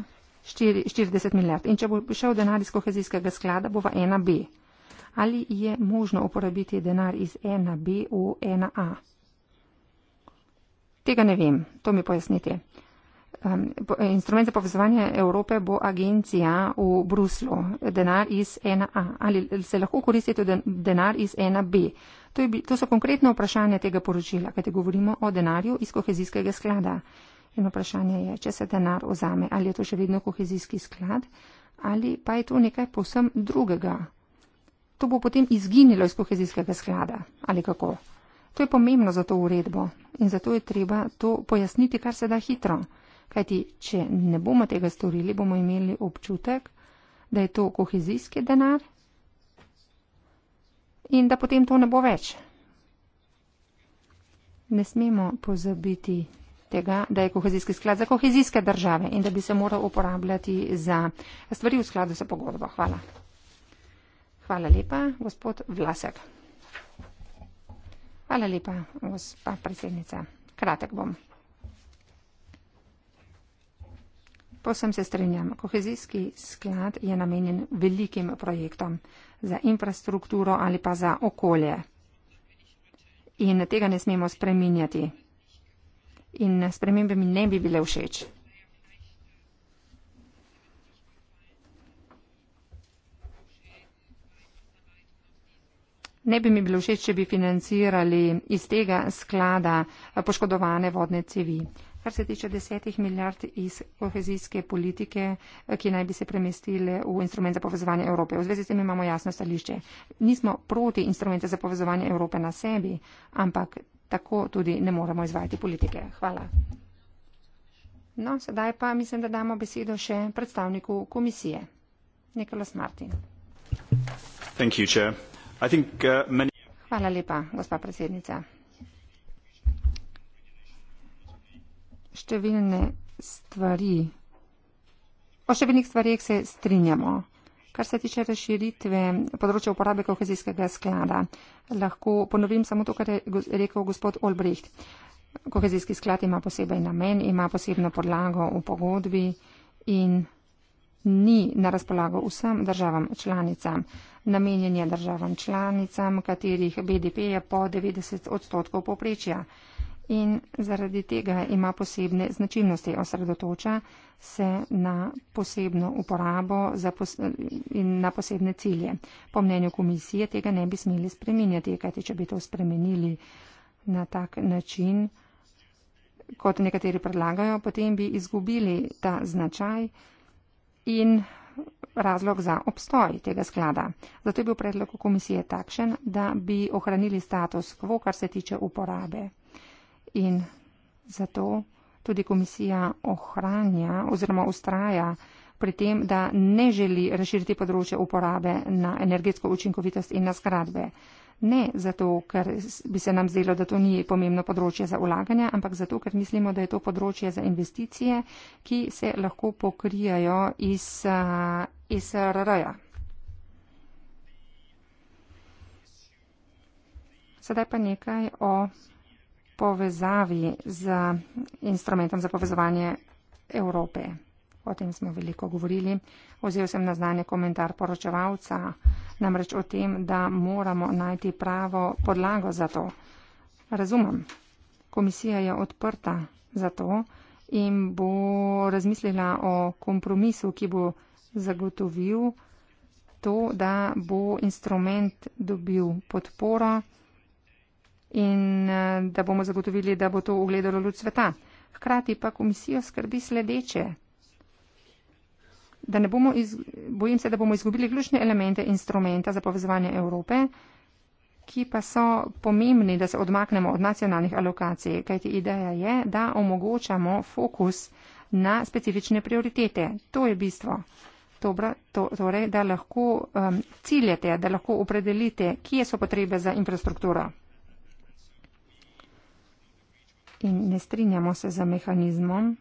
40 milijard in če bo šel denar iz kohezijskega sklada, bo v 1b ali je možno uporabiti denar iz 1B v 1A. Tega ne vem, to mi pojasnite. Um, instrument za povezovanje Evrope bo agencija v Bruslu, denar iz 1A. Ali se lahko koristi tudi denar iz 1B? To, je, to so konkretne vprašanja tega poročila, kajte govorimo o denarju iz kohezijskega sklada. Eno vprašanje je, če se denar ozame, ali je to še vedno kohezijski sklad ali pa je to nekaj posem drugega to bo potem izginilo iz kohezijskega sklada, ali kako. To je pomembno za to uredbo in zato je treba to pojasniti kar se da hitro, kajti če ne bomo tega storili, bomo imeli občutek, da je to kohezijski denar in da potem to ne bo več. Ne smemo pozabiti tega, da je kohezijski sklad za kohezijske države in da bi se moral uporabljati za stvari v skladu s pogodbo. Hvala. Hvala lepa, gospod Vlasek. Hvala lepa, gospa predsednica. Kratek bom. Posem se strinjam. Kohezijski sklad je namenjen velikim projektom za infrastrukturo ali pa za okolje. In tega ne smemo spreminjati. In spremembe mi ne bi bile všeč. Ne bi mi bilo všeč, če bi financirali iz tega sklada poškodovane vodne cevi. Kar se tiče desetih milijard iz kohezijske politike, ki naj bi se premestile v instrument za povezovanje Evrope. V zvezi s tem imamo jasno stališče. Nismo proti instrumente za povezovanje Evrope na sebi, ampak tako tudi ne moremo izvajati politike. Hvala. No, sedaj pa mislim, da damo besedo še predstavniku komisije. Nikolas Martin. Thank you, Chair. Uh, Hvala lepa, gospa predsednica. Številne stvari, o številnih stvarih se strinjamo. Kar se tiče razširitve področja uporabe kohezijskega sklada, lahko ponovim samo to, kar je rekel gospod Olbricht. Kohezijski sklad ima posebej namen, ima posebno podlago v pogodbi in ni na razpolago vsem državam članicam. Namenjen je državam članicam, katerih BDP je po 90 odstotkov poprečja. In zaradi tega ima posebne značilnosti osredotoča se na posebno uporabo pos in na posebne cilje. Po mnenju komisije tega ne bi smeli spreminjati, kajti če bi to spremenili na tak način, kot nekateri predlagajo, potem bi izgubili ta značaj in razlog za obstoj tega sklada. Zato je bil predlog komisije takšen, da bi ohranili status quo, kar se tiče uporabe. In zato tudi komisija ohranja oziroma ustraja pri tem, da ne želi razširiti področje uporabe na energetsko učinkovitost in na skradbe. Ne zato, ker bi se nam zdelo, da to ni pomembno področje za ulaganja, ampak zato, ker mislimo, da je to področje za investicije, ki se lahko pokrijajo iz SRR-ja. Sedaj pa nekaj o povezavi z instrumentom za povezovanje Evrope. O tem smo veliko govorili. Ozel sem na znanje komentar poročevalca namreč o tem, da moramo najti pravo podlago za to. Razumem, komisija je odprta za to in bo razmislila o kompromisu, ki bo zagotovil to, da bo instrument dobil podporo in eh, da bomo zagotovili, da bo to ugledalo luč sveta. Hkrati pa komisijo skrbi sledeče, da ne bomo, iz, bojim se, da bomo izgubili ključne elemente instrumenta za povezovanje Evrope, ki pa so pomembni, da se odmaknemo od nacionalnih alokacij, kajti ideja je, da omogočamo fokus na specifične prioritete. To je bistvo. Dobro, to, torej, da lahko um, ciljete, da lahko opredelite, kje so potrebe za infrastrukturo. In ne strinjamo se z mehanizmom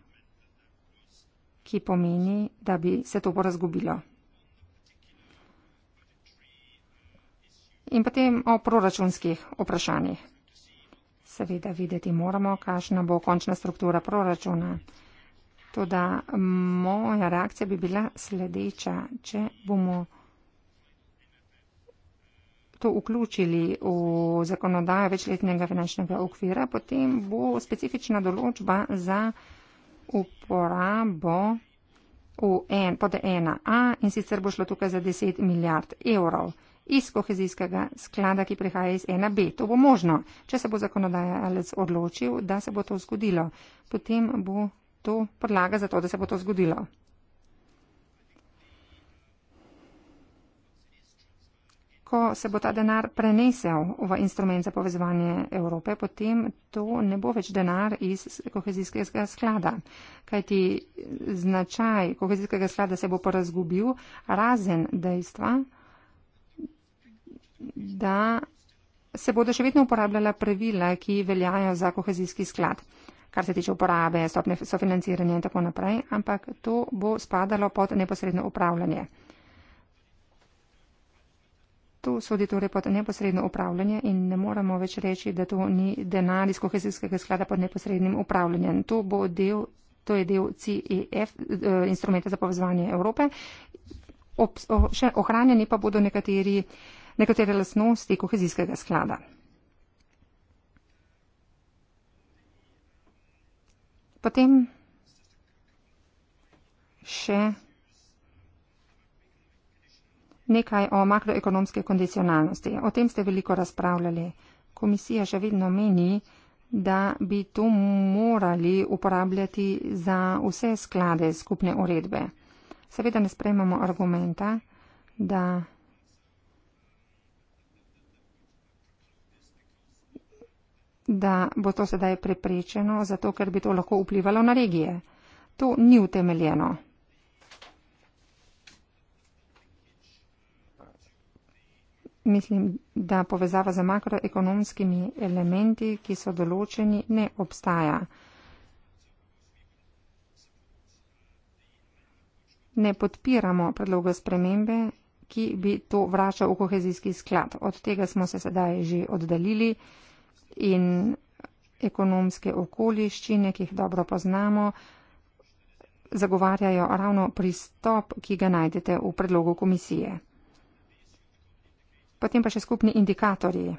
ki pomeni, da bi se to porazgubilo. In potem o proračunskih vprašanjih. Seveda videti moramo, kakšna bo končna struktura proračuna. Tudi moja reakcija bi bila sledeča, če bomo to vključili v zakonodajo večletnega finančnega okvira, potem bo specifična določba za uporabo v en, pod 1A in sicer bo šlo tukaj za 10 milijard evrov iz kohezijskega sklada, ki prihaja iz 1B. To bo možno, če se bo zakonodajalec odločil, da se bo to zgodilo. Potem bo to podlaga za to, da se bo to zgodilo. ko se bo ta denar prenesel v instrument za povezovanje Evrope, potem to ne bo več denar iz kohezijskega sklada. Kajti značaj kohezijskega sklada se bo porazgubil razen dejstva, da se bodo še vedno uporabljala pravila, ki veljajo za kohezijski sklad kar se tiče uporabe, stopne sofinanciranja in tako naprej, ampak to bo spadalo pod neposredno upravljanje tu sodi torej pod neposredno upravljanje in ne moremo več reči, da to ni denar iz kohezijskega sklada pod neposrednim upravljanjem. To bo del, to je del CEF, eh, instrumenta za povezovanje Evrope. Ob, še ohranjeni pa bodo nekateri, nekatere lasnosti kohezijskega sklada. Potem še Nekaj o makroekonomske kondicionalnosti. O tem ste veliko razpravljali. Komisija še vedno meni, da bi to morali uporabljati za vse sklade skupne uredbe. Seveda ne sprejmemo argumenta, da da bo to sedaj preprečeno, zato ker bi to lahko vplivalo na regije. To ni utemeljeno. mislim, da povezava z makroekonomskimi elementi, ki so določeni, ne obstaja. Ne podpiramo predloga spremembe, ki bi to vračal v kohezijski sklad. Od tega smo se sedaj že oddalili in ekonomske okoliščine, ki jih dobro poznamo, zagovarjajo ravno pristop, ki ga najdete v predlogu komisije potem pa še skupni indikatorji.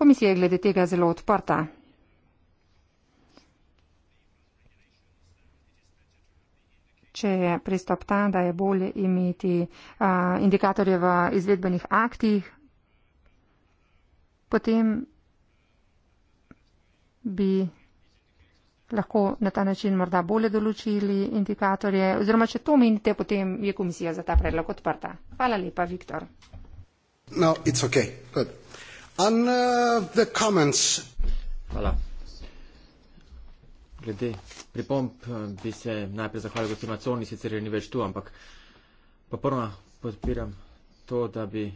Komisija je glede tega zelo odprta. Če je pristop ta, da je bolje imeti uh, indikatorje v izvedbenih aktih, potem bi lahko na ta način morda bolje določili indikatorje, oziroma če to menite, potem je komisija za ta predlog odprta. Hvala lepa, Viktor. No, it's ok. Good. On uh, the comments. Hvala. Glede pripomp eh, bi se najprej zahvalil gospodinu Maconi, sicer je ni več tu, ampak pa prva podpiram to, da bi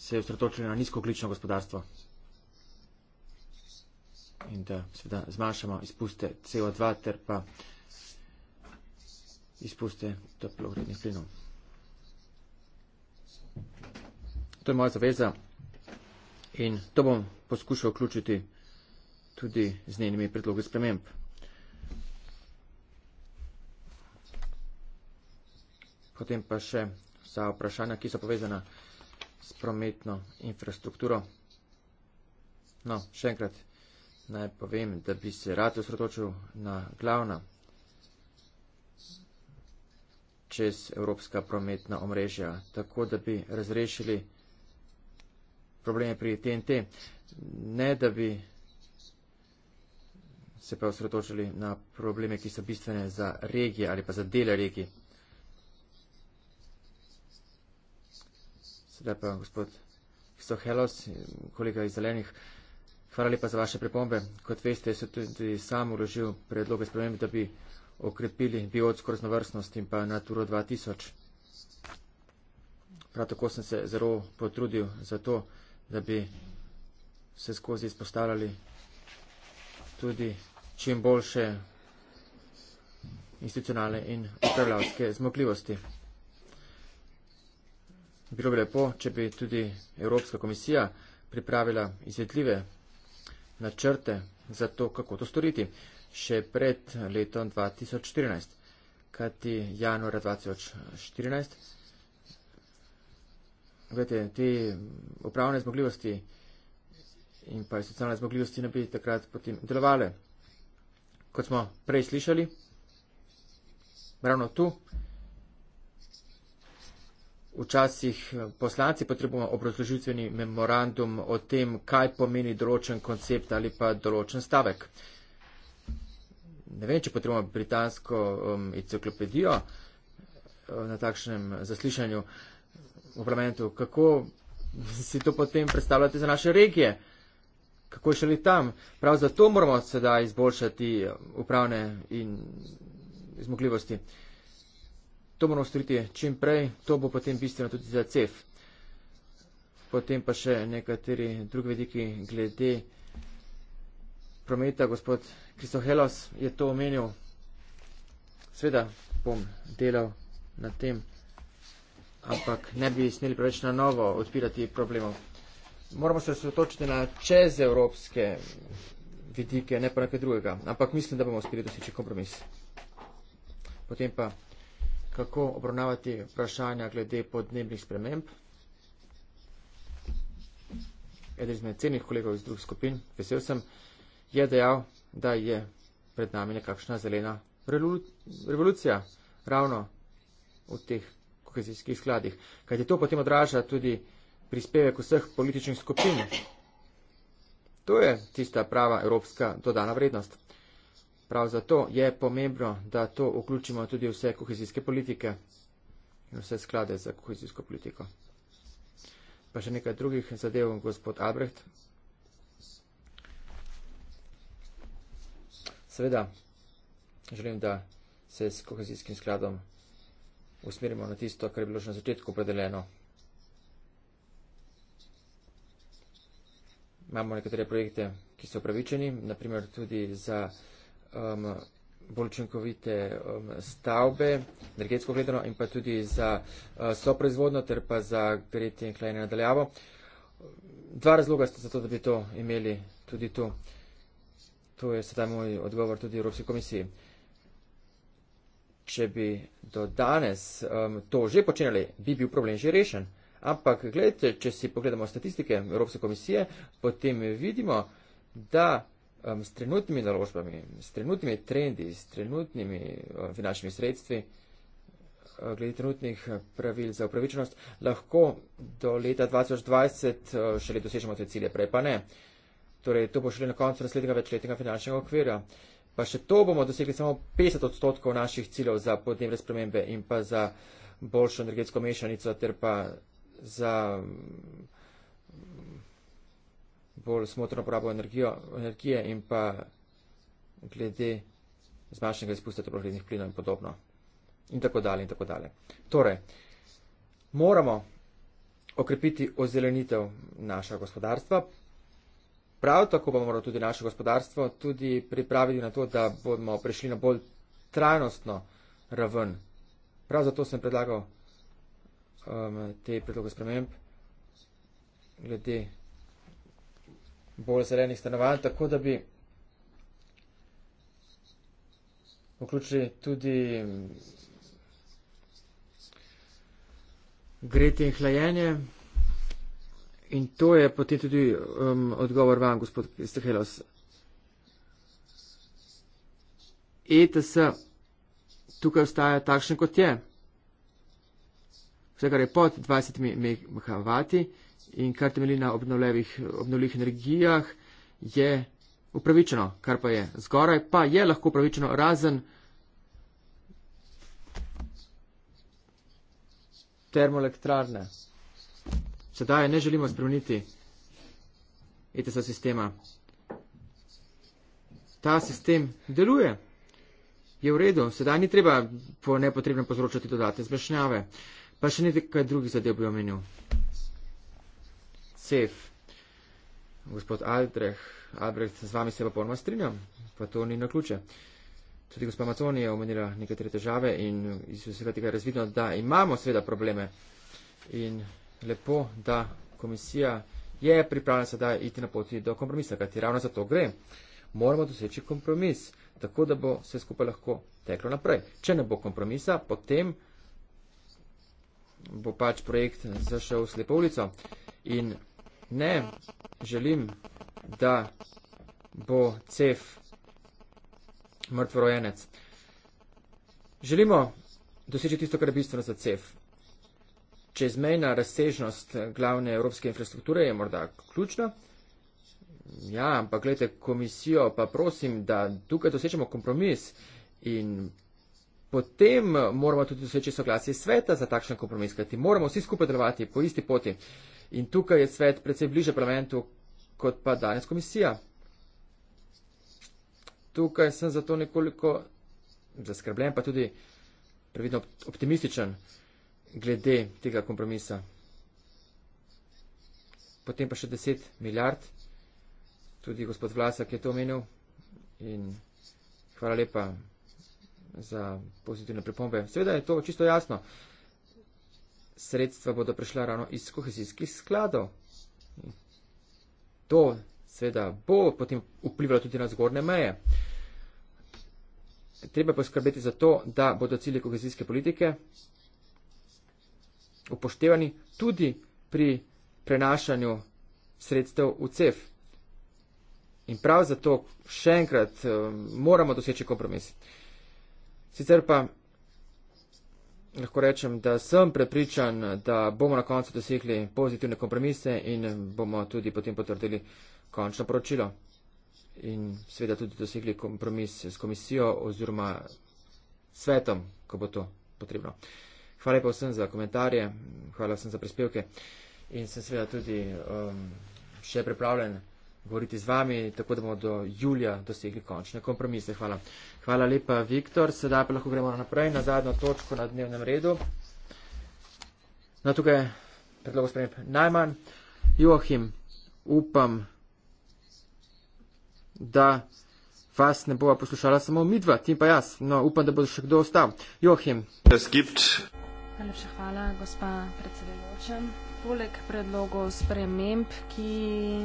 se osredotočili na nizkoglično gospodarstvo in da seveda zmanjšamo izpuste CO2 ter pa izpuste toplogrednih plinov. To je moja zaveza in to bom poskušal vključiti tudi z njenimi predlogi sprememb. Potem pa še vsa vprašanja, ki so povezana s prometno infrastrukturo. No, še enkrat naj povem, da bi se rad osredotočil na glavna čez evropska prometna omrežja, tako da bi razrešili probleme pri TNT, ne da bi se pa osredotočili na probleme, ki so bistvene za regije ali pa za dele regije. Sedaj pa gospod Kisohelos, kolega iz zelenih. Hvala lepa za vaše pripombe. Kot veste, sem tudi sam uložil predloge spremembe, da bi okrepili biotsko raznovrstnost in pa Naturo 2000. Prav tako sem se zelo potrudil za to, da bi se skozi izpostavljali tudi čim boljše institucionalne in upravljavske zmogljivosti. Bilo bi lepo, če bi tudi Evropska komisija pripravila izvedljive načrte za to, kako to storiti, še pred letom 2014. Kajti januar 2014, gledajte, te upravne zmogljivosti in pa socialne zmogljivosti ne bi takrat potem delovale. Kot smo prej slišali, ravno tu včasih eh, poslanci potrebujemo obrazložitveni memorandum o tem, kaj pomeni določen koncept ali pa določen stavek. Ne vem, če potrebujemo britansko um, enciklopedijo um, na takšnem eh, zaslišanju v parlamentu. Kako *laughs* si to potem predstavljate za naše regije? Kako je šele tam? Prav zato moramo sedaj izboljšati upravne in zmogljivosti. Uh, To moramo storiti čim prej, to bo potem bistveno tudi za CEF. Potem pa še nekateri drugi vediki glede prometa. Gospod Kristohelos je to omenil. Sveda bom delal na tem, ampak ne bi smeli preveč na novo odpirati problemov. Moramo se sotočiti na čez evropske vidike, ne pa nekaj drugega. Ampak mislim, da bomo uspeli doseči kompromis. Potem pa kako obravnavati vprašanja glede podnebnih sprememb. Eden izmed cenih kolegov iz drugih skupin, vesel sem, je dejal, da je pred nami nekakšna zelena revolucija ravno v teh kohezijskih skladih. Kaj je to potem odraža tudi prispevek vseh političnih skupin? To je tista prava evropska dodana vrednost. Prav zato je pomembno, da to vključimo tudi vse kohezijske politike in vse sklade za kohezijsko politiko. Pa še nekaj drugih zadev, gospod Albrecht. Seveda želim, da se s kohezijskim skladom usmerimo na tisto, kar je bilo že na začetku opredeljeno. Imamo nekatere projekte, ki so upravičeni, naprimer tudi za um, bolj učinkovite um, stavbe, energetsko gledano in pa tudi za uh, soproizvodno ter pa za tretje in klejne nadaljavo. Dva razloga sta za to, da bi to imeli tudi tu. To je sedaj moj odgovor tudi Evropski komisiji. Če bi do danes um, to že počenjali, bi bil problem že rešen. Ampak gledajte, če si pogledamo statistike Evropske komisije, potem vidimo, da um, s trenutnimi naložbami, s trenutnimi trendi, s trenutnimi um, finančnimi sredstvi, um, glede trenutnih eh, pravil za upravičenost, lahko do leta 2020 uh, šele dosežemo te cilje, prej pa ne. Torej, to bo šele na koncu naslednjega večletnega finančnega okvira. Pa še to bomo dosegli samo 50 odstotkov naših ciljev za podnebne spremembe in pa za boljšo energetsko mešanico ter pa za bolj smotrno porabo energijo, energije in pa glede zmanjšanega izpusta toplogrednih plinov in podobno. In tako dalje in tako dalje. Torej, moramo okrepiti ozelenitev našega gospodarstva. Prav tako pa moramo tudi naše gospodarstvo tudi pripraviti na to, da bomo prišli na bolj trajnostno raven. Prav zato sem predlagal um, te predloge sprememb glede bolj zelenih stanovanj, tako da bi vključili tudi mm, gretje in hlajenje. In to je potem tudi um, odgovor vam, gospod Stehelos. ETS tukaj ostaja takšen, kot je. Vse, kar je pod 20 MHV, in kar temelji na obnovljivih energijah, je upravičeno, kar pa je zgoraj, pa je lahko upravičeno razen termoelektrarne. Sedaj ne želimo spremeniti ETS sistema. Ta sistem deluje. Je v redu, sedaj ni treba po nepotrebnem povzročati dodatne zmešnjave. Pa še nekaj drugih zadev bi omenil cef. Gospod Aldreh, Albrecht, z vami se pa polno strinjam, pa to ni na ključe. Tudi gospod Macon je omenila nekatere težave in iz vsega tega je razvidno, da imamo seveda probleme. In lepo, da komisija je pripravljena sedaj iti na poti do kompromisa, kajti ravno za to gre. Moramo doseči kompromis, tako da bo vse skupaj lahko teklo naprej. Če ne bo kompromisa, potem bo pač projekt zašel v slepo ulico. In ne želim, da bo cef mrtvorojenec. Želimo doseči tisto, kar je bistveno za cef. Čezmejna razsežnost glavne evropske infrastrukture je morda ključna. Ja, ampak gledajte, komisijo pa prosim, da tukaj dosečemo kompromis in potem moramo tudi doseči soglasje sveta za takšen kompromis, kajti moramo vsi skupaj delovati po isti poti. Uh, In tukaj je svet predvsej bliže parlamentu, kot pa danes komisija. Tukaj sem zato nekoliko zaskrbljen, pa tudi previdno optimističen glede tega kompromisa. Potem pa še 10 milijard, tudi gospod Vlasak je to omenil in hvala lepa za pozitivne pripombe. Seveda je to čisto jasno sredstva bodo prišla ravno iz kohezijskih skladov. To seveda bo potem vplivalo tudi na zgornje meje. Treba poskrbeti za to, da bodo cilje kohezijske politike upoštevani tudi pri prenašanju sredstev v CEF. In prav zato še enkrat eh, moramo doseči kompromis. Sicer pa lahko rečem, da sem prepričan, da bomo na koncu dosegli pozitivne kompromise in bomo tudi potem potrdili končno poročilo. In seveda tudi dosegli kompromis s komisijo oziroma svetom, ko bo to potrebno. Hvala lepa vsem za komentarje, hvala vsem za prispevke in sem seveda tudi um, še pripravljen govoriti z vami, tako da bomo do julija dosegli končne kompromise. Hvala. Hvala lepa, Viktor. Sedaj pa lahko gremo naprej na zadnjo točko na dnevnem redu. Na no, tukaj je predlog sprememb najmanj. Joachim, upam, da vas ne bova poslušala samo midva, ti pa jaz. No, upam, da bo še kdo ostal. Joachim. Najlepša hvala, gospa predsedujoča. Poleg predlogov sprememb, ki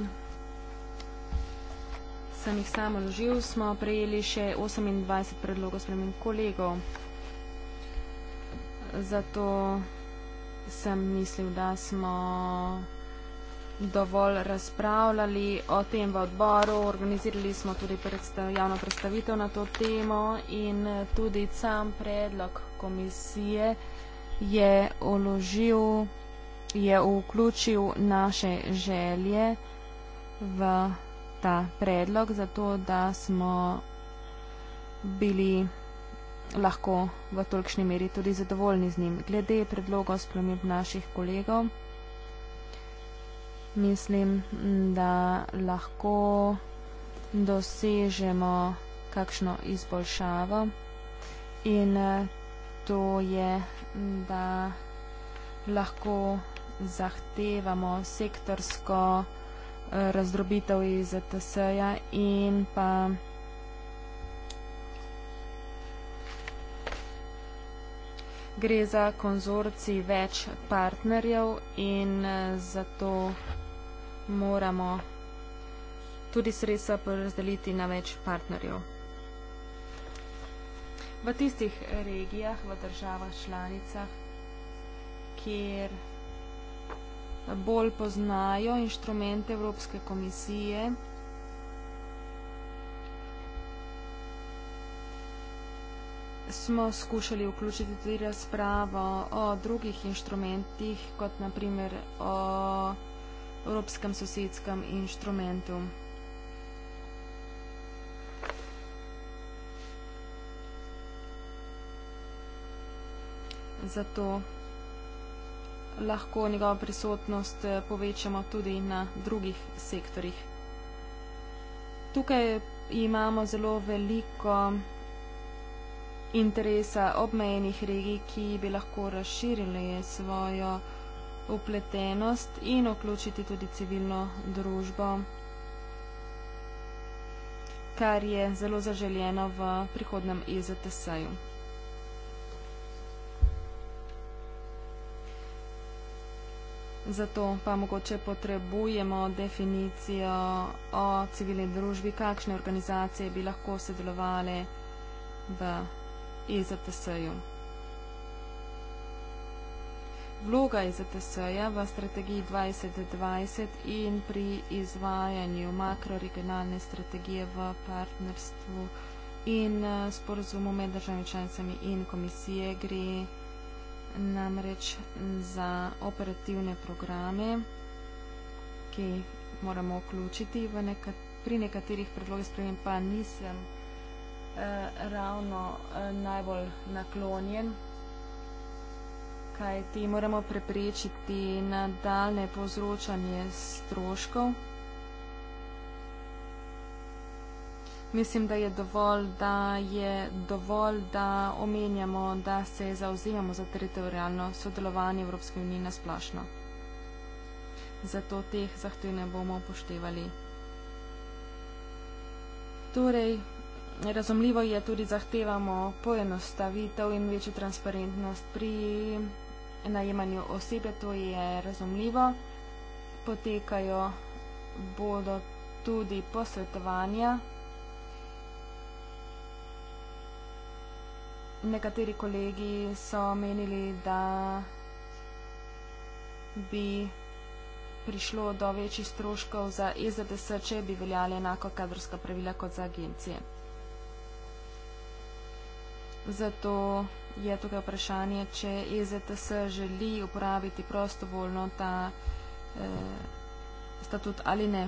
sem jih sam vložil, smo prejeli še 28 predlogov spremen kolegov. Zato sem mislil, da smo dovolj razpravljali o tem v odboru, organizirali smo tudi predstav, javno predstavitev na to temo in tudi sam predlog komisije je uložil, je vključil naše želje v ta predlog, zato da smo bili lahko v tolkšni meri tudi zadovoljni z njim. Glede predlogov sprememb naših kolegov, mislim, da lahko dosežemo kakšno izboljšavo in to je, da lahko zahtevamo sektorsko razdrobitev iz ETS-ja in pa gre za konzorci več partnerjev in eh, zato moramo tudi sredstva porazdeliti na več partnerjev. V tistih regijah, v državah, članicah, kjer bolj poznajo inštrumente Evropske komisije. Smo skušali vključiti tudi razpravo o drugih inštrumentih, kot naprimer o Evropskem sosedskem inštrumentu. Zato lahko njegovo prisotnost eh, povečamo tudi na drugih sektorjih. Tukaj imamo zelo veliko interesa obmejnih regij, ki bi lahko razširili svojo upletenost in vključiti tudi civilno družbo, kar je zelo zaželjeno v prihodnem EZTS-ju. zato pa mogoče potrebujemo definicijo o civilni družbi, kakšne organizacije bi lahko sodelovali v IZTS-ju. Vloga IZTS-ja v strategiji 2020 in pri izvajanju makroregionalne strategije v partnerstvu in eh, sporozumu med državami članicami in komisije gre namreč za operativne programe, ki moramo vključiti v nekat, pri nekaterih predlogih sprejem, pa nisem eh, ravno eh, najbolj naklonjen, kaj ti moramo preprečiti nadaljne povzročanje stroškov. mislim, da je dovolj, da je dovolj, da omenjamo, da se zauzemamo za teritorijalno sodelovanje Evropske unije na splošno. Zato teh zahtev ne bomo upoštevali. Torej, razumljivo je tudi zahtevamo poenostavitev in večjo transparentnost pri najemanju osebe, to je razumljivo. Potekajo bodo tudi posvetovanja nekateri kolegi so menili, da bi prišlo do večjih stroškov za EZDS, če bi veljali enako kadrovska pravila kot za agencije. Zato je tukaj vprašanje, če EZTS želi uporabiti prostovoljno ta eh, statut ali ne.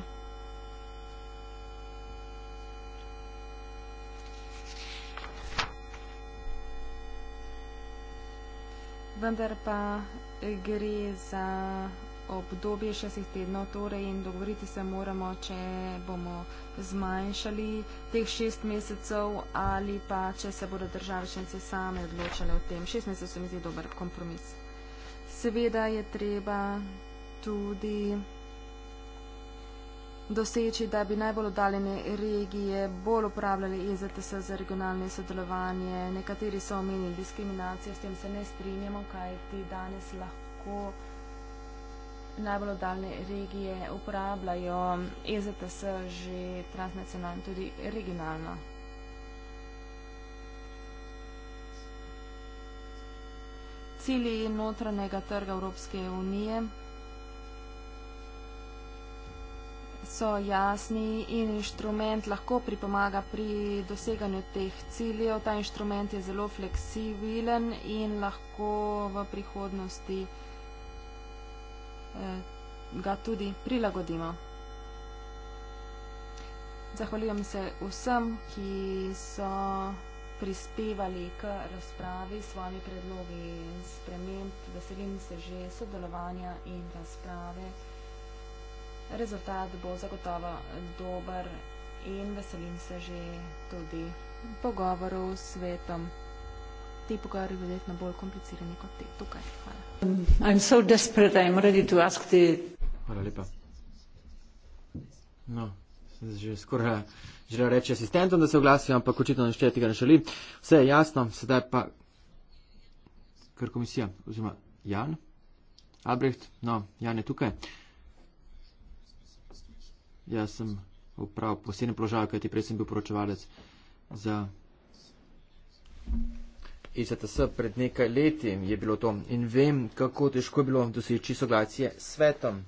vendar pa eh, gre za obdobje šestih tednov, torej in dogovoriti se moramo, če bomo zmanjšali teh šest mesecev ali pa če se bodo države šence same odločile o tem. Šest mesecev se mi zdi dober kompromis. Seveda je treba tudi doseči, da bi najbolj oddaljene regije bolj upravljali EZTS za regionalne sodelovanje. Nekateri so omenili diskriminacijo, s tem se ne strinjamo, kaj ti danes lahko najbolj oddaljene regije uporabljajo EZTS že transnacionalno, tudi regionalno. Cilji notranjega trga Evropske unije so jasni in inštrument lahko pripomaga pri doseganju teh ciljev. Ta inštrument je zelo fleksibilen in lahko v prihodnosti eh, ga tudi prilagodimo. Zahvaljujem se vsem, ki so prispevali k razpravi s vami predlogi in sprememb. Veselim se že sodelovanja in razprave rezultat bo zagotovo dober in veselim se že tudi pogovorov s svetom. Ti pogovori bodo verjetno bolj komplicirani kot ti tukaj. Hvala. So the... Hvala lepa. No, sem že skoraj želel reči asistentom, da se oglasijo, ampak očitno nišče tega ne želi. Vse je jasno, sedaj pa kar komisija, oziroma Jan Albrecht, no, Jan je tukaj jaz sem uprav posebne položaje, kajti prej sem bil poročevalec za ISTS e pred nekaj leti je bilo to in vem, kako težko je bilo doseči soglasje s svetom.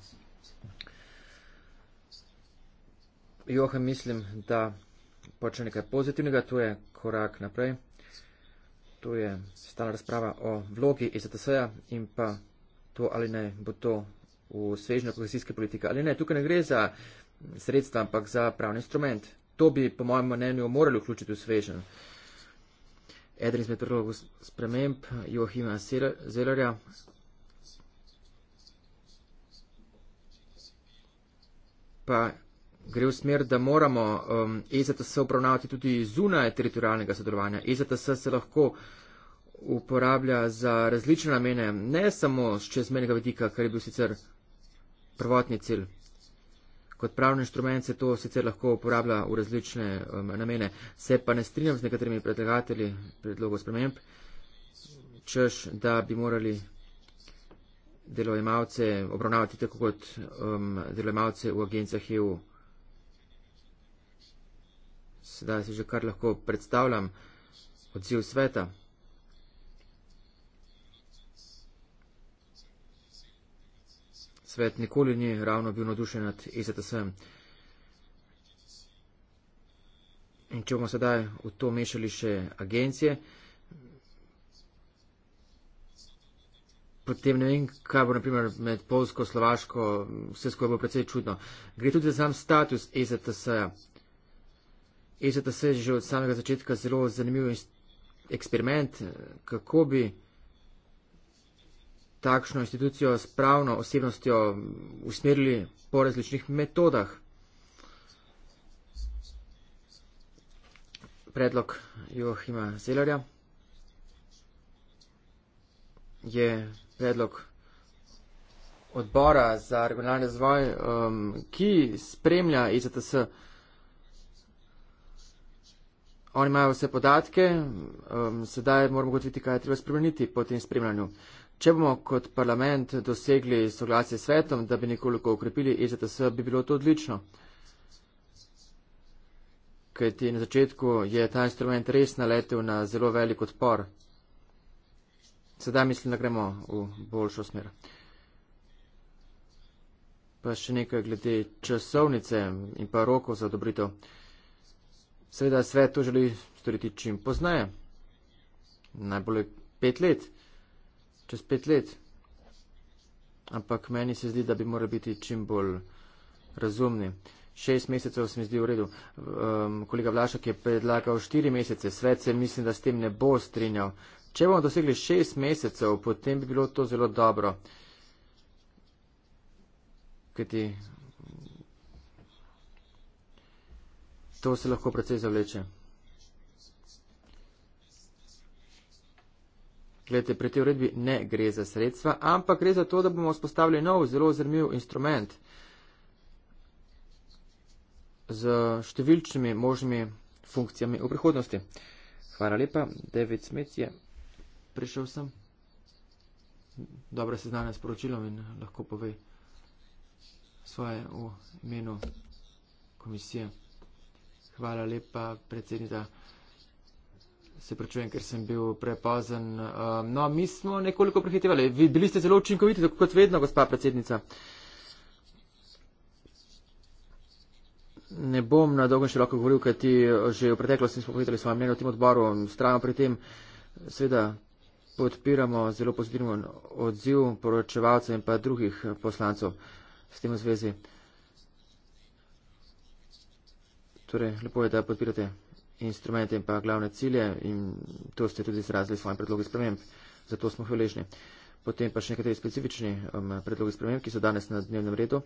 Johan, mislim, da počne nekaj pozitivnega, to je korak naprej. To je stala razprava o vlogi ISTS-ja e in pa to, ali ne bo to v svežnjo kohezijske politike, ali ne. Tukaj ne gre za sredstva, ampak za pravni instrument. To bi, po mojem mnenju, morali vključiti v svežen. Eden izmed predlogov sprememb Joachima Zelerja. Pa gre v smer, da moramo um, EZTS obravnavati tudi zunaj teritorijalnega sodelovanja. EZTS se lahko uporablja za različne namene, ne samo z čezmenega vidika, kar je bil sicer prvotni cilj kot pravni inštrument se to sicer lahko uporablja v različne um, namene. Se pa ne strinjam z nekaterimi predlagatelji predlogo sprememb, čež da bi morali delojemalce obravnavati tako kot um, delojemalce v agencijah EU. Sedaj si že kar lahko predstavljam odziv sveta. svet nikoli ni ravno bil nadušen nad EZTS-em. In če bomo sedaj v to mešali še agencije, potem ne vem, kaj bo naprimer med Polsko, Slovaško, vse skupaj bo precej čudno. Gre tudi za sam status EZTS-a. EZTS je že od samega začetka zelo zanimiv eksperiment, kako bi takšno institucijo s pravno osebnostjo usmerili po različnih metodah. Predlog Joachima Zelarja je predlog odbora za regionalni razvoj, um, ki spremlja IZTS. Oni imajo vse podatke, um, sedaj moramo gotoviti, kaj je treba spremeniti po tem spremljanju. Uh, Če bomo kot parlament dosegli soglasje s svetom, da bi nekoliko ukrepili EZTS, bi bilo to odlično. Kajti na začetku je ta instrument res naletel na zelo velik odpor. Sedaj mislim, da gremo v boljšo smer. Pa še nekaj glede časovnice in pa rokov za odobritev. Seveda svet to želi storiti čim poznaje. Najbolj pet let čez pet let. Ampak meni se zdi, da bi morali biti čim bolj razumni. Šest mesecev se mi zdi v redu. Um, kolega Vlašek je predlagal štiri mesece. Svet se mislim, da s tem ne bo strinjal. Če bomo dosegli šest mesecev, potem bi bilo to zelo dobro. Kajti to se lahko precej zavleče. Glede, pri tej uredbi ne gre za sredstva, ampak gre za to, da bomo vzpostavili nov, zelo zanimiv instrument z številčnimi možnimi funkcijami v prihodnosti. Hvala lepa, David Smith je prišel sem. Dobro se znane s poročilom in lahko pove svoje v imenu komisije. Hvala lepa, predsednica se prečujem, ker sem bil prepozen. Um, no, mi smo nekoliko prehitevali. Vi bili ste zelo učinkoviti, tako kot vedno, gospa predsednica. Ne bom na dolgo še lahko govoril, kaj ti že v preteklosti smo povedali svoje mnenje o tem odboru. Strano pri tem, seveda, podpiramo zelo pozitiven odziv poročevalcev in pa drugih poslancov s tem v zvezi. Torej, lepo je, da podpirate instrumente in pa glavne cilje in to ste tudi izrazili svoje predloge sprememb. Zato smo hvaležni. Potem pa še nekateri specifični um, predlogi sprememb, ki so danes na dnevnem redu.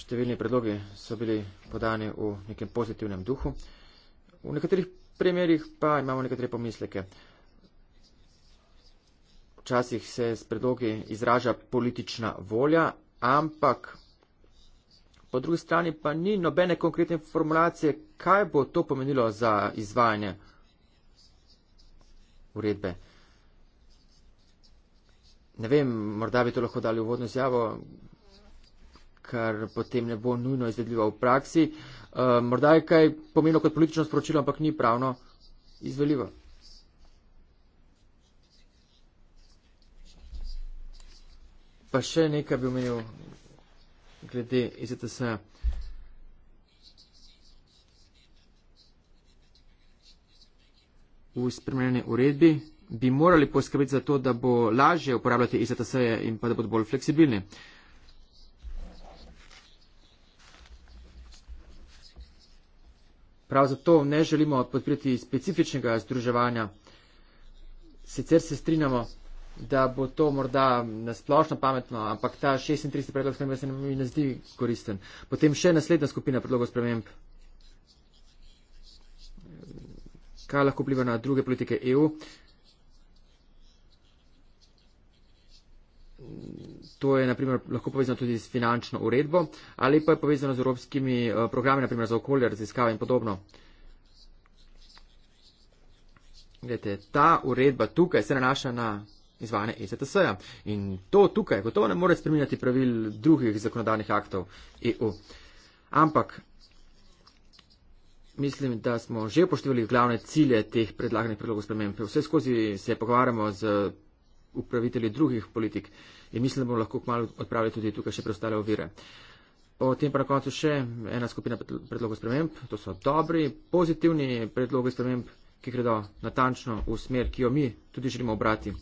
Številni predlogi so bili podani v nekem pozitivnem duhu. V nekaterih primerjih pa imamo nekatere pomisleke. Včasih se s predlogi izraža politična volja, ampak po drugi strani pa ni nobene konkretne formulacije, kaj bo to pomenilo za izvajanje uredbe. Ne vem, morda bi to lahko dali uvodno izjavo, kar potem ne bo nujno izvedljivo v praksi. E, morda je kaj pomenilo kot politično sporočilo, ampak ni pravno izvedljivo. Pa še nekaj bi omenil, glede IZS-a. E v spremenjeni uredbi bi morali poskrbeti za to, da bo lažje uporabljati IZS-je e in pa da bodo bolj fleksibilni. Prav zato ne želimo podpreti specifičnega združevanja. Sicer se strinjamo, da bo to morda nasplošno pametno, ampak ta 36 predlog sprememb se mi ne zdi koristen. Potem še naslednja skupina predlogov sprememb. Kaj lahko vpliva na druge politike EU? To je naprimer lahko povezano tudi s finančno uredbo ali pa je povezano z evropskimi eh, programi, naprimer za okolje, raziskave in podobno. Gledajte, ta uredba tukaj se nanaša na izvane ECTS-ja. In to tukaj gotovo ne more spreminjati pravil drugih zakonodajnih aktov EU. Ampak mislim, da smo že upoštevali glavne cilje teh predlaganih predlogov sprememb. Vse skozi se pogovarjamo z upravitelji drugih politik in mislim, da bomo lahko kmalo odpravili tudi tukaj še preostale ovire. Potem pa na koncu še ena skupina predlogov sprememb. To so dobri, pozitivni predlogi sprememb, ki gredo natančno v smer, ki jo mi tudi želimo obrati.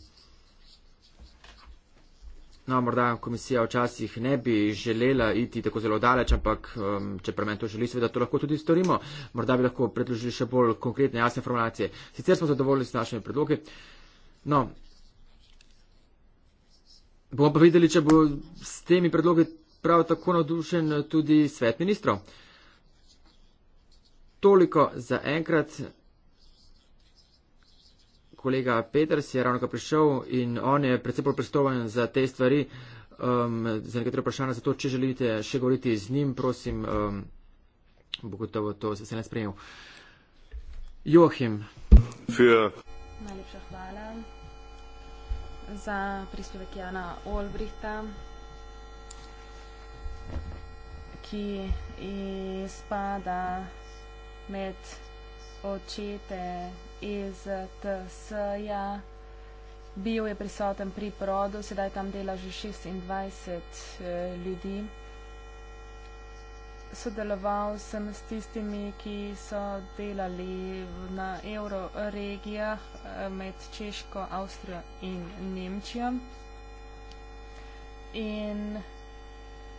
No, morda komisija včasih ne bi želela iti tako zelo daleč, ampak um, če premen to želi, seveda to lahko tudi storimo. Morda bi lahko predložili še bolj konkretne, jasne formulacije. Sicer smo zadovoljni s našimi predlogi. No, bomo pa videli, če bo s temi predlogi prav tako navdušen tudi svet ministrov. Toliko za enkrat kolega Peters je ravno kar prišel in on je predvsem bolj pristojen za te stvari, um, za nekatere vprašanja, zato če želite še govoriti z njim, prosim, um, bo gotovo to se ne sprejel. Joachim. Najlepša hvala za prispevek Jana Olbrihta, ki spada med očete EZTS-ja. Eh, Bio je prisoten pri porodu, sedaj tam dela že 26 eh, ljudi. Sodeloval sem s tistimi, ki so delali na euroregijah eh, med Češko, Avstrijo in Nemčijo. In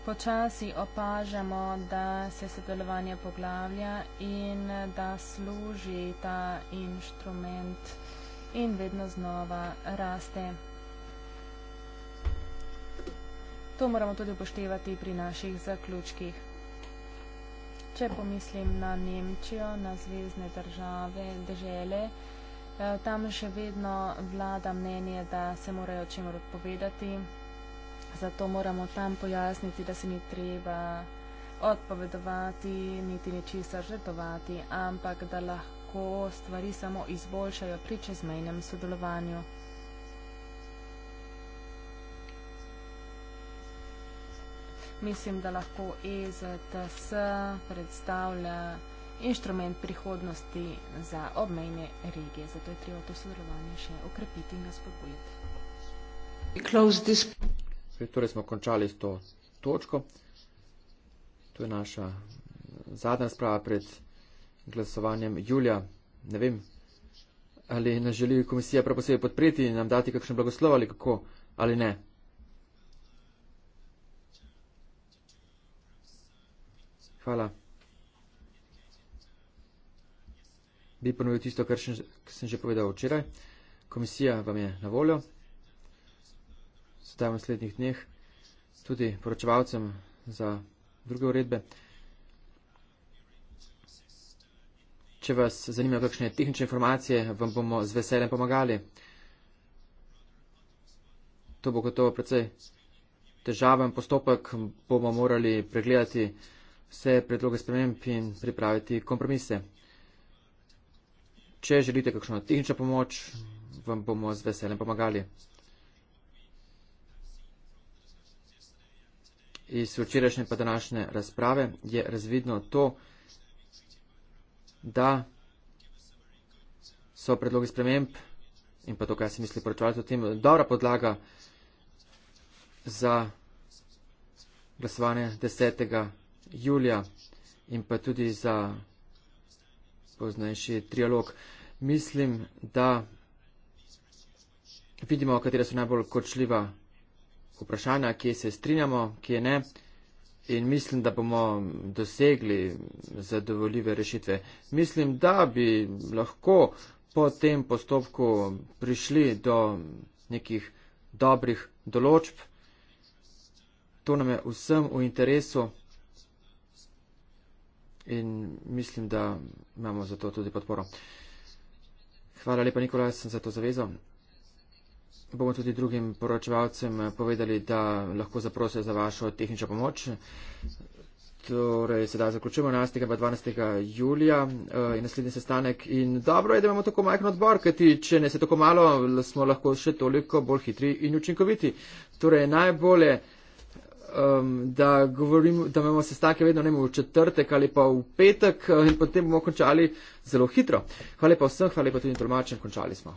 Počasi opažamo, da se sodelovanje poglavlja in da služi ta inštrument in vedno znova raste. To moramo tudi upoštevati pri naših zaključkih. Če pomislim na Nemčijo, na zvezdne države, držele, eh, tam še vedno vlada mnenje, da se morajo čim odpovedati. povedati zato moramo tam pojasniti, da se ni treba odpovedovati, niti ničesar žrtovati, ampak da lahko stvari samo izboljšajo pri čezmejnem sodelovanju. Mislim, da lahko EZTS predstavlja inštrument prihodnosti za obmejne regije, zato je treba to sodelovanje še okrepiti in ga spodbujiti. Zdaj, torej smo končali s to točko. To je naša eh, zadnja sprava pred glasovanjem julija. Ne vem, ali nas želi komisija prav posebej podpreti in nam dati kakšen blagoslov ali kako, ali ne. Hvala. Bi ponovil tisto, kar sem že povedal včeraj. Komisija vam je na voljo sedaj v naslednjih dneh, tudi poročevalcem za druge uredbe. Če vas zanimajo kakšne tehnične informacije, vam bomo z veseljem pomagali. To bo gotovo precej težaven postopek, bomo morali pregledati vse predloge sprememb in pripraviti kompromise. Če želite kakšno tehnično pomoč, vam bomo z veseljem pomagali. iz včerajšnje pa današnje razprave je razvidno to, da so predlogi sprememb in pa to, kaj se misli poročevalce o tem, dobra podlaga za glasovanje 10. julija in pa tudi za poznajši trialog. Mislim, da vidimo, katera so najbolj kočljiva vprašanja, kje se strinjamo, kje ne. In mislim, da bomo dosegli zadovoljive rešitve. Mislim, da bi lahko po tem postopku prišli do nekih dobrih določb. To nam je vsem v interesu in mislim, da imamo za to tudi podporo. Hvala lepa, Nikolaj, sem za to zavezal bomo tudi drugim poročevalcem povedali, da lahko zaprosijo za vašo tehnično pomoč. Torej, sedaj zaključujemo 11. in 12. julija uh, eh, in naslednji sestanek. In dobro je, da imamo tako majhen odbor, kajti če ne se tako malo, smo lahko še toliko bolj hitri in učinkoviti. Torej, najbolje, um, da, govorim, da imamo sestanke vedno ne v četrtek ali pa v petek eh, in potem bomo končali zelo hitro. Hvala pa vsem, hvala pa tudi tolmačem, končali smo.